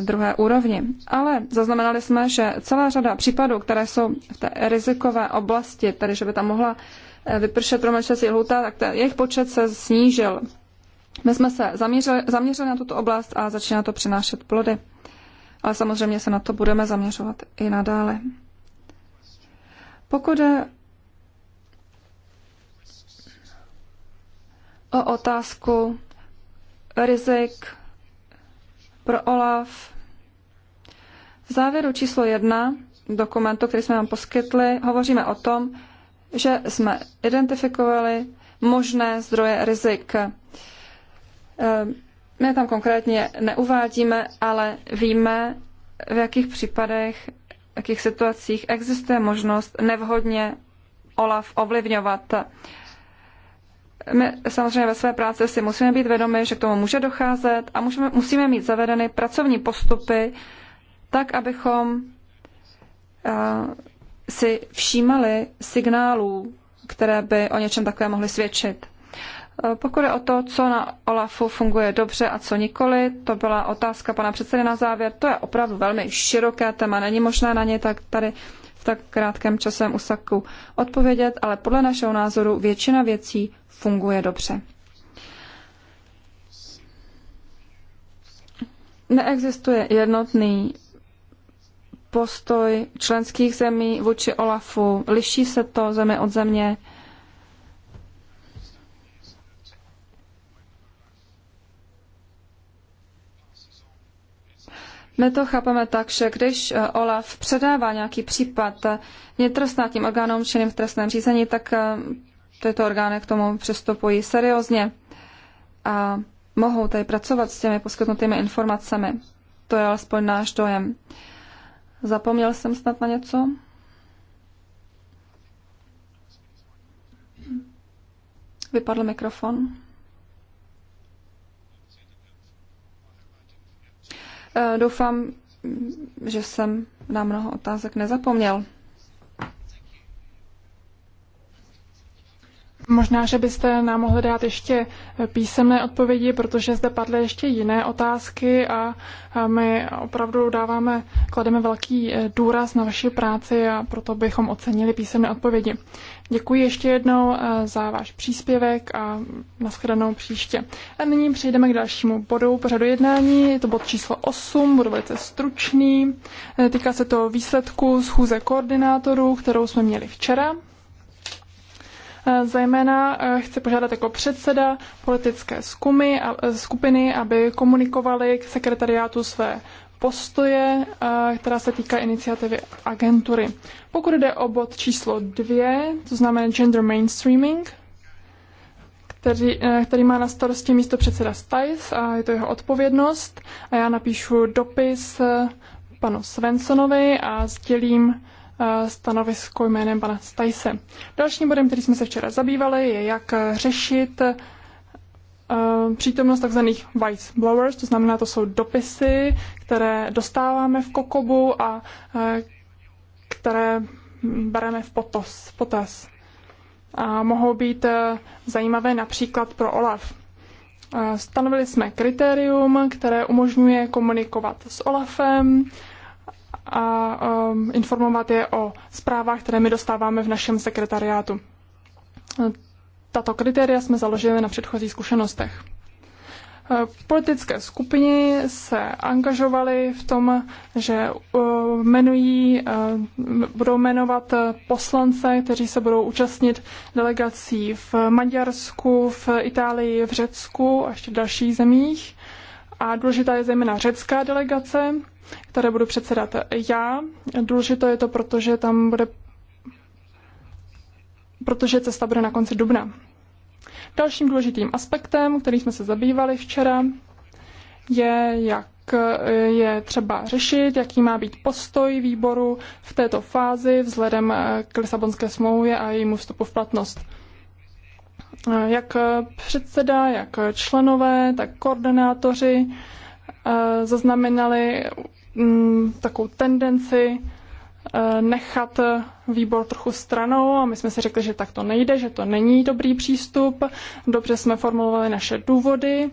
druhé úrovni. Ale zaznamenali jsme, že celá řada případů, které jsou v té rizikové oblasti, tedy že by tam mohla e, vypršet promlčecí lhuta, tak ten, jejich počet se snížil. My jsme se zaměřili, zaměřili na tuto oblast a začíná to přinášet plody. Ale samozřejmě se na to budeme zaměřovat i nadále. Pokud je o otázku rizik pro OLAF, v závěru číslo jedna dokumentu, který jsme vám poskytli, hovoříme o tom, že jsme identifikovali možné zdroje rizik. Eh, my tam konkrétně neuvádíme, ale víme, v jakých případech jakých situacích existuje možnost nevhodně OLAF ovlivňovat. My samozřejmě ve své práci si musíme být vědomi, že k tomu může docházet a můžeme, musíme mít zavedeny pracovní postupy, tak abychom uh, si všímali signálů, které by o něčem takové mohly svědčit. Eh, pokud je o to, co na OLAFu funguje dobře a co nikoli, to byla otázka pana předsedy na závěr. To je opravdu velmi široké téma, není možné na ně tak tady v tak krátkém časem úsaku odpovědět, ale podle našeho názoru většina věcí funguje dobře. Neexistuje jednotný postoj členských zemí vůči OLAFu, liší se to zemi od země. My to chápeme tak, že když eh, OLAF předává nějaký případ eh, vnitrostátním orgánům činným v trestném řízení, tak eh, tyto orgány k tomu přistupují seriózně a mohou tady pracovat s těmi poskytnutými informacemi. To je alespoň náš dojem. Zapomněl jsem snad na něco? Vypadl mikrofon. Eh, doufám, že jsem na mnoho otázek nezapomněl. Možná, že byste nám mohli dát ještě písemné odpovědi, protože zde padly ještě jiné otázky a my opravdu dáváme, klademe velký eh, důraz na vaši práci a proto bychom ocenili písemné odpovědi. Děkuji ještě jednou eh, za váš příspěvek a nashledanou příště. A nyní přejdeme k dalšímu bodu pořadu jednání. Je to bod číslo 8, budu velice stručný. Eh, týká se to výsledku schůze koordinátorů, kterou jsme měli včera. Eh, Zajména eh, chci požádat jako předseda politické skumy eh, skupiny, aby komunikovali k sekretariátu své postoje, která se týká iniciativy agentury. Pokud jde o bod číslo dvě, to znamená gender mainstreaming, který, který má na starosti místo předseda Stice a je to jeho odpovědnost. A já napíšu dopis panu Svensonovi a sdělím Eh, stanovisko jménem pana Stajse. Dalším bodem, který jsme se včera zabývali, je jak řešit eh, přítomnost tzv. white blowers, to znamená, to jsou dopisy, které dostáváme v Kokobu a eh, které bereme v potos, potaz. A mohou být zajímavé například pro OLAF. Stanovili jsme kritérium, které umožňuje komunikovat s OLAFem, a um, informovat je o zprávách, které my dostáváme v našem sekretariátu. Tato kritéria jsme založili na předchozích zkušenostech. Eh, politické skupiny se angažovaly v tom, že eh, jmenují, eh, budou jmenovat poslance, kteří se budou účastnit delegací v Maďarsku, v Itálii, v Řecku a ještě v dalších zemích a důležitá je zejména řecká delegace, které budu předsedat já. Důležité je to, protože tam bude protože cesta bude na konci dubna. Dalším důležitým aspektem, který jsme se zabývali včera, je, jak je třeba řešit, jaký má být postoj výboru v této fázi vzhledem k Lisabonské smlouvě a jejímu vstupu v platnost jak eh, předseda, jak členové, tak koordinátoři eh, zaznamenali mm, takovou tendenci eh, nechat výbor trochu stranou a my jsme si řekli, že tak to nejde, že to není dobrý přístup. Dobře jsme formulovali naše důvody.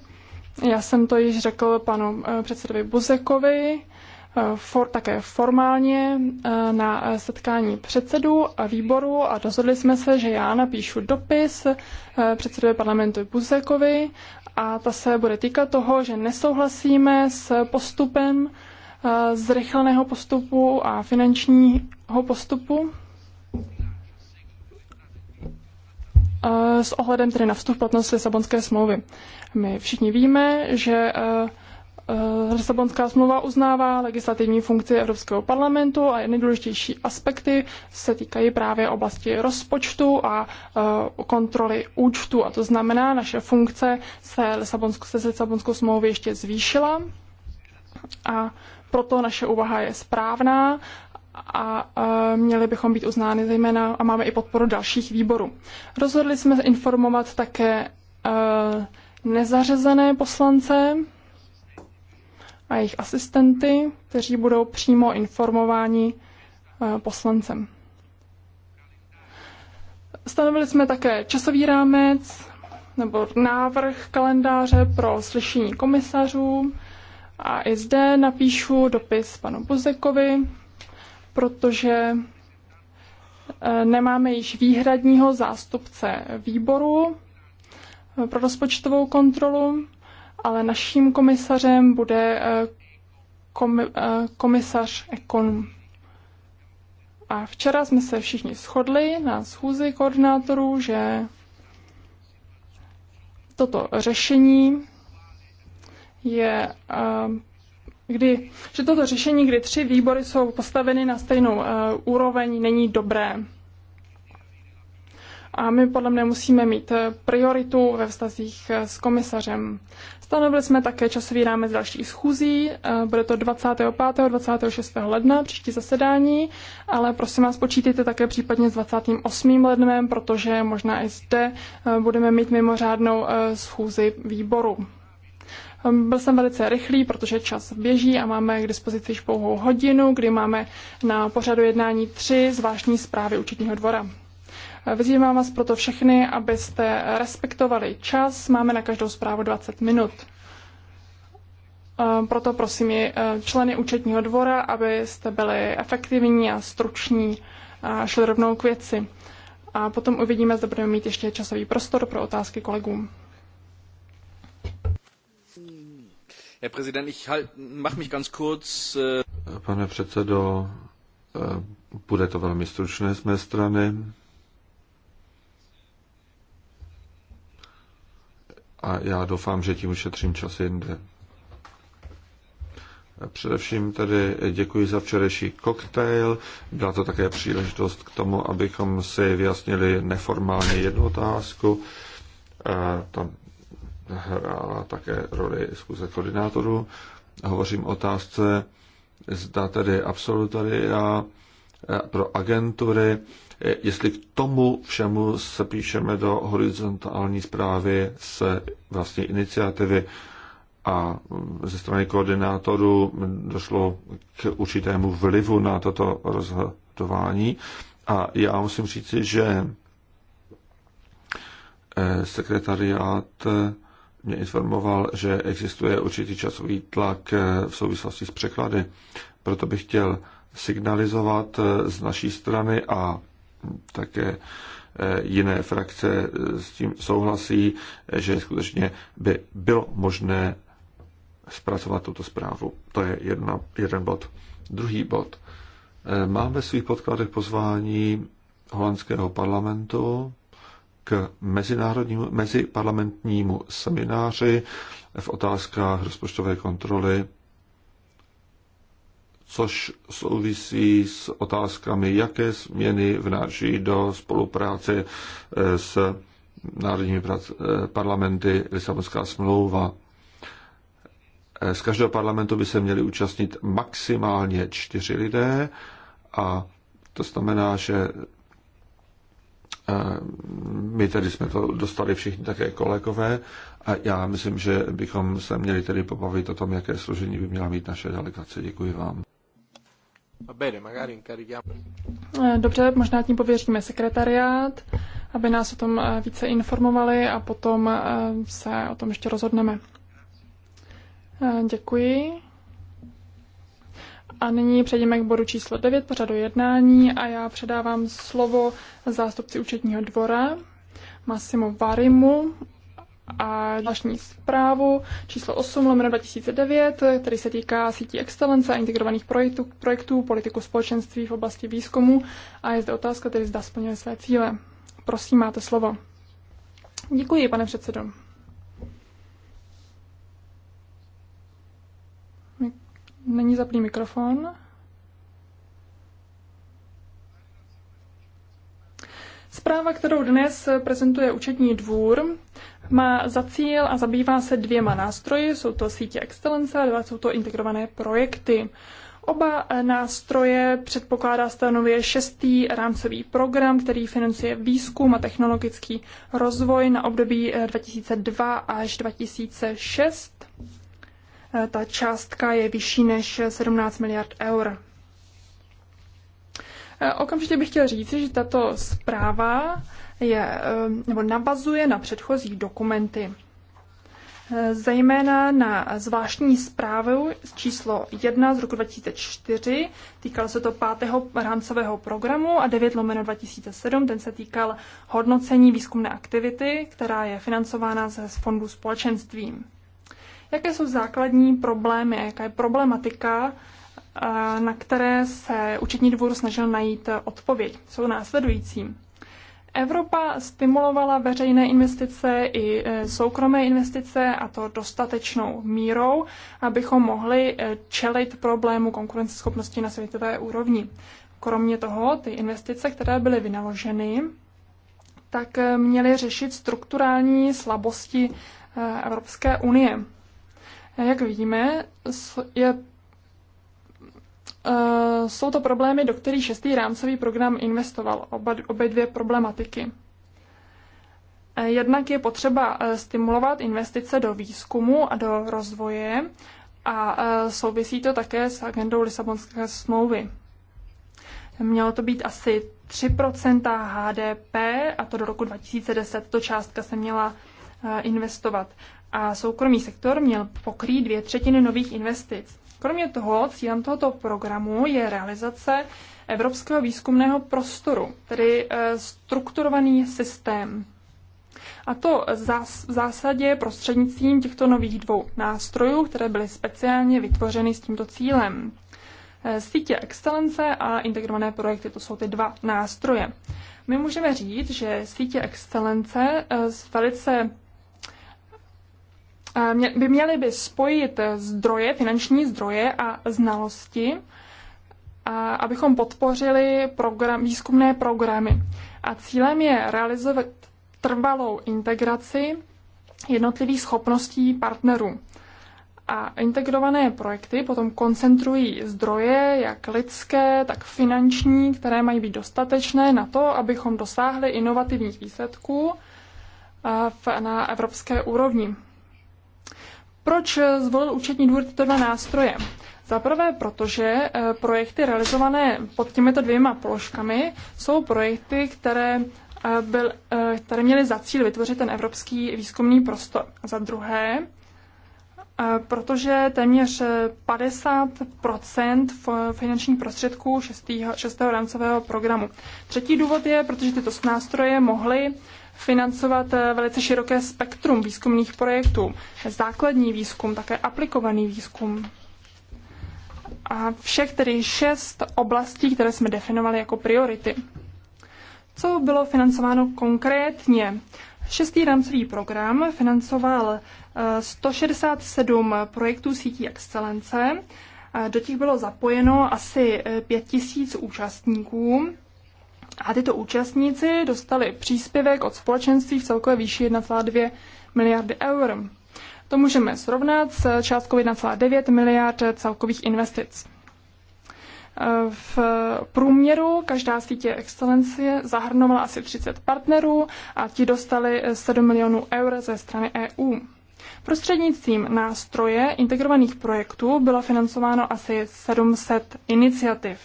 Já jsem to již řekl panu předsedovi Buzekovi for, také formálně eh, na setkání předsedů a výboru a rozhodli jsme se, že já napíšu dopis eh, předsedovi parlamentu Buzekovi a ta se bude týkat toho, že nesouhlasíme s postupem eh, zrychleného postupu a finančního postupu s ohledem tedy na vstup platnosti Sabonské smlouvy. My všichni víme, že Eh, Lisabonská smlouva uznává legislativní funkci Evropského parlamentu a nejdůležitější aspekty se týkají právě oblasti rozpočtu a eh, kontroly účtu. A to znamená, naše funkce se, Lisabonsk, se Lisabonskou smlouvou ještě zvýšila a proto naše úvaha je správná a eh, měli bychom být uznány zejména a máme i podporu dalších výborů. Rozhodli jsme informovat také nezařazené poslance, a jejich asistenty, kteří budou přímo informováni eh, poslancem. Stanovili jsme také časový rámec nebo návrh kalendáře pro slyšení komisařů a i zde napíšu dopis panu Buzekovi, protože eh, nemáme již výhradního zástupce výboru eh, pro rozpočtovou kontrolu ale naším komisařem bude eh, eh, komisař ekonom A včera jsme se všichni shodli na schůzi koordinátorů, že toto řešení je, eh, kdy, že toto řešení, kdy tři výbory jsou postaveny na stejnou úroveň, není dobré a my podle mě musíme mít eh, prioritu ve vztazích eh, s komisařem. Stanovili jsme také časový rámec dalších schůzí, eh, bude to 25. 26. ledna příští zasedání, ale prosím vás počítejte také případně s 28. lednem, protože možná i zde budeme mít mimořádnou schůzi výboru. Byl jsem velice rychlý, protože čas běží a máme k dispozici již pouhou hodinu, kdy máme na pořadu jednání tři zvláštní zprávy Učitního dvora. Vyzývám vás proto všechny, abyste respektovali čas. Máme na každou zprávu 20 minut. Eh, proto prosím i eh, členy účetního dvora, abyste byli efektivní a struční a šli rovnou k věci. A potom uvidíme, zda budeme mít ještě časový prostor pro otázky kolegům. Äh Pane předsedo, eh, bude to velmi stručné z mé strany. a já doufám, že tím ušetřím čas jinde. Především tedy děkuji za včerejší koktejl. Byla to také příležitost k tomu, abychom si vyjasnili neformálně jednu otázku. E, tam hrála také roli zkuze koordinátorů. Hovořím o otázce, zda tedy absolutoria e, pro agentury Eh, jestli k tomu všemu se píšeme do horizontální zprávy se vlastně iniciativy a ze strany koordinátorů došlo k určitému vlivu na toto rozhodování. A já musím říci, že eh, sekretariát eh, mě informoval, že existuje určitý časový tlak v souvislosti s překlady. Proto bych chtěl signalizovat z naší strany a také eh, jiné frakce eh, s tím souhlasí, eh, že skutečně by bylo možné zpracovat tuto zprávu. To je jedna, jeden bod. Druhý bod. Máme ve svých podkladech pozvání holandského parlamentu k mezinárodnímu, meziparlamentnímu semináři v otázkách rozpočtové kontroly což souvisí s otázkami, jaké změny vnáší do spolupráce eh, s národními eh, parlamenty Lisabonská smlouva. Eh, z každého parlamentu by se měli účastnit maximálně čtyři lidé a to znamená, že my tedy jsme to dostali všichni také kolegové a já myslím, že bychom se měli tedy pobavit o tom, jaké složení by měla mít naše delegace. Děkuji vám. Eh, dobře, možná tím pověříme sekretariát, aby nás o tom eh, více informovali a potom eh, se o tom ještě rozhodneme. Děkuji. A nyní přejdeme k bodu číslo 9 pořadu jednání a já předávám slovo zástupci účetního dvora Massimo Varimu a zvláštní zprávu číslo 8 lomeno 2009, který se týká sítí excelence a integrovaných projektů, projektů politiku společenství v oblasti výzkumu a je zde otázka, tedy zda splňuje své cíle. Prosím, máte slovo. Děkuji, pane předsedo. Není zaplý mikrofon. Zpráva, kterou dnes prezentuje účetní dvůr, má za cíl a zabývá se dvěma nástroji. Jsou to sítě excelence a dva jsou to integrované projekty. Oba nástroje předpokládá stanově šestý rámcový program, který financuje výzkum a technologický rozvoj na období 2002 eh, až 2006. Eh, ta částka je vyšší než 17 miliard eur. Eh, okamžitě bych chtěl říci, že tato zpráva je, ehm, nebo navazuje na předchozí dokumenty. Eh, zejména na zvláštní zprávu číslo 1 z roku 2004, týkal se to pátého rámcového programu a 9 lomeno 2007, ten se týkal hodnocení výzkumné aktivity, která je financována ze fondu společenstvím. Jaké jsou základní problémy, jaká je problematika, eh, na které se účetní dvůr snažil najít odpověď? Jsou následující. Evropa stimulovala veřejné investice i e, soukromé investice, a to dostatečnou mírou, abychom mohli e, čelit problému konkurenceschopnosti na světové úrovni. Kromě toho, ty investice, které byly vynaloženy, tak e, měly řešit strukturální slabosti Evropské unie. Jak vidíme, je Eh, jsou to problémy, do kterých šestý rámcový program investoval, oba, obě dvě problematiky. Eh, jednak je potřeba eh, stimulovat investice do výzkumu a do rozvoje a souvisí to také s agendou Lisabonské smlouvy. Mělo to být asi 3 HDP a to do roku 2010. To částka se měla investovat. A soukromý sektor měl pokrýt dvě třetiny nových investic. Kromě toho cílem tohoto programu je realizace Evropského výzkumného prostoru, tedy eh, strukturovaný systém. A to v zásadě prostřednictvím těchto nových dvou nástrojů, které byly speciálně vytvořeny s tímto cílem. Eh, sítě excelence a integrované projekty, to jsou ty dva nástroje. My můžeme říct, že sítě excelence eh, velice Eh, by měly by spojit eh, zdroje, finanční zdroje a znalosti, a abychom podpořili program, výzkumné programy. A cílem je realizovat trvalou integraci jednotlivých schopností partnerů. A integrované projekty potom koncentrují zdroje, jak lidské, tak finanční, které mají být dostatečné na to, abychom dosáhli inovativních výsledků eh, na evropské úrovni. Proč zvolil účetní dvůr tyto dva nástroje? Za prvé, protože eh, projekty realizované pod těmito dvěma položkami jsou projekty, které, eh, byl, eh, které měly za cíl vytvořit ten evropský výzkumný prostor. Za druhé, protože téměř 50 finančních prostředků šestého, šestého rámcového programu. Třetí důvod je, protože tyto nástroje mohly financovat eh, velice široké spektrum výzkumných projektů. Základní výzkum, také aplikovaný výzkum. A všech tedy šest oblastí, které jsme definovali jako priority. Co bylo financováno konkrétně? Šestý rámcový program financoval 167 eh, projektů sítí excelence. Eh, do těch bylo zapojeno asi 5000 účastníků a tyto účastníci dostali příspěvek od společenství v celkové výši 1,2 miliardy eur. To můžeme srovnat s částkou 1,9 miliard celkových investic. V průměru každá sítě excelencie zahrnovala asi 30 partnerů a ti dostali 7 milionů eur ze strany EU. Prostřednictvím nástroje integrovaných projektů bylo financováno asi 700 iniciativ.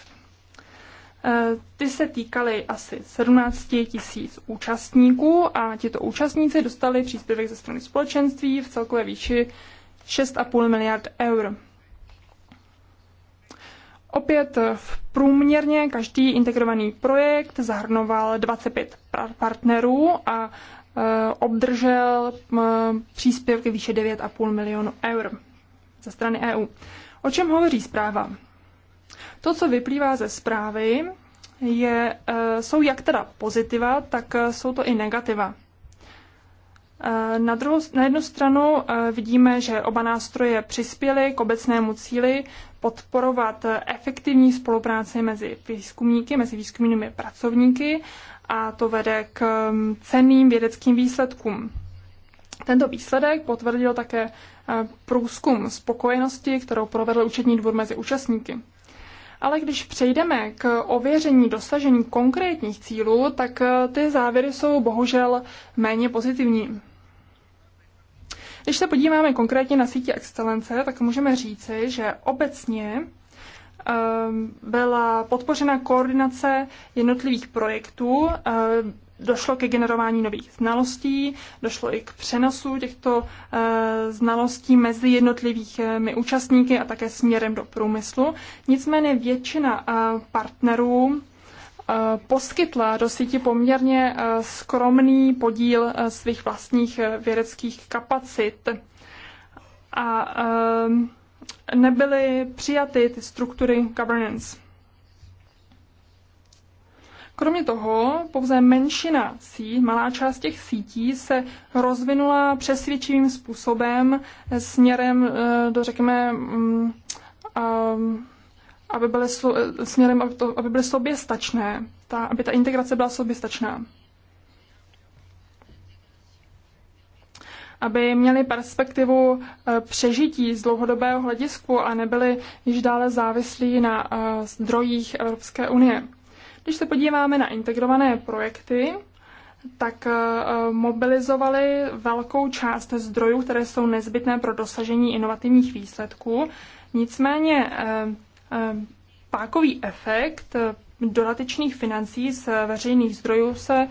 Eh, ty se týkaly asi 17 tisíc účastníků a tito účastníci dostali příspěvek ze strany společenství v celkové výši 6,5 miliard eur. Opět v průměrně každý integrovaný projekt zahrnoval 25 partnerů a eh, obdržel eh, příspěvky výše 9,5 milionu eur ze strany EU. O čem hovoří zpráva? To, co vyplývá ze zprávy, je, eh, jsou jak teda pozitiva, tak eh, jsou to i negativa. Eh, na, druhou, na jednu stranu vidíme, že oba nástroje přispěly k obecnému cíli podporovat efektivní spolupráci mezi výzkumníky, mezi výzkumnými pracovníky a to vede k mm, cenným vědeckým výsledkům. Tento výsledek potvrdil také průzkum spokojenosti, kterou provedl účetní dvůr mezi účastníky. Ale když přejdeme k ověření dosažení konkrétních cílů, tak eh, ty závěry jsou bohužel méně pozitivní. Když se podíváme konkrétně na sítě excelence, tak můžeme říci, že obecně eh, byla podpořena koordinace jednotlivých projektů, eh, došlo ke generování nových znalostí, došlo i k přenosu těchto eh, znalostí mezi jednotlivými účastníky a také směrem do průmyslu. Nicméně většina eh, partnerů eh, poskytla do síti poměrně skromný podíl svých vlastních vědeckých kapacit. A nebyly přijaty ty struktury governance. Kromě toho, pouze menšina sítí, malá část těch sítí se rozvinula přesvědčivým způsobem směrem eh, do, řekněme, mm, aby byly, eh, směrem, aby, to, aby byly soběstačné, ta, aby ta integrace byla soběstačná. aby měli perspektivu eh, přežití z dlouhodobého hledisku a nebyli již dále závislí na zdrojích Evropské unie. Když se podíváme na integrované projekty, tak eh, mobilizovali velkou část zdrojů, které jsou nezbytné pro dosažení inovativních výsledků. Nicméně eh, eh, pákový efekt dodatečných financí z veřejných zdrojů se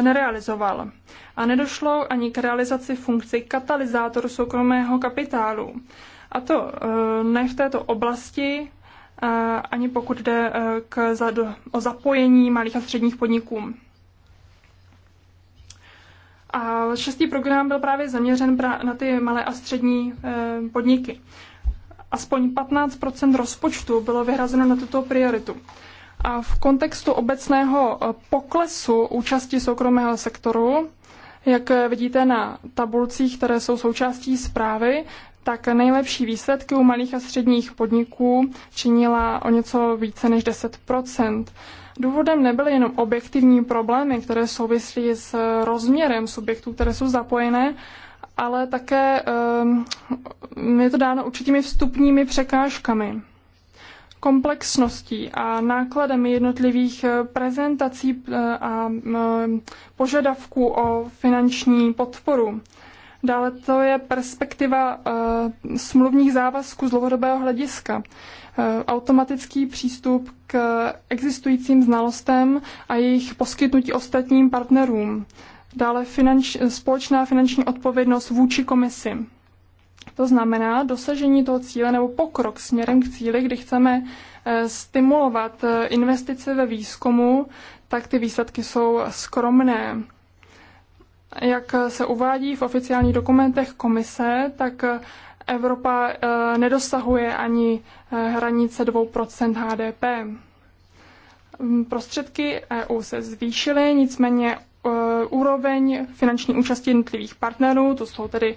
nerealizoval a nedošlo ani k realizaci funkci katalyzátoru soukromého kapitálu. A to ne v této oblasti ani pokud jde e, k, o zapojení malých a středních podniků. A šestý program byl právě zaměřen na ty malé a střední e, podniky. Aspoň 15 rozpočtu bylo vyhrazeno na tuto prioritu. A v kontextu obecného e, poklesu účasti soukromého sektoru, jak vidíte na tabulcích, které jsou součástí zprávy, tak nejlepší výsledky u malých a středních podniků činila o něco více než 10 Důvodem nebyly jenom objektivní problémy, které souvislí s rozměrem subjektů, které jsou zapojené, ale také um, je to dáno určitými vstupními překážkami, komplexností a nákladem jednotlivých eh, prezentací eh, a požadavků o finanční podporu. Dále to je perspektiva uh, smluvních závazků z dlouhodobého hlediska. Uh, automatický přístup k existujícím znalostem a jejich poskytnutí ostatním partnerům. Dále finanč, společná finanční odpovědnost vůči komisi. To znamená dosažení toho cíle nebo pokrok směrem k cíli, kdy chceme eh, stimulovat investice ve výzkumu, tak ty výsledky jsou skromné. Jak se uvádí v oficiálních dokumentech komise, tak Evropa eh, nedosahuje ani eh, hranice 2% HDP. Mm, prostředky EU se zvýšily, nicméně eh, úroveň finanční účasti jednotlivých partnerů, to jsou tedy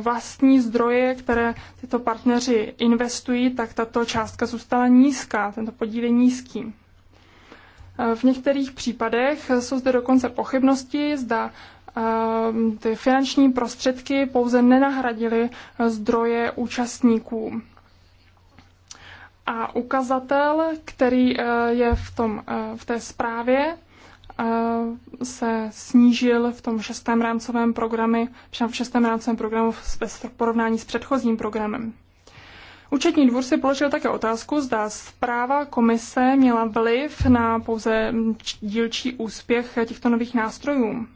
vlastní zdroje, které tyto partneři investují, tak tato částka zůstala nízká, tento podíl je nízký. V některých případech jsou zde dokonce pochybnosti, zda Ehm, ty finanční prostředky pouze nenahradily eh, zdroje účastníků. A ukazatel, který eh, je v, tom, eh, v té zprávě, se snížil v tom šestém rámcovém programu, v šestém rámcovém programu v porovnání s předchozím programem. Účetní dvůr si položil také otázku, zda zpráva komise měla vliv na pouze hm, dílčí úspěch těchto nových nástrojů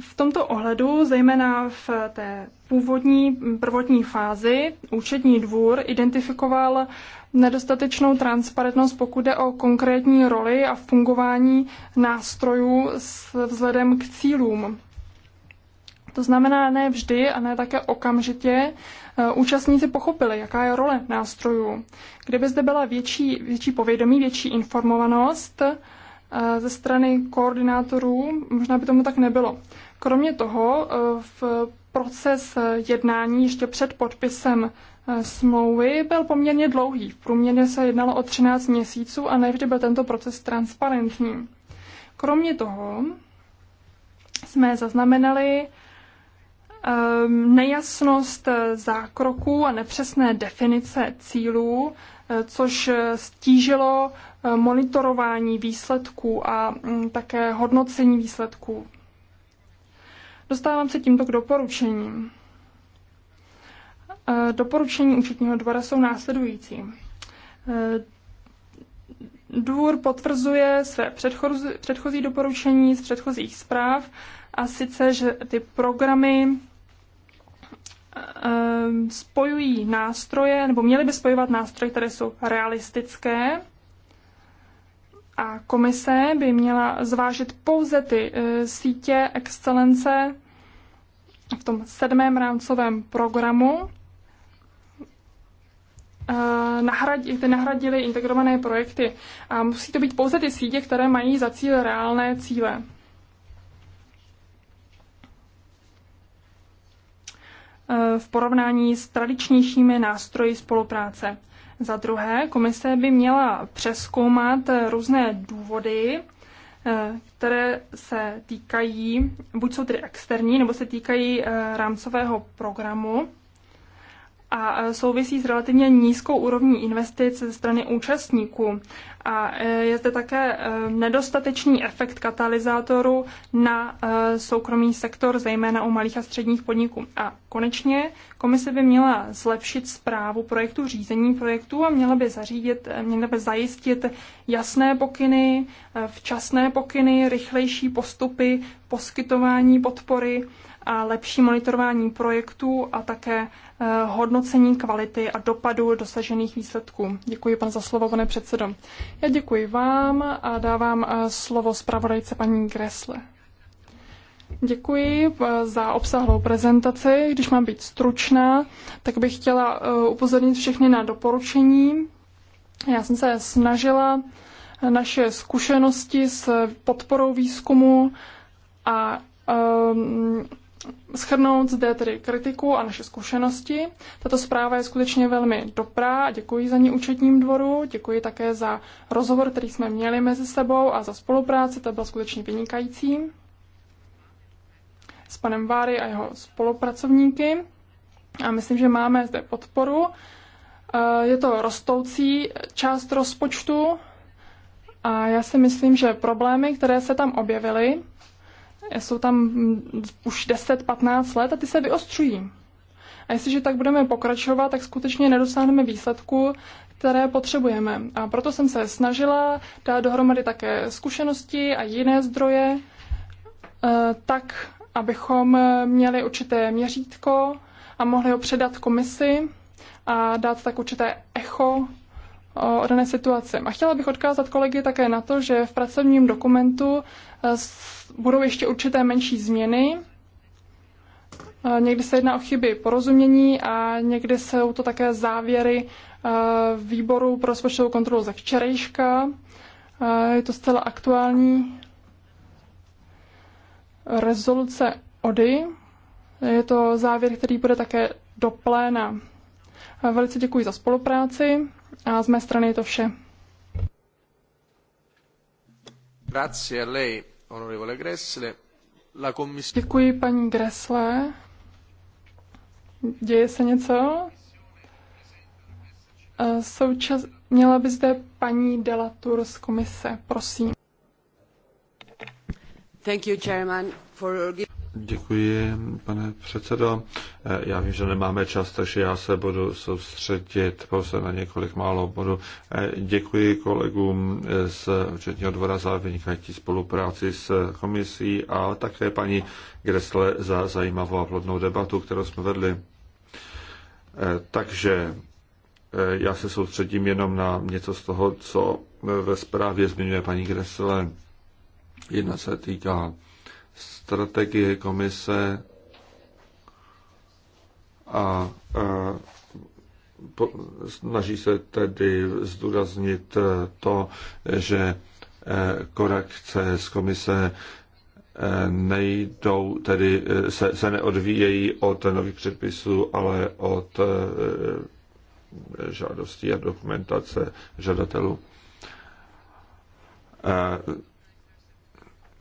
v tomto ohledu, zejména v té původní prvotní fázi, účetní dvůr identifikoval nedostatečnou transparentnost, pokud jde o konkrétní roli a fungování nástrojů s vzhledem k cílům. To znamená, ne vždy a ne také okamžitě eh, účastníci pochopili, jaká je role nástrojů. Kdyby zde byla větší, větší povědomí, větší informovanost, eh, ze strany koordinátorů, možná by tomu tak nebylo. Kromě toho eh, v proces jednání ještě před podpisem eh, smlouvy byl poměrně dlouhý. V průměrně se jednalo o 13 měsíců a nevždy byl tento proces transparentní. Kromě toho jsme zaznamenali ehm, nejasnost zákroků a nepřesné definice cílů, eh, což stížilo monitorování výsledků a mm, také hodnocení výsledků. Dostávám se tímto k doporučením. E, doporučení účetního dvora jsou následující. E, dvůr potvrzuje své předchozí, předchozí doporučení z předchozích zpráv a sice, že ty programy e, spojují nástroje, nebo měly by spojovat nástroje, které jsou realistické a komise by měla zvážit pouze ty e, sítě excelence v tom sedmém rámcovém programu, e, nahradili, ty nahradili integrované projekty. A musí to být pouze ty sítě, které mají za cíl reálné cíle. E, v porovnání s tradičnějšími nástroji spolupráce. Za druhé, komise by měla přeskoumat různé důvody, eh, které se týkají, buď jsou tedy externí, nebo se týkají eh, rámcového programu a e, souvisí s relativně nízkou úrovní investic ze strany účastníků. A e, je zde také e, nedostatečný efekt katalyzátoru na soukromý sektor, zejména u malých a středních podniků. A konečně komise by měla zlepšit zprávu projektu řízení projektu a měla by, zařídit, měla by zajistit jasné pokyny, včasné pokyny, rychlejší postupy, poskytování podpory a lepší monitorování projektů a také eh, hodnocení kvality a dopadu dosažených výsledků. Děkuji pan za slovo, pane předsedo. Já děkuji vám a dávám eh, slovo zpravodajce paní Gresle. Děkuji eh, za obsahlou prezentaci. Když mám být stručná, tak bych chtěla upozornit všechny na doporučení. Já jsem se snažila naše zkušenosti s podporou výzkumu a um, schrnout zde tedy kritiku a naše zkušenosti. Tato zpráva je skutečně velmi dobrá, děkuji za ní účetním dvoru, děkuji také za rozhovor, který jsme měli mezi sebou a za spolupráci, To byl skutečně vynikající s panem Váry a jeho spolupracovníky. A myslím, že máme zde podporu. Eh, je to rostoucí část rozpočtu a já si myslím, že problémy, které se tam objevily, jsou tam mm, už 10-15 let a ty se vyostřují. A jestliže tak budeme pokračovat, tak skutečně nedosáhneme výsledku, které potřebujeme. A proto jsem se snažila dát dohromady také zkušenosti a jiné zdroje, eh, tak, abychom měli určité měřítko a mohli ho předat komisi a dát tak určité echo o dané situaci. A chtěla bych odkázat kolegy také na to, že v pracovním dokumentu eh, budou ještě určité menší změny. Eh, někdy se jedná o chyby porozumění a někdy jsou to také závěry eh, výboru pro rozpočtovou kontrolu ze včerejška. Eh, je to zcela aktuální rezoluce ODY. Je to závěr, který bude také do pléna. Velice děkuji za spolupráci a z mé strany je to vše. Grazie a lei. Děkuji paní Gressle. Děje se něco? Eh, součas... Měla by zde paní Delatur z komise, prosím. Thank you, Chairman, for... Děkuji, pane předsedo. Já vím, že nemáme čas, takže já se budu soustředit pouze na několik málo bodů. Děkuji kolegům z Včetního dvora za vynikající spolupráci s komisí a také paní Gresle za zajímavou a plodnou debatu, kterou jsme vedli. Takže já se soustředím jenom na něco z toho, co ve zprávě zmiňuje paní Gresle. Jedna se týká strategie komise a, a po, snaží se tedy zdůraznit to, že e, korekce z komise e, nejdou, tedy e, se, se neodvíjejí od nových předpisů, ale od žádostí a dokumentace žadatelů.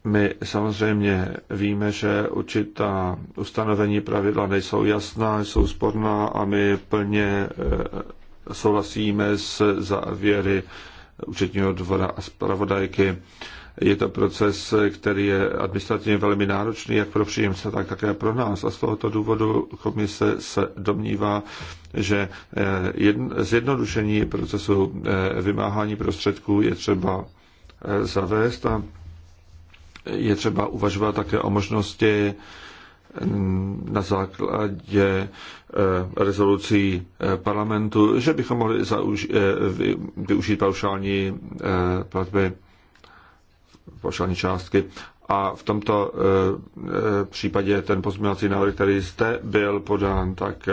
My samozřejmě víme, že určitá ustanovení pravidla nejsou jasná, jsou sporná a my plně eh, souhlasíme s závěry účetního dvora a zpravodajky. Je to proces, který je administrativně velmi náročný, jak pro příjemce, tak také pro nás. A z tohoto důvodu komise se domnívá, že eh, zjednodušení procesu eh, vymáhání prostředků je třeba zavést a je třeba uvažovat také o možnosti mm, na základě eh, rezolucí eh, parlamentu, že bychom mohli eh, využít paušální platby, paušální částky. A v tomto případě ten pozměňovací návrh, který jste byl podán, tak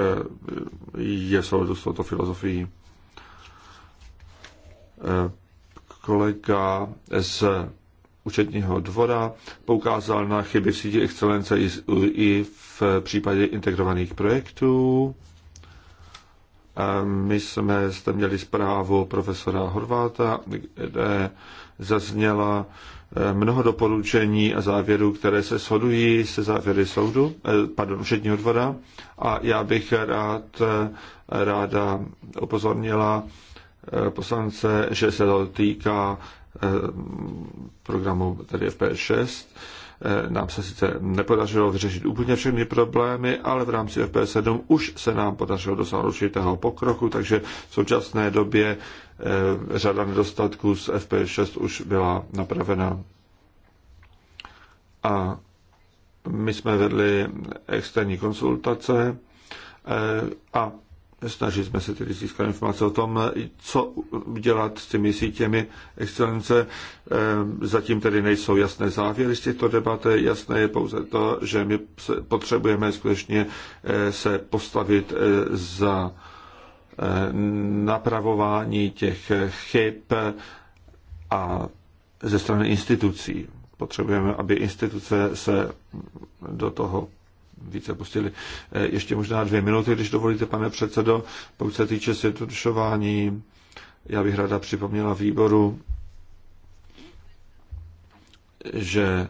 je v souladu s touto filozofií. Kolega z účetního dvora poukázal na chyby v síti excelence i v případě integrovaných projektů. My jsme zde měli zprávu profesora Horváta, kde zazněla eh, mnoho doporučení a závěrů, které se shodují se závěry soudu, eh, pardon, účetního dvora. A já bych rád, eh, ráda upozornila poslance, že se to týká Eh, programu tedy FP6. Eh, nám se sice nepodařilo vyřešit úplně všechny problémy, ale v rámci FP7 už se nám podařilo dosáhnout určitého pokroku, takže v současné době eh, řada nedostatků z FP6 už byla napravena. A my jsme vedli externí konsultace a Snažili jsme se tedy získat informace o tom, co dělat s těmi sítěmi excelence. Ehm, zatím tedy nejsou jasné závěry z těchto debat. Jasné je pouze to, že my potřebujeme skutečně eh, se postavit eh, za eh, napravování těch chyb a ze strany institucí. Potřebujeme, aby instituce se do toho více pustili. Eh, ještě možná dvě minuty, když dovolíte, pane předsedo, pokud se týče světušování, já bych ráda připomněla výboru, že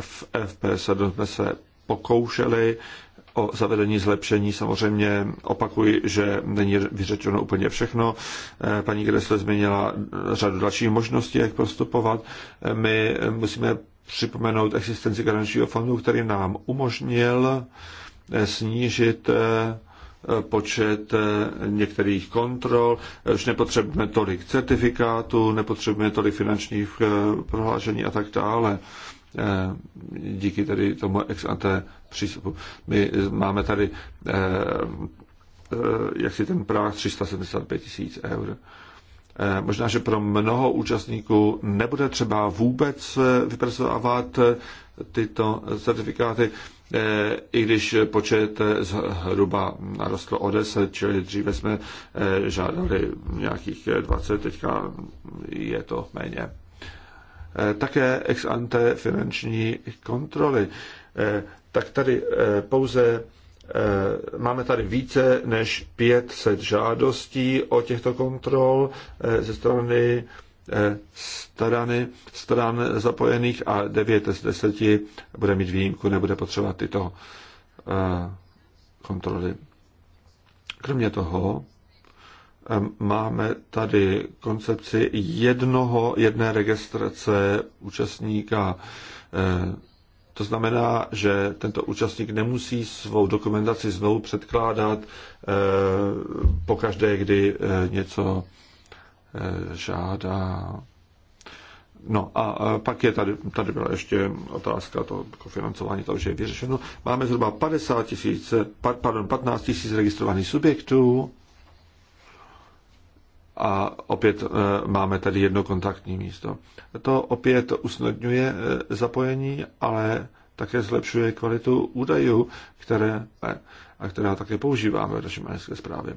v eh, FP7 jsme se pokoušeli o zavedení zlepšení. Samozřejmě opakuji, že není vyřečeno úplně všechno. Eh, paní Gressle změnila řadu dalších možností, jak postupovat. My musíme připomenout existenci garančního fondu, který nám umožnil eh, snížit eh, počet eh, některých kontrol, už nepotřebujeme tolik certifikátů, nepotřebujeme tolik finančních prohlášení a tak dále. Díky tedy tomu ex ante přístupu. My máme tady jak si ten práh 375 tisíc eur. Eh, možná, že pro mnoho účastníků nebude třeba vůbec eh, vypracovávat eh, tyto certifikáty, i když počet zhruba narostl o 10, čili dříve jsme žádali nějakých 20, teďka je to méně. Také ex ante finanční kontroly. Tak tady pouze Eh, máme tady více než 500 žádostí o těchto kontrol eh, ze strany eh, strany, stran zapojených a 9 z 10 bude mít výjimku, nebude potřebovat tyto kontroly. Kromě toho máme tady koncepci jednoho, jedné registrace účastníka to znamená, že tento účastník nemusí svou dokumentaci znovu předkládat eh, po každé, kdy eh, něco eh, žádá. No a pak je tady, tady byla ještě otázka to financování, to už je vyřešeno. Máme zhruba 50 tisíc, pardon, 15 tisíc registrovaných subjektů a opět eh, máme tady jedno kontaktní místo. To opět usnadňuje eh, zapojení, ale také zlepšuje kvalitu údajů, které, eh, a která také používáme v naší majské zprávě.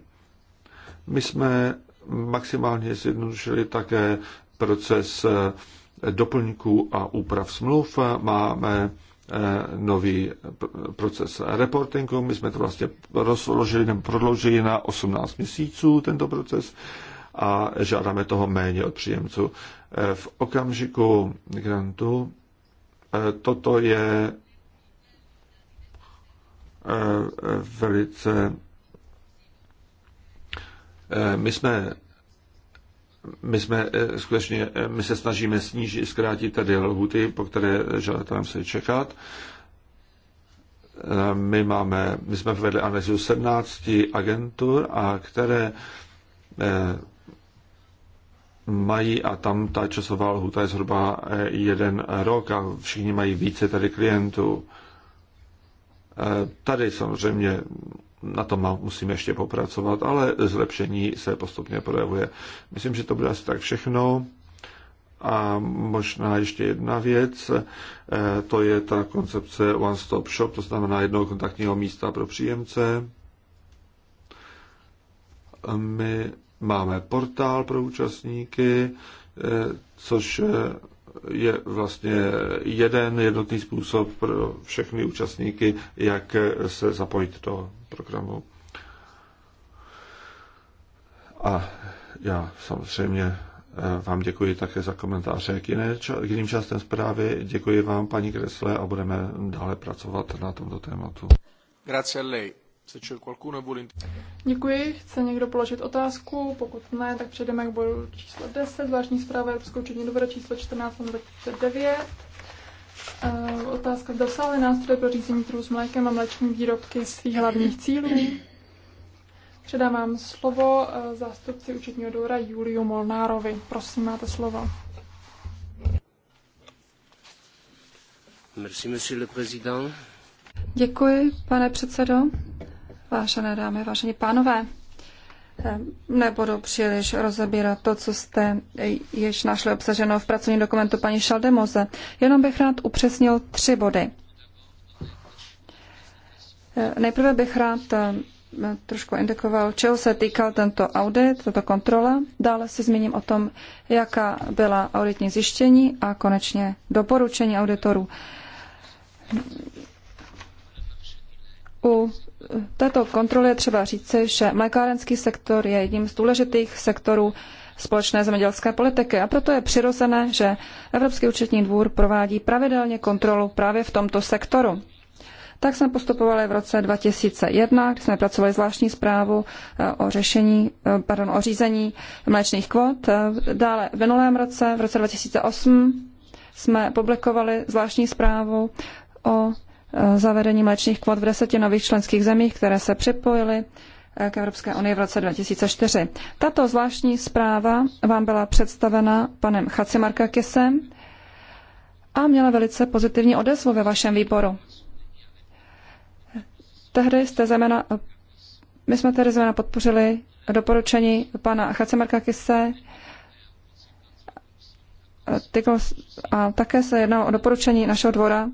My jsme maximálně zjednodušili také proces doplňků a úprav smluv. Máme nový proces reportingu. My jsme to vlastně rozložili nebo prodloužili na 18 měsíců tento proces a žádáme toho méně od příjemců. E, v okamžiku grantu e, toto je e, velice. My jsme, my jsme skutečně, my se snažíme snížit, zkrátit tady lhuty, po které žadatelem se čekat. My, máme, my jsme vedli analýzu 17 agentur, a které mají a tam ta časová lhuta je zhruba eh, jeden rok a všichni mají více tady klientů. Eh, tady samozřejmě na tom musíme ještě popracovat, ale zlepšení se postupně projevuje. Myslím, že to bude asi tak všechno. A možná ještě jedna věc, eh, to je ta koncepce One Stop Shop, to znamená jednoho kontaktního místa pro příjemce. My Máme portál pro účastníky, eh, což eh, je vlastně jeden jednotný způsob pro všechny účastníky, jak eh, se zapojit do programu. A já samozřejmě vám děkuji také za komentáře k, jiné, k jiným částem zprávy. Děkuji vám, paní Kresle, a budeme dále pracovat na tomto tématu. Grazie a lei. Děkuji. Chce někdo položit otázku? Pokud ne, tak přejdeme k bodu číslo 10, zvláštní zpráva Evropského učení dobro číslo 14 29. E, otázka, zda obsahují nástroje pro řízení trhu s mlékem a mléční výrobky svých hlavních cílů. Předávám slovo eh, zástupci učetního dvora Juliu Molnárovi. Prosím, máte slovo. Merci, monsieur le président. Děkuji, pane předsedo. Vážené dámy, vážení pánové, nebudu příliš rozebírat to, co jste již našli obsaženo v pracovním dokumentu paní Šaldemoze. Jenom bych rád upřesnil tři body. Nejprve bych rád eh, trošku indikoval, čeho se týkal tento audit, tato kontrola. Dále se zmíním o tom, jaká byla auditní zjištění a konečně doporučení auditorů. U této kontroly je třeba říci, že mlékárenský sektor je jedním z důležitých sektorů společné zemědělské politiky a proto je přirozené, že Evropský účetní dvůr provádí pravidelně kontrolu právě v tomto sektoru. Tak jsme postupovali v roce 2001, kdy jsme pracovali zvláštní zprávu eh, o řešení, eh, pardon, o řízení mléčných kvot. Eh, dále v minulém roce, v roce 2008, jsme publikovali zvláštní zprávu o Eh, zavedení mléčných kvot v deseti nových členských zemích, které se připojily eh, k Evropské unii v roce 2004. Tato zvláštní zpráva vám byla představena panem Chacimarkakisem a měla velice pozitivní odezvu ve vašem výboru. Tehdy jste zemena, my jsme tedy zemena podpořili doporučení pana Kise eh, a také se jednalo o doporučení našeho dvora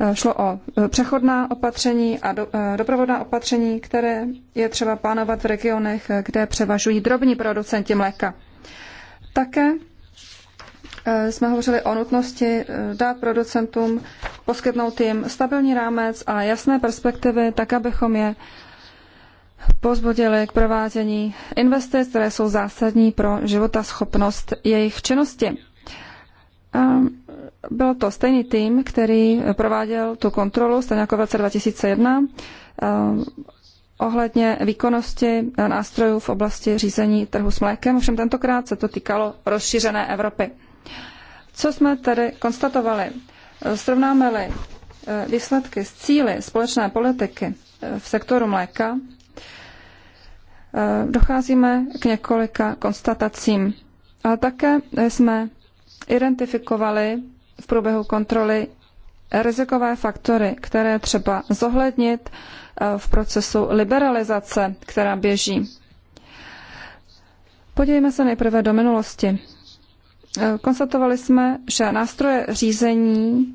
Eh, šlo o eh, přechodná opatření a do, eh, doprovodná opatření, které je třeba plánovat v regionech, kde převažují drobní producenti mléka. Také jsme hovořili o nutnosti dát producentům, poskytnout jim stabilní rámec a jasné perspektivy, tak abychom je pozbudili k provádění investic, které jsou zásadní pro životaschopnost jejich činnosti. Byl to stejný tým, který prováděl tu kontrolu, stejně jako v roce 2001, ohledně výkonnosti nástrojů v oblasti řízení trhu s mlékem, ovšem tentokrát se to týkalo rozšířené Evropy. Co jsme tedy konstatovali? Srovnáme-li e, výsledky s cíly společné politiky e, v sektoru mléka, e, docházíme k několika konstatacím. Ale také jsme identifikovali v průběhu kontroly rizikové faktory, které třeba zohlednit eh, v procesu liberalizace, která běží. Podívejme se nejprve do minulosti. Eh, konstatovali jsme, že nástroje řízení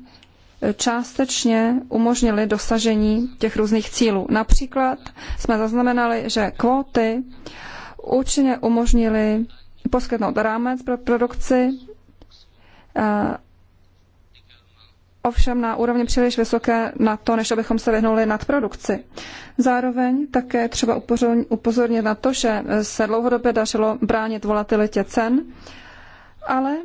eh, částečně umožnily dosažení těch různých cílů. Například jsme zaznamenali, že kvóty účinně umožnily poskytnout rámec pro produkci Eh, ovšem na úrovni příliš vysoké na to, než abychom se vyhnuli nadprodukci. Zároveň také třeba upozornit na to, že se dlouhodobě dařilo bránit volatilitě cen, ale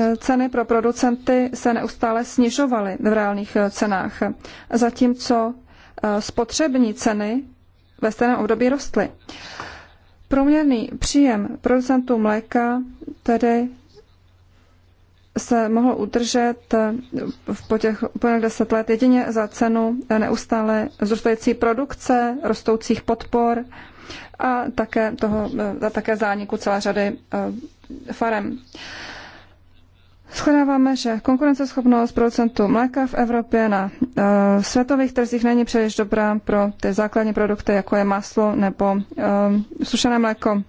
eh, ceny pro producenty se neustále snižovaly v reálných eh, cenách, zatímco spotřební ceny ve stejném období rostly. Průměrný příjem producentů mléka tedy se mohl udržet v po těch úplně deset let jedině za cenu neustále zrůstající produkce, rostoucích podpor a také, toho, a také zániku celé řady eh, farem. Shledáváme, že konkurenceschopnost producentů mléka v Evropě na e, světových trzích není příliš dobrá pro ty základní produkty, jako je maslo nebo e, sušené mléko,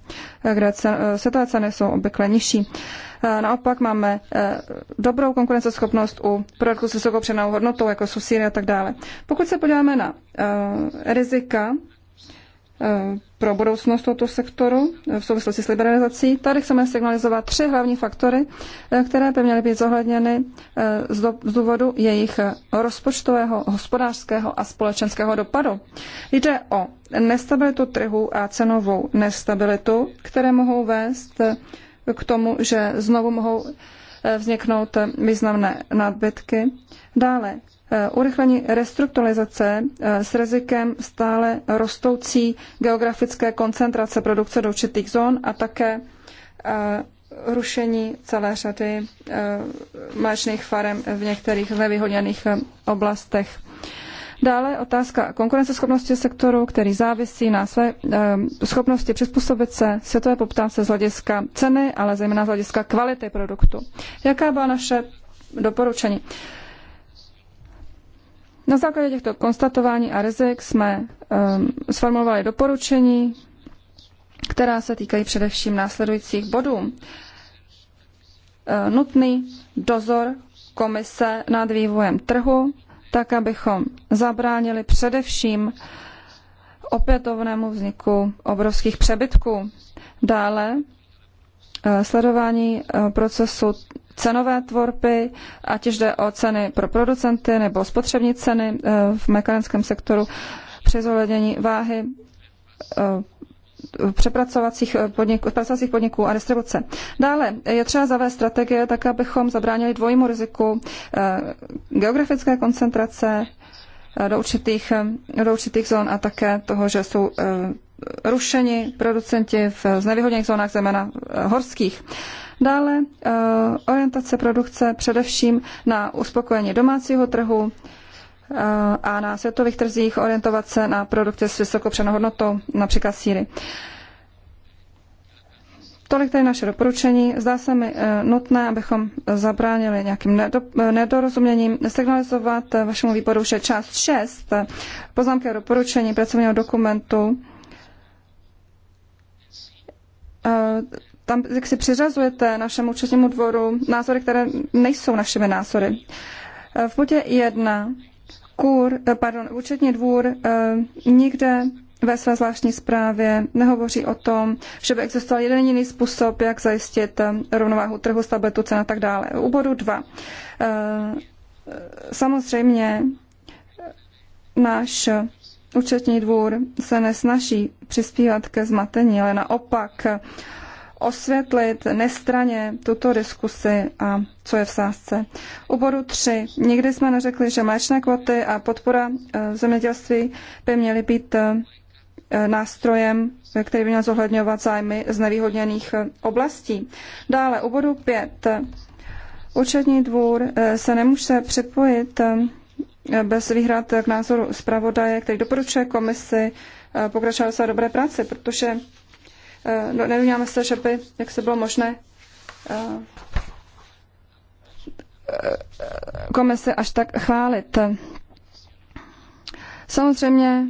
kde cen, e, světové ceny jsou obvykle nižší. E, naopak máme dobrou konkurenceschopnost u produktů s vysokou přenou hodnotou, jako jsou síry a tak dále. Pokud se podíváme na rizika, Eh, pro budoucnost tohoto sektoru eh, v souvislosti s liberalizací. Tady chceme signalizovat tři hlavní faktory, eh, které by měly být zohledněny z důvodu jejich rozpočtového, hospodářského a společenského dopadu. Jde o nestabilitu trhu a cenovou nestabilitu, které mohou vést k tomu, že znovu mohou vzniknout významné nadbytky. Dále Eh, urychlení restrukturalizace eh, s rizikem stále rostoucí geografické koncentrace produkce do určitých zón a také eh, rušení celé řady mléčných farem v některých nevyhodněných oblastech. Dále otázka konkurenceschopnosti sektoru, který závisí na své schopnosti přizpůsobit se světové poptávce z hlediska ceny, ale zejména z hlediska kvality produktu. Jaká byla naše doporučení? Na základě těchto konstatování a rizik jsme um, sformulovali doporučení, která se týkají především následujících bodů. E, nutný dozor komise nad vývojem trhu, tak abychom zabránili především opětovnému vzniku obrovských přebytků. Dále Eh, sledování eh, procesu cenové tvorby, ať už jde o ceny pro producenty nebo spotřební ceny eh, v mechanickém sektoru při zohlednění váhy přepracovacích podniků, přepracovacích podniků a distribuce. Dále je třeba zavést strategie tak, abychom zabránili dvojímu riziku geografické koncentrace do určitých, do určitých zón a také toho, že jsou rušeni producenti v znevýhodněných zónách, zejména eh, horských. Dále eh, orientace produkce především na uspokojení domácího trhu eh, a na světových trzích orientovat se na produkce s vysokou přenohodnotou, například síry. Tolik tady naše doporučení. Zdá se mi nutné, abychom zabránili nějakým nedorozuměním, signalizovat vašemu výboru, že část 6 poznámky a doporučení pracovního dokumentu Eh, tam jak si přiřazujete našemu účetnímu dvoru názory, které nejsou našimi názory. Eh, v bodě jedna kur, eh, pardon, účetní dvůr nikde ve své zvláštní zprávě nehovoří o tom, že by existoval jeden jiný způsob, jak zajistit rovnováhu trhu, stabilitu cen a tak dále. U bodu dva. Samozřejmě náš Účetní dvůr se nesnaží přispívat ke zmatení, ale naopak osvětlit nestraně tuto diskusi a co je v sázce. U bodu 3. Nikdy jsme neřekli, že mléčné kvoty a podpora eh, v zemědělství by měly být eh, nástrojem, který by měl zohledňovat zájmy z nevýhodněných eh, oblastí. Dále u bodu 5. Účetní dvůr se nemůže připojit bez výhrad k názoru zpravodaje, který doporučuje komisi eh, pokračovat své dobré práci, protože eh, no, nevyňáme se, že by, jak se bylo možné, eh, komise až tak chválit. Samozřejmě,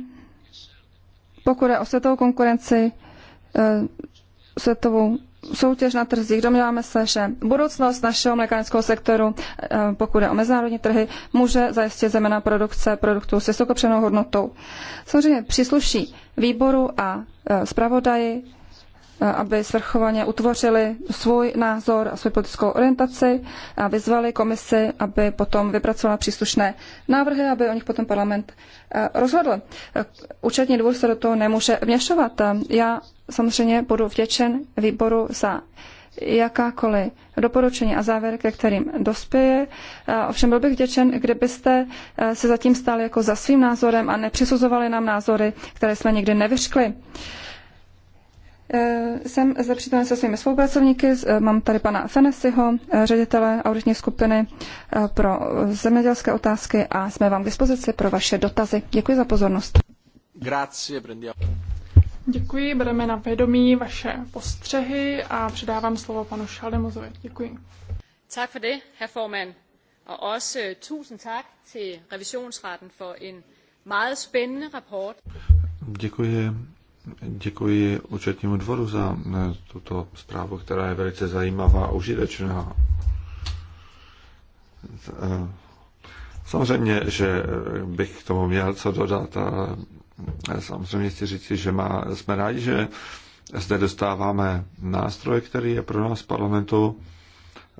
pokud je o světovou konkurenci, světovou soutěž na trzích. Domníváme se, že budoucnost našeho mlékárenského sektoru, eh, pokud je o mezinárodní trhy, může zajistit zejména produkce produktů s vysokopřenou hodnotou. Samozřejmě přísluší výboru a eh, zpravodaji, eh, aby svrchovaně utvořili svůj názor a svou politickou orientaci a vyzvali komisi, aby potom vypracovala příslušné návrhy, aby o nich potom parlament rozhodl. Účetní dvůr se do toho nemůže vněšovat. Já samozřejmě budu vděčen výboru za jakákoliv doporučení a závěr, ke kterým dospěje. Ovšem byl bych vděčen, kdybyste e, se zatím stali jako za svým názorem a nepřisuzovali nám názory, které jsme nikdy nevyškli. E, jsem zde přítomen se svými spolupracovníky. E, mám tady pana Fenesiho, ředitele auditní skupiny pro zemědělské otázky a jsme vám k dispozici pro vaše dotazy. Děkuji za pozornost. Grazie, prendiamo. Děkuji, bereme na vědomí vaše postřehy a předávám slovo panu Šaldemozovi. Děkuji. Tak for det, herr formand. Og også uh, tusind tak til revisionsretten for en meget spændende rapport. Děkuji. Děkuji účetnímu dvoru za ne, eh, tuto zprávu, která je velice zajímavá a užitečná. Eh, samozřejmě, že bych k tomu měl co dodat a samozřejmě chci říct, že má, jsme rádi, že zde dostáváme nástroj, který je pro nás parlamentu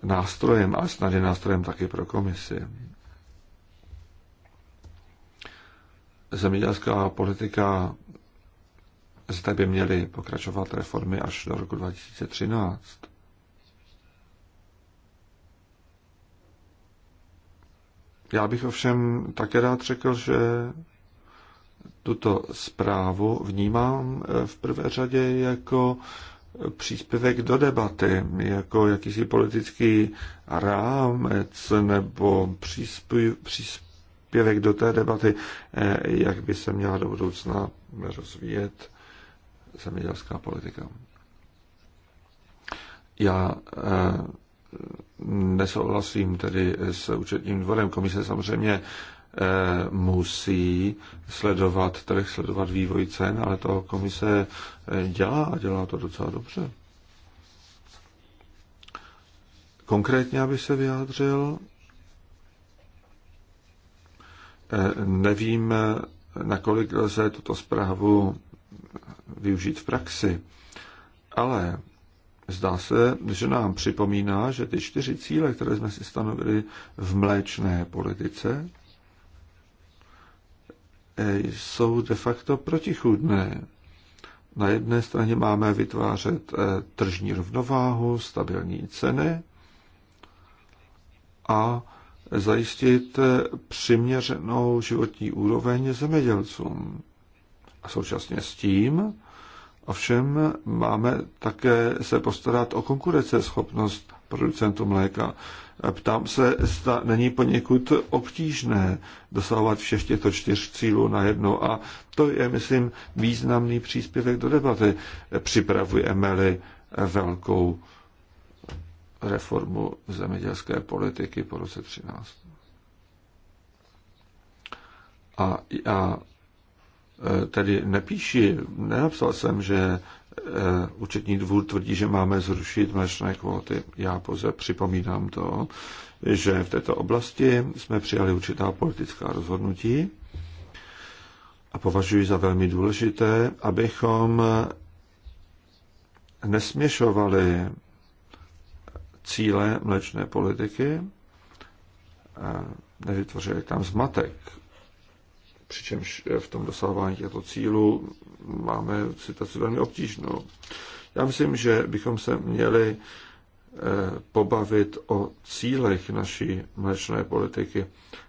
nástrojem, ale snad je nástrojem taky pro komisi. Zemědělská politika zde by měly pokračovat reformy až do roku 2013. Já bych ovšem také rád řekl, že tuto zprávu vnímám eh, v prvé řadě jako příspěvek do debaty, jako jakýsi politický rámec nebo příspěvek do té debaty, eh, jak by se měla do budoucna rozvíjet zemědělská politika. Já eh, nesouhlasím tedy s účetním dvorem. Komise samozřejmě musí sledovat trh, sledovat vývoj cen, ale to komise dělá a dělá to docela dobře. Konkrétně, aby se vyjádřil, eh, nevím, nakolik lze tuto zprávu využít v praxi, ale zdá se, že nám připomíná, že ty čtyři cíle, které jsme si stanovili v mléčné politice, jsou de facto protichůdné. Na jedné straně máme vytvářet eh, tržní rovnováhu, stabilní ceny a zajistit eh, přiměřenou životní úroveň zemědělcům. A současně s tím ovšem máme také se postarat o konkurenceschopnost producentů mléka. Ptám se, zda není poněkud obtížné dosahovat všech těchto čtyř cílů na jedno. A to je, myslím, významný příspěvek do debaty. Připravujeme-li velkou reformu zemědělské politiky po roce 13. A já eh, tedy nepíši, nenapsal jsem, že Eh, účetní dvůr tvrdí, že máme zrušit mléčné kvóty. Já pouze připomínám to, že v této oblasti jsme přijali určitá politická rozhodnutí a považuji za velmi důležité, abychom nesměšovali cíle mléčné politiky, nevytvořili tam zmatek přičemž eh, v tom dosahování těchto cílů máme situaci velmi obtížnou. Já myslím, že bychom se měli eh, pobavit o cílech naší mléčné politiky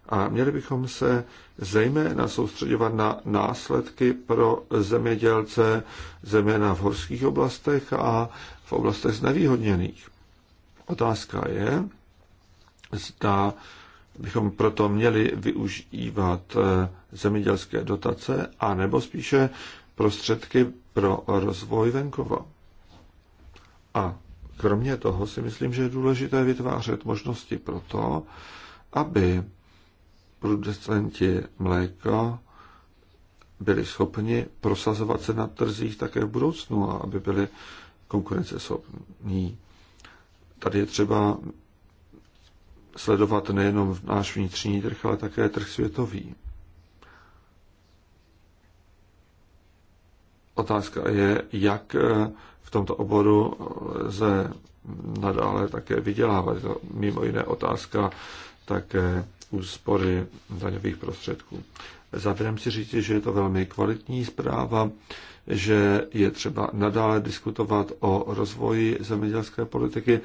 a měli bychom se zejména soustředovat na následky pro zemědělce, zejména v horských oblastech a v oblastech znevýhodněných. Otázka je, zda bychom proto měli využívat eh, zemědělské dotace a nebo spíše prostředky pro rozvoj venkova. A kromě toho si myslím, že je důležité vytvářet možnosti pro to, aby producenti mléka byli schopni prosazovat se na trzích také v budoucnu a aby byli konkurenceschopní. Tady je třeba sledovat nejenom náš vnitřní trh, ale také trh světový. Otázka je, jak eh, v tomto oboru lze nadále také vydělávat. To mimo jiné otázka také úspory daňových prostředků. Závěrem si říct, že je to velmi kvalitní zpráva, že je třeba nadále diskutovat o rozvoji zemědělské politiky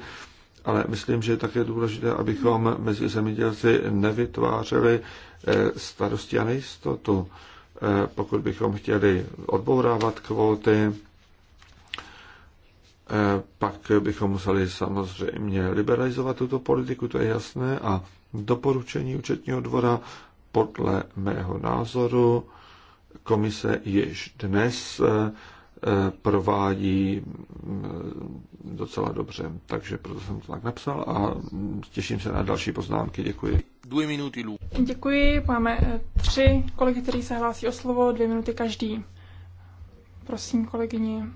ale myslím, že je také důležité, abychom mezi zemědělci nevytvářeli eh, starosti a nejistotu. Eh, pokud bychom chtěli odbourávat kvóty, eh, pak bychom museli samozřejmě liberalizovat tuto politiku, to je jasné, a doporučení účetního dvora podle mého názoru komise již dnes Eh, provádí mm, docela dobře. Takže proto jsem to tak napsal a mm, těším se na další poznámky. Děkuji. Dvě minuty, Lu. Děkuji. Máme eh, tři kolegy, kteří se hlásí o slovo, dvě minuty každý. Prosím, kolegyně.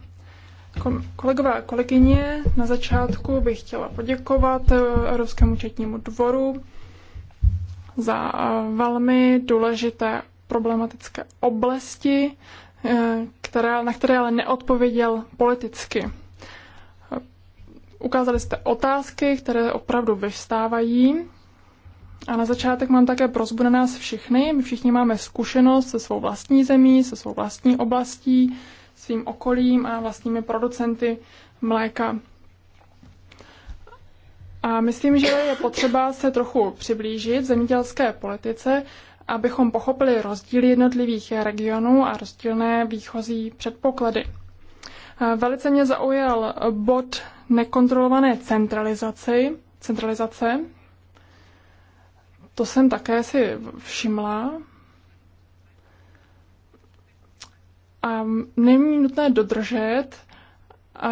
Kolegové, kolegyně, na začátku bych chtěla poděkovat eh, Evropskému četnímu dvoru za velmi důležité problematické oblasti, Eh, které na které ale neodpověděl politicky. Ukázali jste otázky, které opravdu vyvstávají. A na začátek mám také prozbu na nás všechny. My všichni máme zkušenost se svou vlastní zemí, se svou vlastní oblastí, svým okolím a vlastními producenty mléka. A myslím, že je potřeba se trochu přiblížit zemědělské politice abychom pochopili rozdíly jednotlivých regionů a rozdílné výchozí předpoklady. Eh, velice mě zaujal bod nekontrolované centralizaci, centralizace. To jsem také si všimla. A není nutné dodržet, a,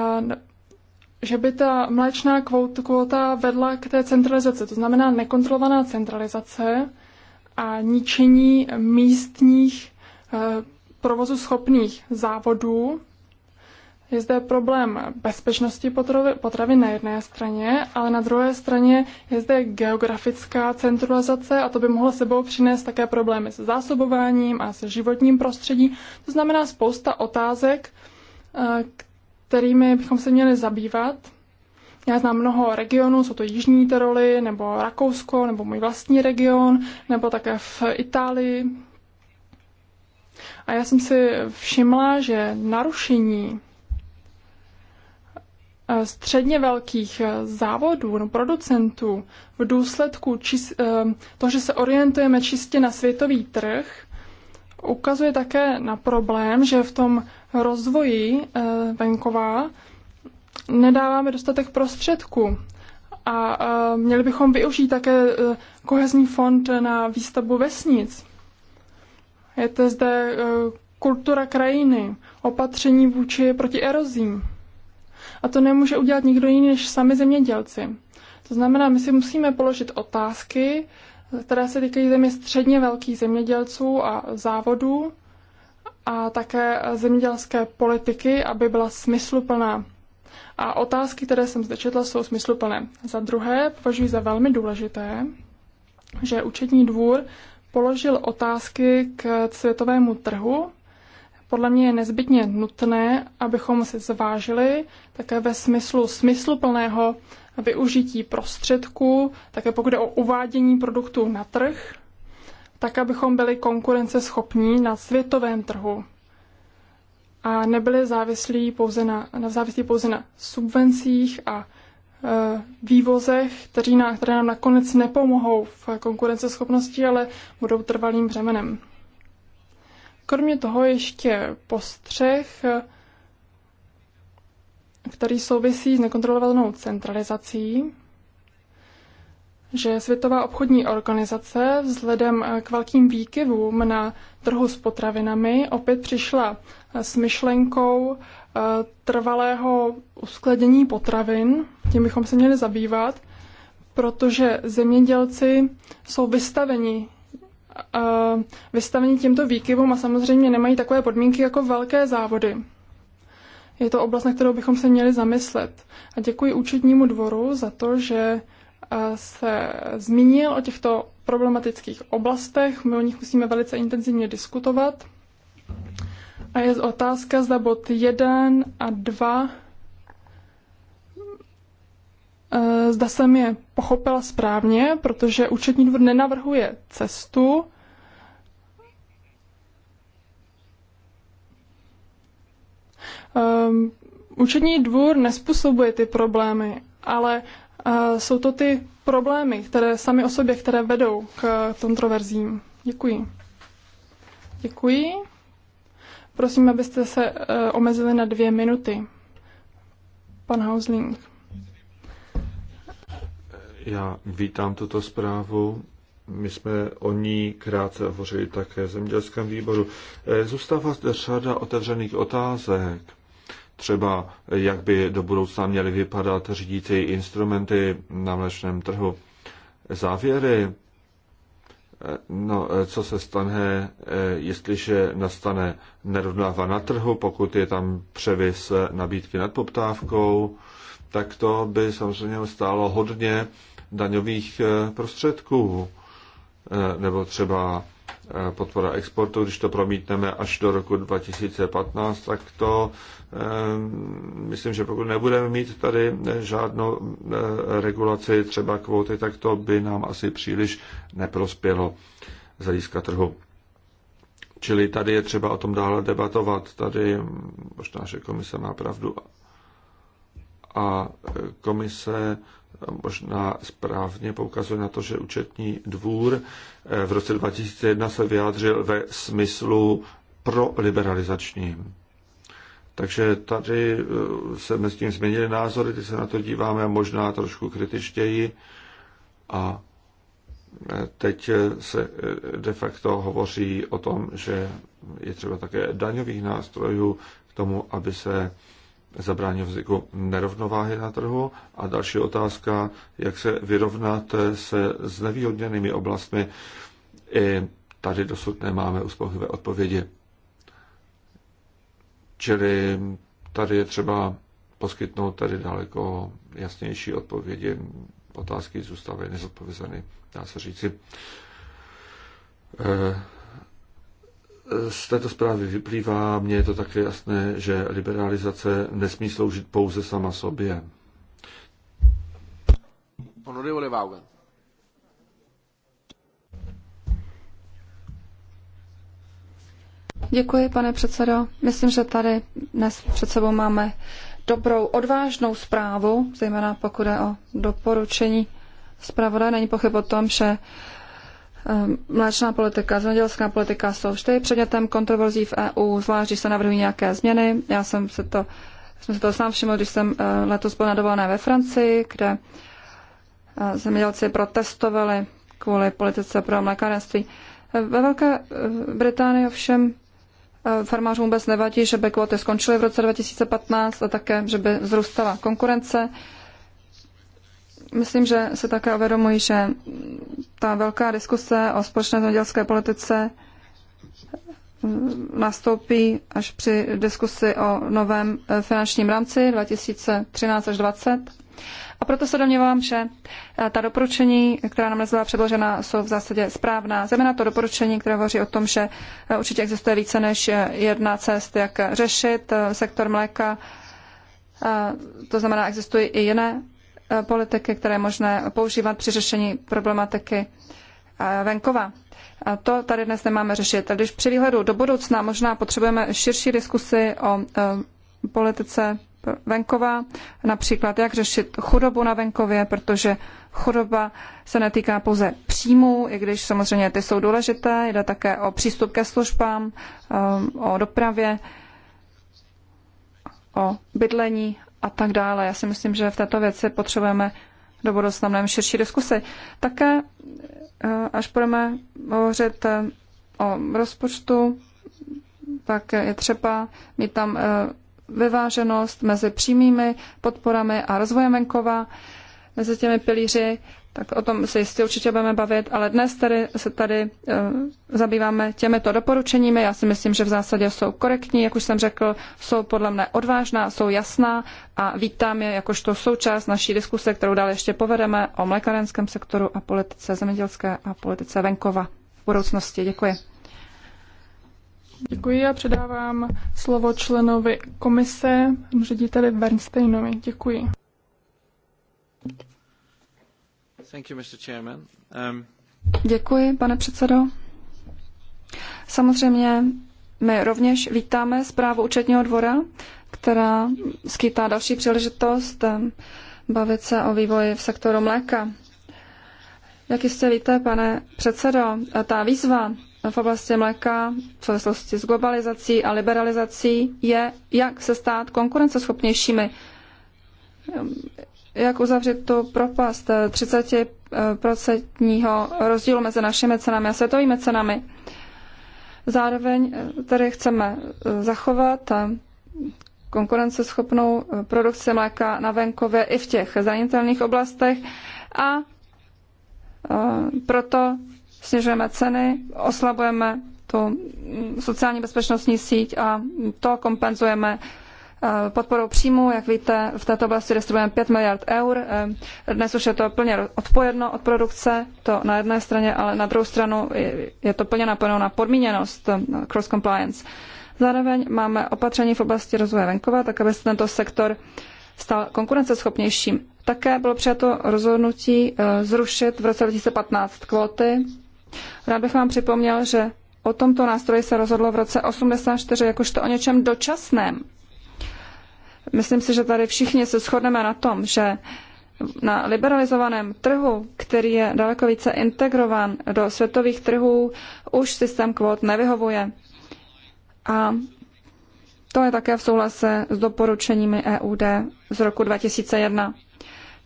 že by ta mléčná kvota vedla k té centralizaci. To znamená nekontrolovaná centralizace, a ničení místních eh, provozu schopných závodů. Je zde problém bezpečnosti potravy na jedné straně, ale na druhé straně je zde geografická centralizace a to by mohlo sebou přinést také problémy s zásobováním a se životním prostředím. To znamená spousta otázek, eh, kterými bychom se měli zabývat já znám mnoho regionů, jsou to Jižní Tyroly, nebo Rakousko, nebo můj vlastní region, nebo také v Itálii. A já jsem si všimla, že narušení eh, středně velkých eh, závodů, no producentů, v důsledku čist, eh, toho, že se orientujeme čistě na světový trh, ukazuje také na problém, že v tom rozvoji venková nedáváme dostatek prostředků a měli bychom využít také e, kohezní fond na výstavbu vesnic. Je to zde e, kultura krajiny, opatření vůči proti erozím. A to nemůže udělat nikdo jiný než sami zemědělci. To znamená, my si musíme položit otázky, které se týkají země středně velkých zemědělců a závodů a také zemědělské politiky, aby byla smysluplná. A otázky, které jsem zde četla, jsou smysluplné. Za druhé, považuji za velmi důležité, že účetní dvůr položil otázky k světovému trhu. Podle mě je nezbytně nutné, abychom si zvážili také ve smyslu smysluplného využití prostředků, také pokud je o uvádění produktů na trh, tak abychom byli konkurenceschopní na světovém trhu a nebyli závislí pouze na, na závislí pouze na subvencích a e, vývozech, kteří nám, které nám nakonec nepomohou v konkurenceschopnosti, ale budou trvalým břemenem. Kromě toho ještě postřeh, e, který souvisí s nekontrolovanou centralizací že Světová obchodní organizace vzhledem eh, k velkým výkyvům na trhu s potravinami opět přišla eh, s myšlenkou eh, trvalého uskladnění potravin, tím bychom se měli zabývat, protože zemědělci jsou vystaveni vystaveni těmto výkyvům a samozřejmě nemají takové podmínky jako velké závody. Je to oblast, na kterou bychom se měli zamyslet. A děkuji účetnímu dvoru za to, že se zmínil o těchto problematických oblastech. My o nich musíme velice intenzivně diskutovat. A je otázka, zda bod 1 a 2, e, zda jsem je pochopila správně, protože účetní dvůr nenavrhuje cestu, Um, účetní dvůr nespůsobuje ty problémy, ale jsou to ty problémy, které sami o sobě, které vedou k eh, kontroverzím. Děkuji. Děkuji. Prosím, abyste se eh, omezili na dvě minuty. Pan Hausling. Já vítám tuto zprávu. My jsme o ní krátce hovořili také v zemědělském výboru. Eh, zůstává zde řada otevřených otázek třeba jak by do budoucna měly vypadat řídící instrumenty na mlečném trhu. Závěry, no, co se stane, jestliže nastane nerovnáva na trhu, pokud je tam převis nabídky nad poptávkou, tak to by samozřejmě stálo hodně daňových prostředků. Nebo třeba Eh, podpora exportu, když to promítneme až do roku 2015, tak to eh, myslím, že pokud nebudeme mít tady eh, žádnou regulaci, třeba kvóty, tak to by nám asi příliš neprospělo z hlediska trhu. Čili tady je třeba o tom dále debatovat. Tady možná, že komise má pravdu. A komise možná správně poukazuje na to, že účetní dvůr eh, v roce 2001 se vyjádřil ve smyslu pro liberalizačním. Takže tady eh, se mezi tím změnili názory, teď se na to díváme možná trošku kritičtěji a eh, teď se de facto hovoří o tom, že je třeba také daňových nástrojů k tomu, aby se zabrání vzniku nerovnováhy na trhu. A další otázka, jak se vyrovnat se znevýhodněnými oblastmi. I tady dosud nemáme uspokojivé odpovědi. Čili tady je třeba poskytnout tady daleko jasnější odpovědi. Otázky zůstávají nezodpovězeny, dá se říci. Eh, z této zprávy vyplývá, mně je to také jasné, že liberalizace nesmí sloužit pouze sama sobě. Honorable Vaughan. Děkuji, pane předsedo. Myslím, že tady dnes před sebou máme dobrou, odvážnou zprávu, zejména pokud je o doporučení zpravodaje. Není pochyb o tom, že Eh, mléčná politika, zemědělská politika jsou vždy předmětem kontroverzí v EU, zvlášť když se navrhují nějaké změny. Já jsem se to, jsem se to sám všiml, když jsem eh, letos byl na ve Francii, kde eh, zemědělci protestovali kvůli politice pro mlékárenství. Ve Velké Británii ovšem farmářům vůbec nevadí, že by kvóty skončily v roce 2015 a také, že by vzrůstala konkurence. Myslím, že se také uvědomují, že ta velká diskuse o společné zemědělské politice eh, nastoupí až při diskusi o novém eh, finančním rámci 2013 až 2020. A proto se domnívám, že eh, ta doporučení, která nám dnes byla předložena, jsou v zásadě správná. Zejména to doporučení, které hovoří o tom, že určitě existuje více než jedna cest, jak řešit sektor mléka. To znamená, existují i jiné Eh, politiky, které je možné používat při řešení problematiky eh, venkova. A to tady dnes nemáme řešit. Když při výhledu do budoucna možná potřebujeme širší diskusy o eh, politice venkova, například jak řešit chudobu na venkově, protože chudoba se netýká pouze příjmů, i když samozřejmě ty jsou důležité, jde také o přístup ke službám, o dopravě, o bydlení a tak dále. Já si myslím, že v této věci potřebujeme do budoucna mnohem širší diskusy. Také, eh, až budeme hovořit eh, o rozpočtu, tak je třeba mít tam eh, vyváženost mezi přímými podporami a rozvojem venkova, mezi těmi pilíři tak o tom se jistě určitě budeme bavit, ale dnes tady se tady e, zabýváme těmito doporučeními. Já si myslím, že v zásadě jsou korektní, jak už jsem řekl, jsou podle mne odvážná, jsou jasná a vítám je jakožto součást naší diskuse, kterou dále ještě povedeme o mlékarenském sektoru a politice zemědělské a politice venkova v budoucnosti. Děkuji. Děkuji a předávám slovo členovi komise, řediteli Bernsteinovi. Děkuji. Um, Děkuji, pane předsedo. Samozřejmě my rovněž vítáme zprávu účetního dvora, která skýtá další příležitost um, bavit se o vývoji v sektoru mléka. Jak jistě víte, pane předsedo, ta výzva v oblasti mléka v souvislosti s globalizací a liberalizací je, jak se stát konkurenceschopnějšími jak uzavřít tu propast 30% rozdílu mezi našimi cenami a světovými cenami. Zároveň eh, tedy chceme eh, zachovat eh, konkurenceschopnou produkci mléka na venkově i v těch zranitelných oblastech a proto snižujeme ceny, oslabujeme tu mm, sociální bezpečnostní síť a to kompenzujeme Eh, podporou příjmu. Jak víte, v této oblasti distribuujeme 5 miliard eur. Eh, dnes už je to plně odpojedno od produkce, to na jedné straně, ale na druhou stranu je to plně napojeno na podmíněnost eh, cross compliance. Zároveň máme opatření v oblasti rozvoje venkova, tak aby se tento sektor stal konkurenceschopnějším. Také bylo přijato rozhodnutí zrušit v roce 2015 kvóty. Rád bych vám připomněl, že o tomto nástroji se rozhodlo v roce 84 jakožto o něčem dočasném. Myslím si, že tady všichni se shodneme na tom, že na liberalizovaném trhu, který je daleko více integrován do světových trhů, už systém kvót nevyhovuje. A to je také v souhlase s doporučeními EUD z roku 2001.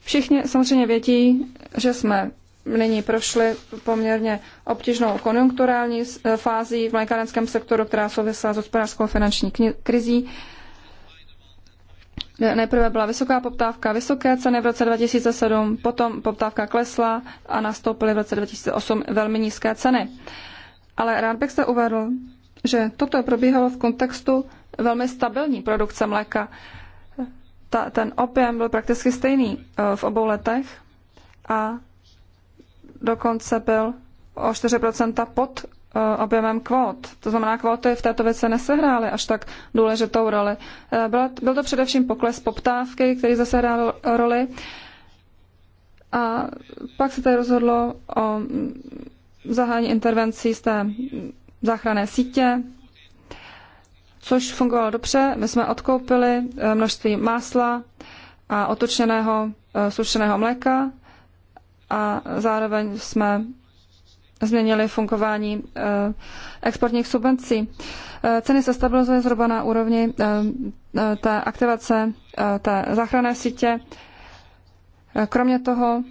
Všichni samozřejmě vědí, že jsme nyní prošli poměrně obtížnou konjunkturální fází v mlékárenském sektoru, která souvisela s hospodářskou finanční krizí. Nejprve byla vysoká poptávka, vysoké ceny v roce 2007, potom poptávka klesla a nastoupily v roce 2008 velmi nízké ceny. Ale rád bych se uvedl, že toto probíhalo v kontextu velmi stabilní produkce mléka. Ta, ten objem byl prakticky stejný e, v obou letech a dokonce byl o 4% pod Eh, objemem kvót. To znamená, kvóty v této věci nesehrály až tak důležitou roli. Eh, byl, byl to především pokles poptávky, který zase hrál roli. A pak se tady rozhodlo o zahání intervencí z té záchranné sítě, což fungovalo dobře. My jsme odkoupili eh, množství másla a otočeného sušeného mléka a zároveň jsme změnili fungování eh, exportních subvencí. Eh, ceny se stabilizují zhruba na úrovni eh, té aktivace té záchranné sítě. Kromě toho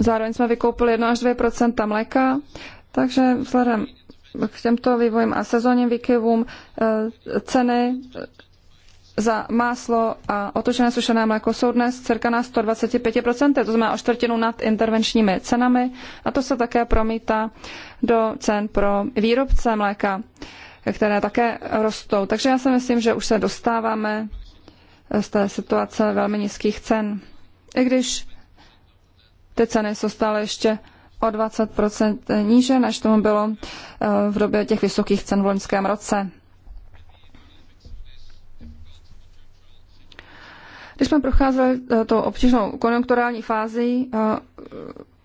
Zároveň jsme vykoupili 1 až 2 mléka, takže vzhledem k těmto vývojům a sezónním výkyvům ceny za máslo a otočené sušené mléko jsou dnes cirka na 125%, to znamená o čtvrtinu nad intervenčními cenami a to se také promítá do cen pro výrobce mléka, které také rostou. Takže já si myslím, že už se dostáváme z té situace velmi nízkých cen. I když ty ceny jsou stále ještě o 20% níže, než tomu bylo eh, v době těch vysokých cen v loňském roce. Když jsme procházeli eh, tou obtížnou konjunkturální fázi, eh,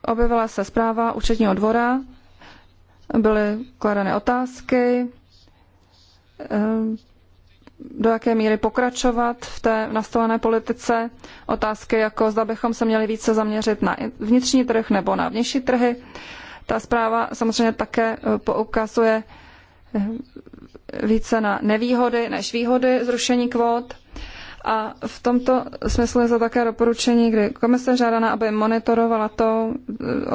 objevila se zpráva účetního dvora, byly kladeny otázky, eh, do jaké míry pokračovat v té nastolené politice. Otázky jako zda bychom se měli více zaměřit na vnitřní trh nebo na vnější trhy. Ta zpráva samozřejmě také poukazuje více na nevýhody než výhody zrušení kvót. A v tomto smyslu je to také doporučení, kdy komise žádána, aby monitorovala to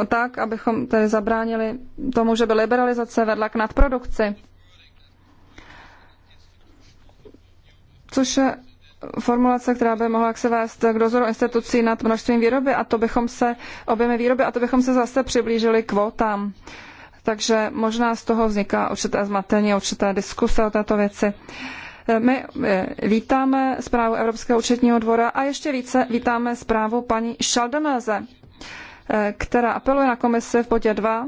e, tak, abychom tedy zabránili tomu, že by liberalizace vedla k nadprodukci. Což je formulace, která by mohla se vést k dozoru institucí nad množstvím výroby a to bychom se, objemy výroby a to bychom se zase přiblížili kvótám. Takže možná z toho vzniká určité zmatení, určité diskuse o této věci. Uh, my eh, vítáme zprávu Evropského účetního dvora a ještě více vítáme zprávu paní Šaldemelze, eh, která apeluje na komisi v bodě 2,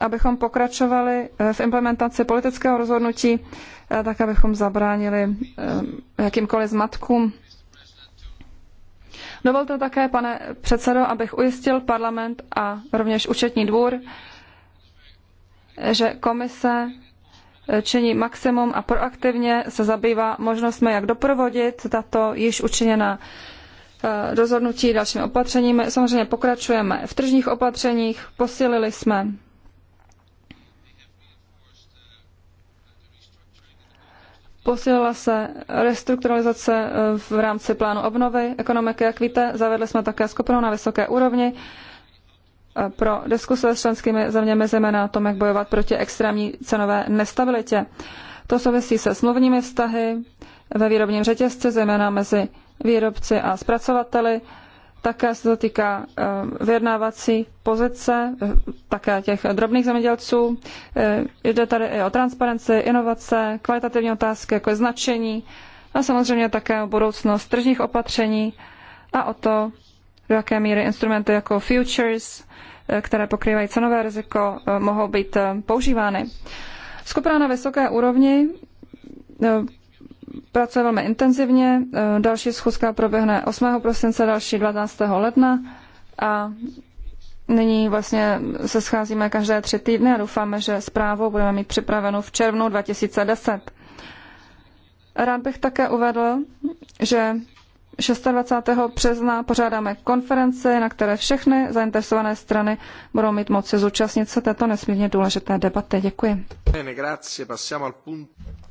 abychom pokračovali eh, v implementaci politického rozhodnutí, tak abychom zabránili jakýmkoliv zmatkům. Dovolte také, pane předsedo, abych ujistil parlament a rovněž účetní dvůr, že komise činí maximum a proaktivně se zabývá možnostmi, jak doprovodit tato již učiněná eh, rozhodnutí dalšími opatřeními. Samozřejmě pokračujeme v tržních opatřeních, posílili jsme Posílila se restrukturalizace eh, v rámci plánu obnovy ekonomiky, jak víte, zavedli jsme také skupinu na vysoké úrovni, pro diskuse s členskými zeměmi, zejména na tom, jak bojovat proti extrémní cenové nestabilitě. To souvisí se smluvními vztahy ve výrobním řetězci, zejména mezi výrobci a zpracovateli. Také se to týká e, vyjednávací pozice, e, také těch drobných zemědělců. E, jde tady i o transparenci, inovace, kvalitativní otázky, jako je značení a samozřejmě také o budoucnost tržních opatření a o to, do jaké míry instrumenty jako futures které pokrývají cenové riziko, eh, mohou být eh, používány. Skupina na vysoké úrovni eh, pracuje velmi intenzivně. Další schůzka proběhne 8. prosince, další 12. ledna a nyní vlastně se scházíme každé tři týdny a doufáme, že zprávu budeme mít připravenou v červnu 2010. Rád bych také uvedl, že 26. března pořádáme konferenci, na které všechny zainteresované strany budou mít moci zúčastnit se této nesmírně důležité debaty. Děkuji.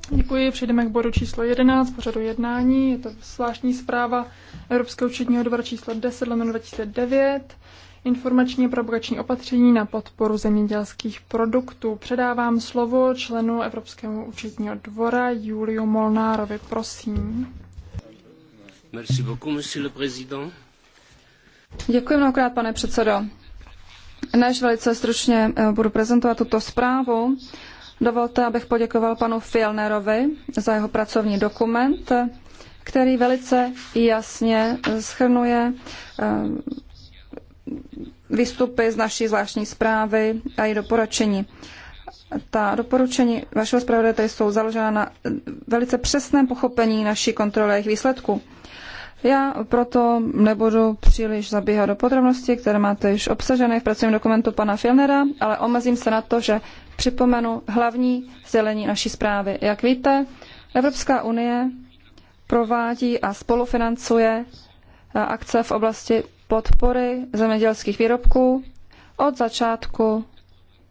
Děkuji, přejdeme k bodu číslo 11, pořadu jednání. Je to zvláštní zpráva Evropského účetního dvora číslo 10 2009. Informační a propagační opatření na podporu zemědělských produktů. Předávám slovo členu Evropského účetního dvora Juliu Molnárovi. Prosím. Děkuji mnohokrát, pane předsedo. Než velice stručně eh, budu prezentovat tuto zprávu, dovolte, abych poděkoval panu Fielnerovi za jeho pracovní dokument, který velice jasně eh, schrnuje eh, výstupy z naší zvláštní zprávy a její doporučení. Ta doporučení vašeho zpravodaje jsou založena na velice přesném pochopení naší kontroly a jejich výsledků. Já proto nebudu příliš zabíhat do podrobností, které máte již obsažené v pracovním dokumentu pana Filnera, ale omezím se na to, že připomenu hlavní sdělení naší zprávy. Jak víte, Evropská unie provádí a spolufinancuje eh, akce v oblasti podpory zemědělských výrobků od začátku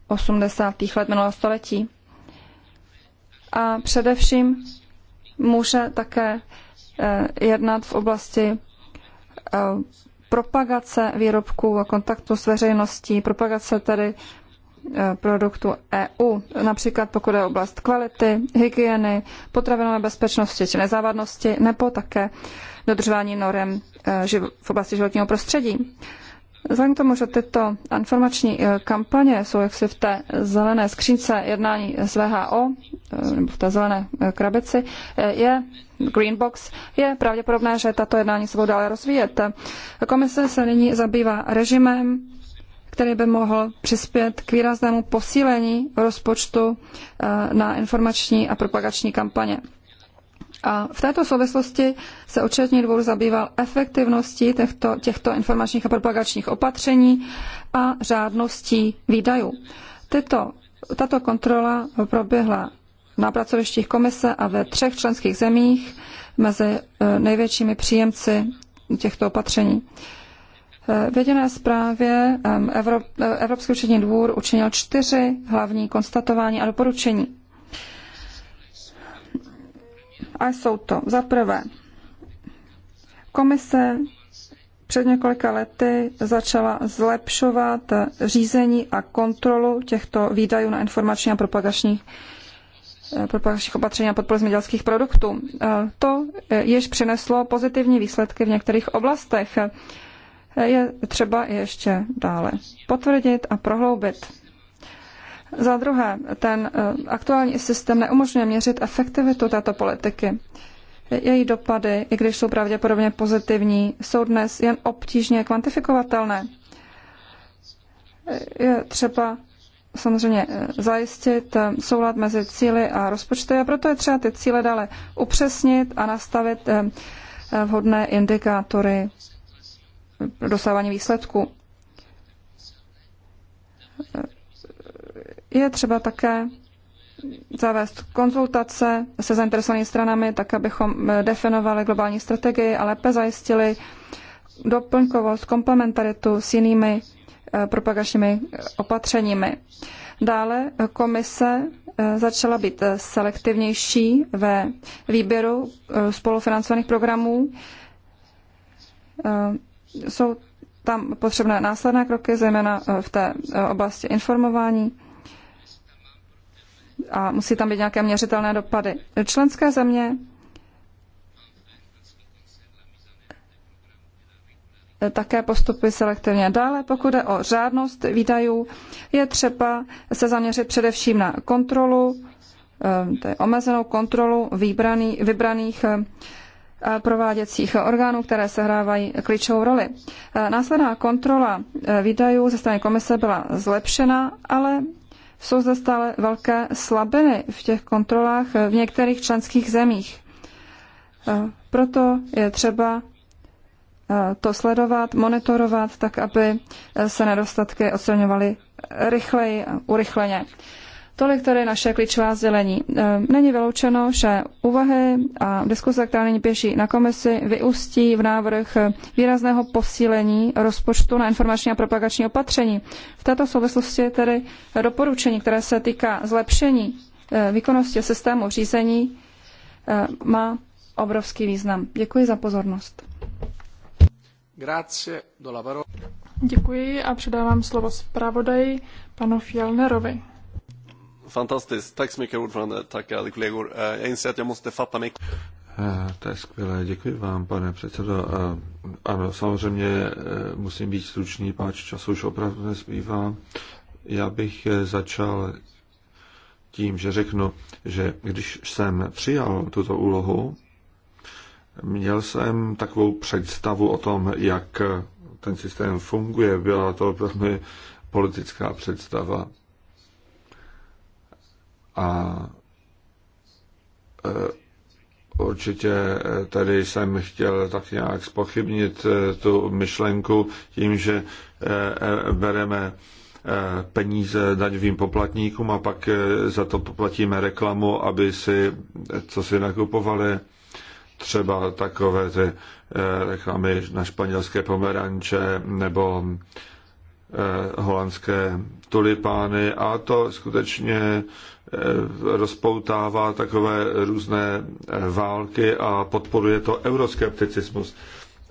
80. let minulého století. A především může také Eh, jednat v oblasti eh, propagace výrobků a kontaktu s veřejností, propagace tedy eh, produktu EU, například pokud je oblast kvality, hygieny, potravinové bezpečnosti či nezávadnosti, nebo také dodržování norem v oblasti životního prostředí. Vzhledem k tomu, že tyto informační eh, kampaně jsou jaksi v té zelené skřínce jednání s VHO, eh, nebo v té zelené eh, krabici, je Green Box, je pravděpodobné, že tato jednání se budou dále rozvíjet. Komise se nyní zabývá režimem, který by mohl přispět k výraznému posílení rozpočtu na informační a propagační kampaně. A v této souvislosti se účetní dvůr zabýval efektivností těchto, těchto informačních a propagačních opatření a řádností výdajů. Tyto, tato kontrola proběhla na pracovištích komise a ve třech členských zemích mezi eh, největšími příjemci těchto opatření. Eh, v jediné zprávě eh, Evropský účetní dvůr učinil čtyři hlavní konstatování a doporučení. A jsou to za prvé komise před několika lety začala zlepšovat řízení a kontrolu těchto výdajů na informační a propagační eh, propagačních opatření a podpory zemědělských produktů. Eh, to již přineslo pozitivní výsledky v některých oblastech. Eh, je třeba ještě dále potvrdit a prohloubit. Za druhé, ten eh, aktuální systém neumožňuje měřit efektivitu této politiky. Její dopady, i když jsou pravděpodobně pozitivní, jsou dnes jen obtížně kvantifikovatelné. Je třeba samozřejmě eh, zajistit eh, soulad mezi cíly a rozpočty a proto je třeba ty cíle dále upřesnit a nastavit vhodné indikátory dosávání výsledků. Je třeba také zavést konzultace se zainteresovanými stranami, tak abychom eh, definovali globální strategii a lépe zajistili doplňkovost, komplementaritu s jinými eh, propagačními eh, opatřeními. Dále komise začala být selektivnější ve výběru spolufinancovaných programů. Jsou tam potřebné následné kroky, zejména v té oblasti informování a musí tam být nějaké měřitelné dopady. Členské země také postupy selektivně. Dále, pokud je o řádnost výdajů, je třeba se zaměřit především na kontrolu, eh, omezenou kontrolu vybraný, vybraných eh, prováděcích orgánů, které sehrávají klíčovou roli. Eh, následná kontrola výdajů ze strany komise byla zlepšena, ale jsou zde stále velké slabiny v těch kontrolách v některých členských zemích. Eh, proto je třeba eh, to sledovat, monitorovat, tak aby eh, se nedostatky odstraňovaly rychleji a urychleně. Tolik tedy naše klíčová sdělení. Ehm, není vyloučeno, že úvahy a diskuse, která nyní pěší na komisi, vyústí v návrh výrazného posílení rozpočtu na informační a propagační opatření. V této souvislosti je tedy doporučení, které se týká zlepšení ehm, výkonnosti systému řízení, ehm, má obrovský význam. Děkuji za pozornost. Děkuji a předávám slovo zpravodaji panu Fjellnerovi. Fantastiskt. Tack så mycket ordförande. Tack alla kollegor. Eh, jag inser att jag måste fatta mig. Eh, to je skvělé, děkuji vám, pane předsedo. Eh, ano, samozřejmě musím být stručný, páč času už opravdu nezbývá. Já bych začal tím, že řeknu, že když jsem přijal tuto úlohu, měl jsem takovou představu o tom, jak ten systém funguje. Byla to velmi politická představa. A e, určitě e, tady jsem chtěl tak nějak spochybnit e, tu myšlenku tím, že bereme peníze daňovým poplatníkům a pak za to poplatíme reklamu, aby si co si nakupovali třeba takové ty reklamy na španělské pomeranče nebo holandské tulipány a to skutečně Eh, rozpoutává takové různé eh, války a podporuje to euroskepticismus.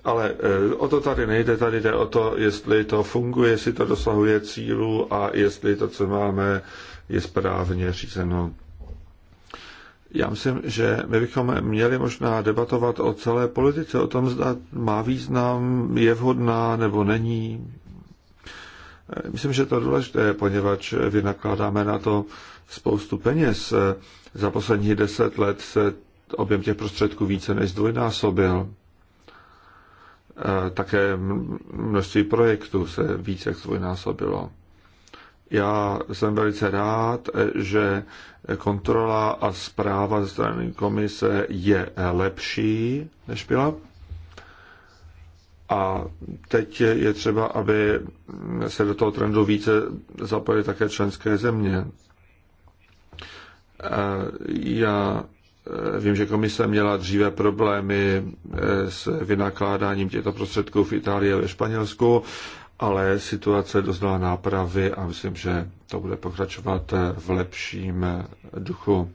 Ale eh, o to tady nejde, tady jde o to, jestli to funguje, jestli to dosahuje cílu a jestli to, co máme, je správně řízeno. Já myslím, že my bychom měli možná debatovat o celé politice, o tom, zda má význam, je vhodná nebo není. Myslím, že to je důležité, poněvadž vynakládáme na to spoustu peněz. Za posledních deset let se objem těch prostředků více než zdvojnásobil. Také množství projektů se více jak zdvojnásobilo. Já jsem velice rád, že kontrola a zpráva ze strany komise je lepší, než byla. A teď je třeba, aby se do toho trendu více zapojily také členské země. Já eh, vím, že komise měla dříve problémy eh, s vynakládáním těchto prostředků v Itálii a ve Španělsku, ale situace doznala nápravy a myslím, že to bude pokračovat eh, v lepším duchu.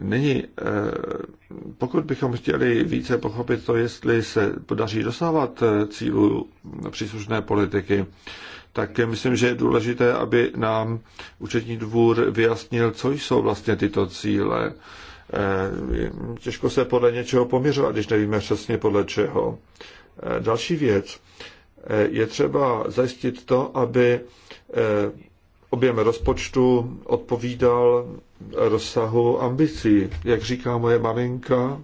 Nyní, pokud bychom chtěli více pochopit to, jestli se podaří dosávat cílů příslušné politiky, tak myslím, že je důležité, aby nám účetní dvůr vyjasnil, co jsou vlastně tyto cíle. Eh, těžko se podle něčeho poměřovat, když nevíme přesně podle čeho. Eh, další věc. Eh, je třeba zajistit to, aby objem rozpočtu odpovídal rozsahu ambicí. Jak říká moje maminka,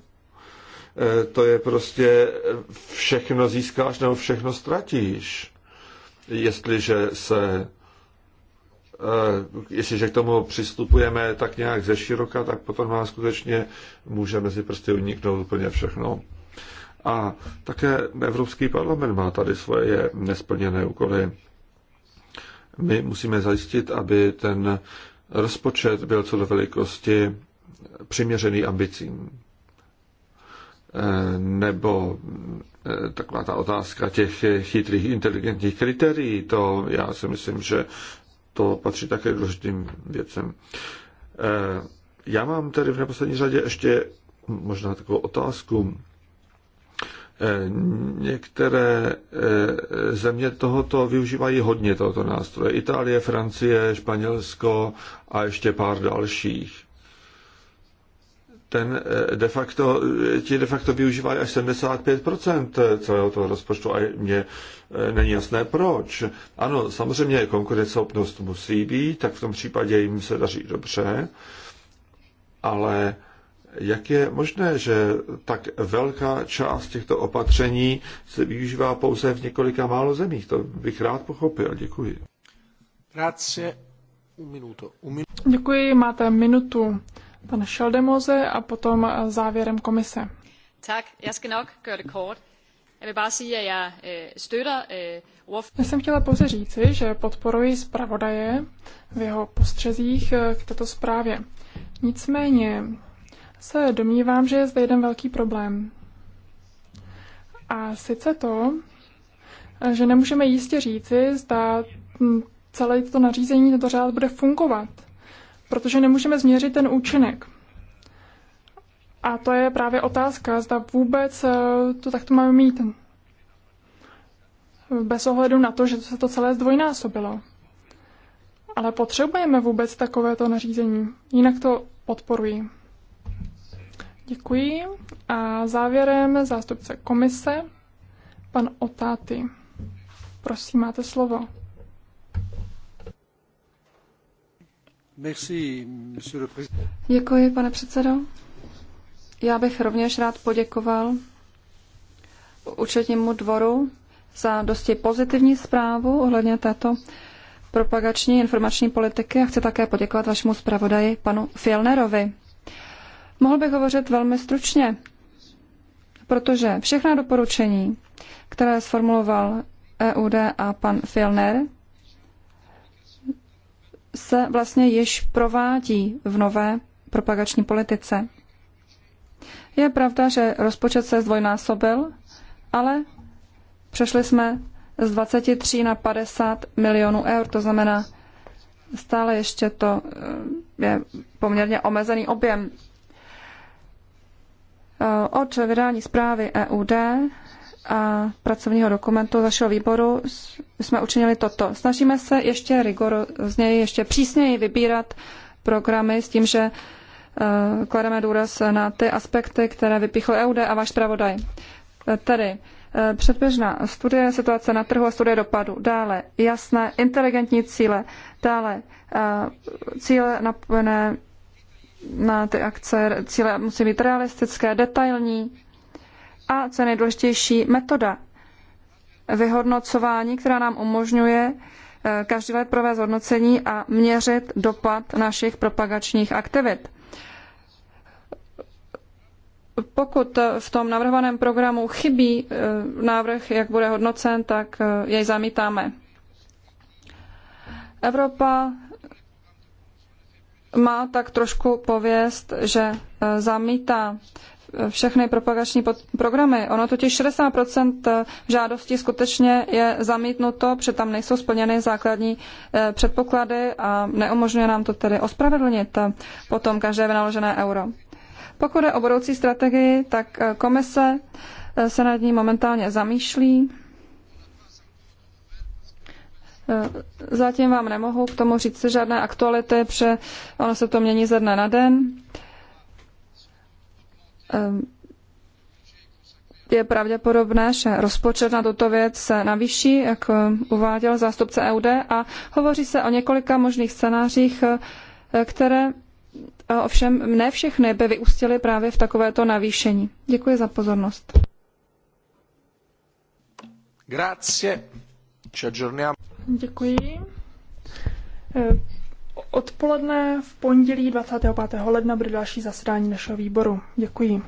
to je prostě všechno získáš nebo všechno ztratíš jestliže se eh, jestliže k tomu přistupujeme tak nějak ze široka, tak potom má skutečně může mezi prsty uniknout úplně všechno. A také Evropský parlament má tady svoje nesplněné úkoly. My musíme zajistit, aby ten rozpočet byl co do velikosti přiměřený ambicím nebo eh, taková ta otázka těch chytrých inteligentních kritérií, to já si myslím, že to patří také důležitým věcem. Eh, já mám tedy v neposlední řadě ještě možná takovou otázku. Eh, některé země tohoto využívají hodně tohoto nástroje. Itálie, Francie, Španělsko a ještě pár dalších ten eh, de facto, eh, ti de facto využívají až 75% eh, celého toho rozpočtu a mě není jasné proč. Ano, samozřejmě konkurenceschopnost musí být, tak v tom případě jim se daří dobře, ale jak je možné, že tak velká část těchto opatření se využívá pouze v několika málo zemích? To bych rád pochopil. Děkuji. Grazie. Un minuto. Un minuto. Děkuji, máte minutu pan Šeldemoze a potom závěrem komise. Tak, já skal nok gøre det kort. Jeg vil bare sige, at jeg øh, støtter øh, Já jsem chtěla pouze říci, že podporuji zpravodaje v jeho postřezích eh, k této zprávě. Nicméně se domnívám, že je zde jeden velký problém. A sice to, že nemůžeme jistě říci, zda hm, celé to nařízení, tento řád bude fungovat protože nemůžeme změřit ten účinek. A to je právě otázka, zda vůbec eh, to takto máme mít. Bez ohledu na to, že se to celé zdvojnásobilo. Ale potřebujeme vůbec takovéto nařízení, jinak to podporuji. Děkuji. A závěrem zástupce komise, pan Otáty. Prosím, máte slovo. Děkuji, pane předsedo. Já bych rovněž rád poděkoval účetnímu dvoru za dosti pozitivní zprávu ohledně této propagační informační politiky a chci také poděkovat vašemu zpravodaji panu Fielnerovi. Mohl bych hovořit velmi stručně, protože všechna doporučení, které sformuloval EUD a pan Filner, se vlastně již provádí v nové propagační politice. Je pravda, že rozpočet se zdvojnásobil, ale přešli jsme z 23 na 50 milionů eur, to znamená, stále ještě to eh, je poměrně omezený objem. Eh, od vydání zprávy EUD a pracovního dokumentu z našeho výboru jsme učinili toto. Snažíme se ještě rigorozněji, ještě přísněji vybírat programy s tím, že eh, klademe důraz na ty aspekty, které vypíchl EUD a váš pravodaj. Eh, tedy eh, předběžná studie situace na trhu a studie dopadu, dále jasné inteligentní cíle, dále cíle napojené na ty akce, cíle musí být realistické, detailní, a co nejdůležitější, metoda vyhodnocování, která nám umožňuje eh, každý let provést hodnocení a měřit dopad našich propagačních aktivit. Pokud v tom navrhovaném programu chybí eh, návrh, jak bude hodnocen, tak eh, jej zamítáme. Evropa má tak trošku pověst, že zamítá všechny propagační pod- programy. Ono totiž 60% eh, žádostí skutečně je zamítnuto, protože tam nejsou splněny základní eh, předpoklady a neumožňuje nám to tedy ospravedlnit eh, potom každé vynaložené euro. Pokud je o budoucí strategii, tak komise se nad ní momentálně zamýšlí. Zatím vám nemohu k tomu říct žádné aktuality, protože ono se to mění ze dne na den. Ehm, je pravděpodobné, že rozpočet na tuto věc se navýší, jak eh, uváděl zástupce EUD, a hovoří se o několika možných scénářích, eh, které eh, ovšem ne všechny by vyústily právě v takovéto navýšení. Děkuji za pozornost. Grazie. Ci aggiorniamo. Děkuji. Odpoledne v pondělí 25. ledna bude další zasedání našeho výboru. Děkuji.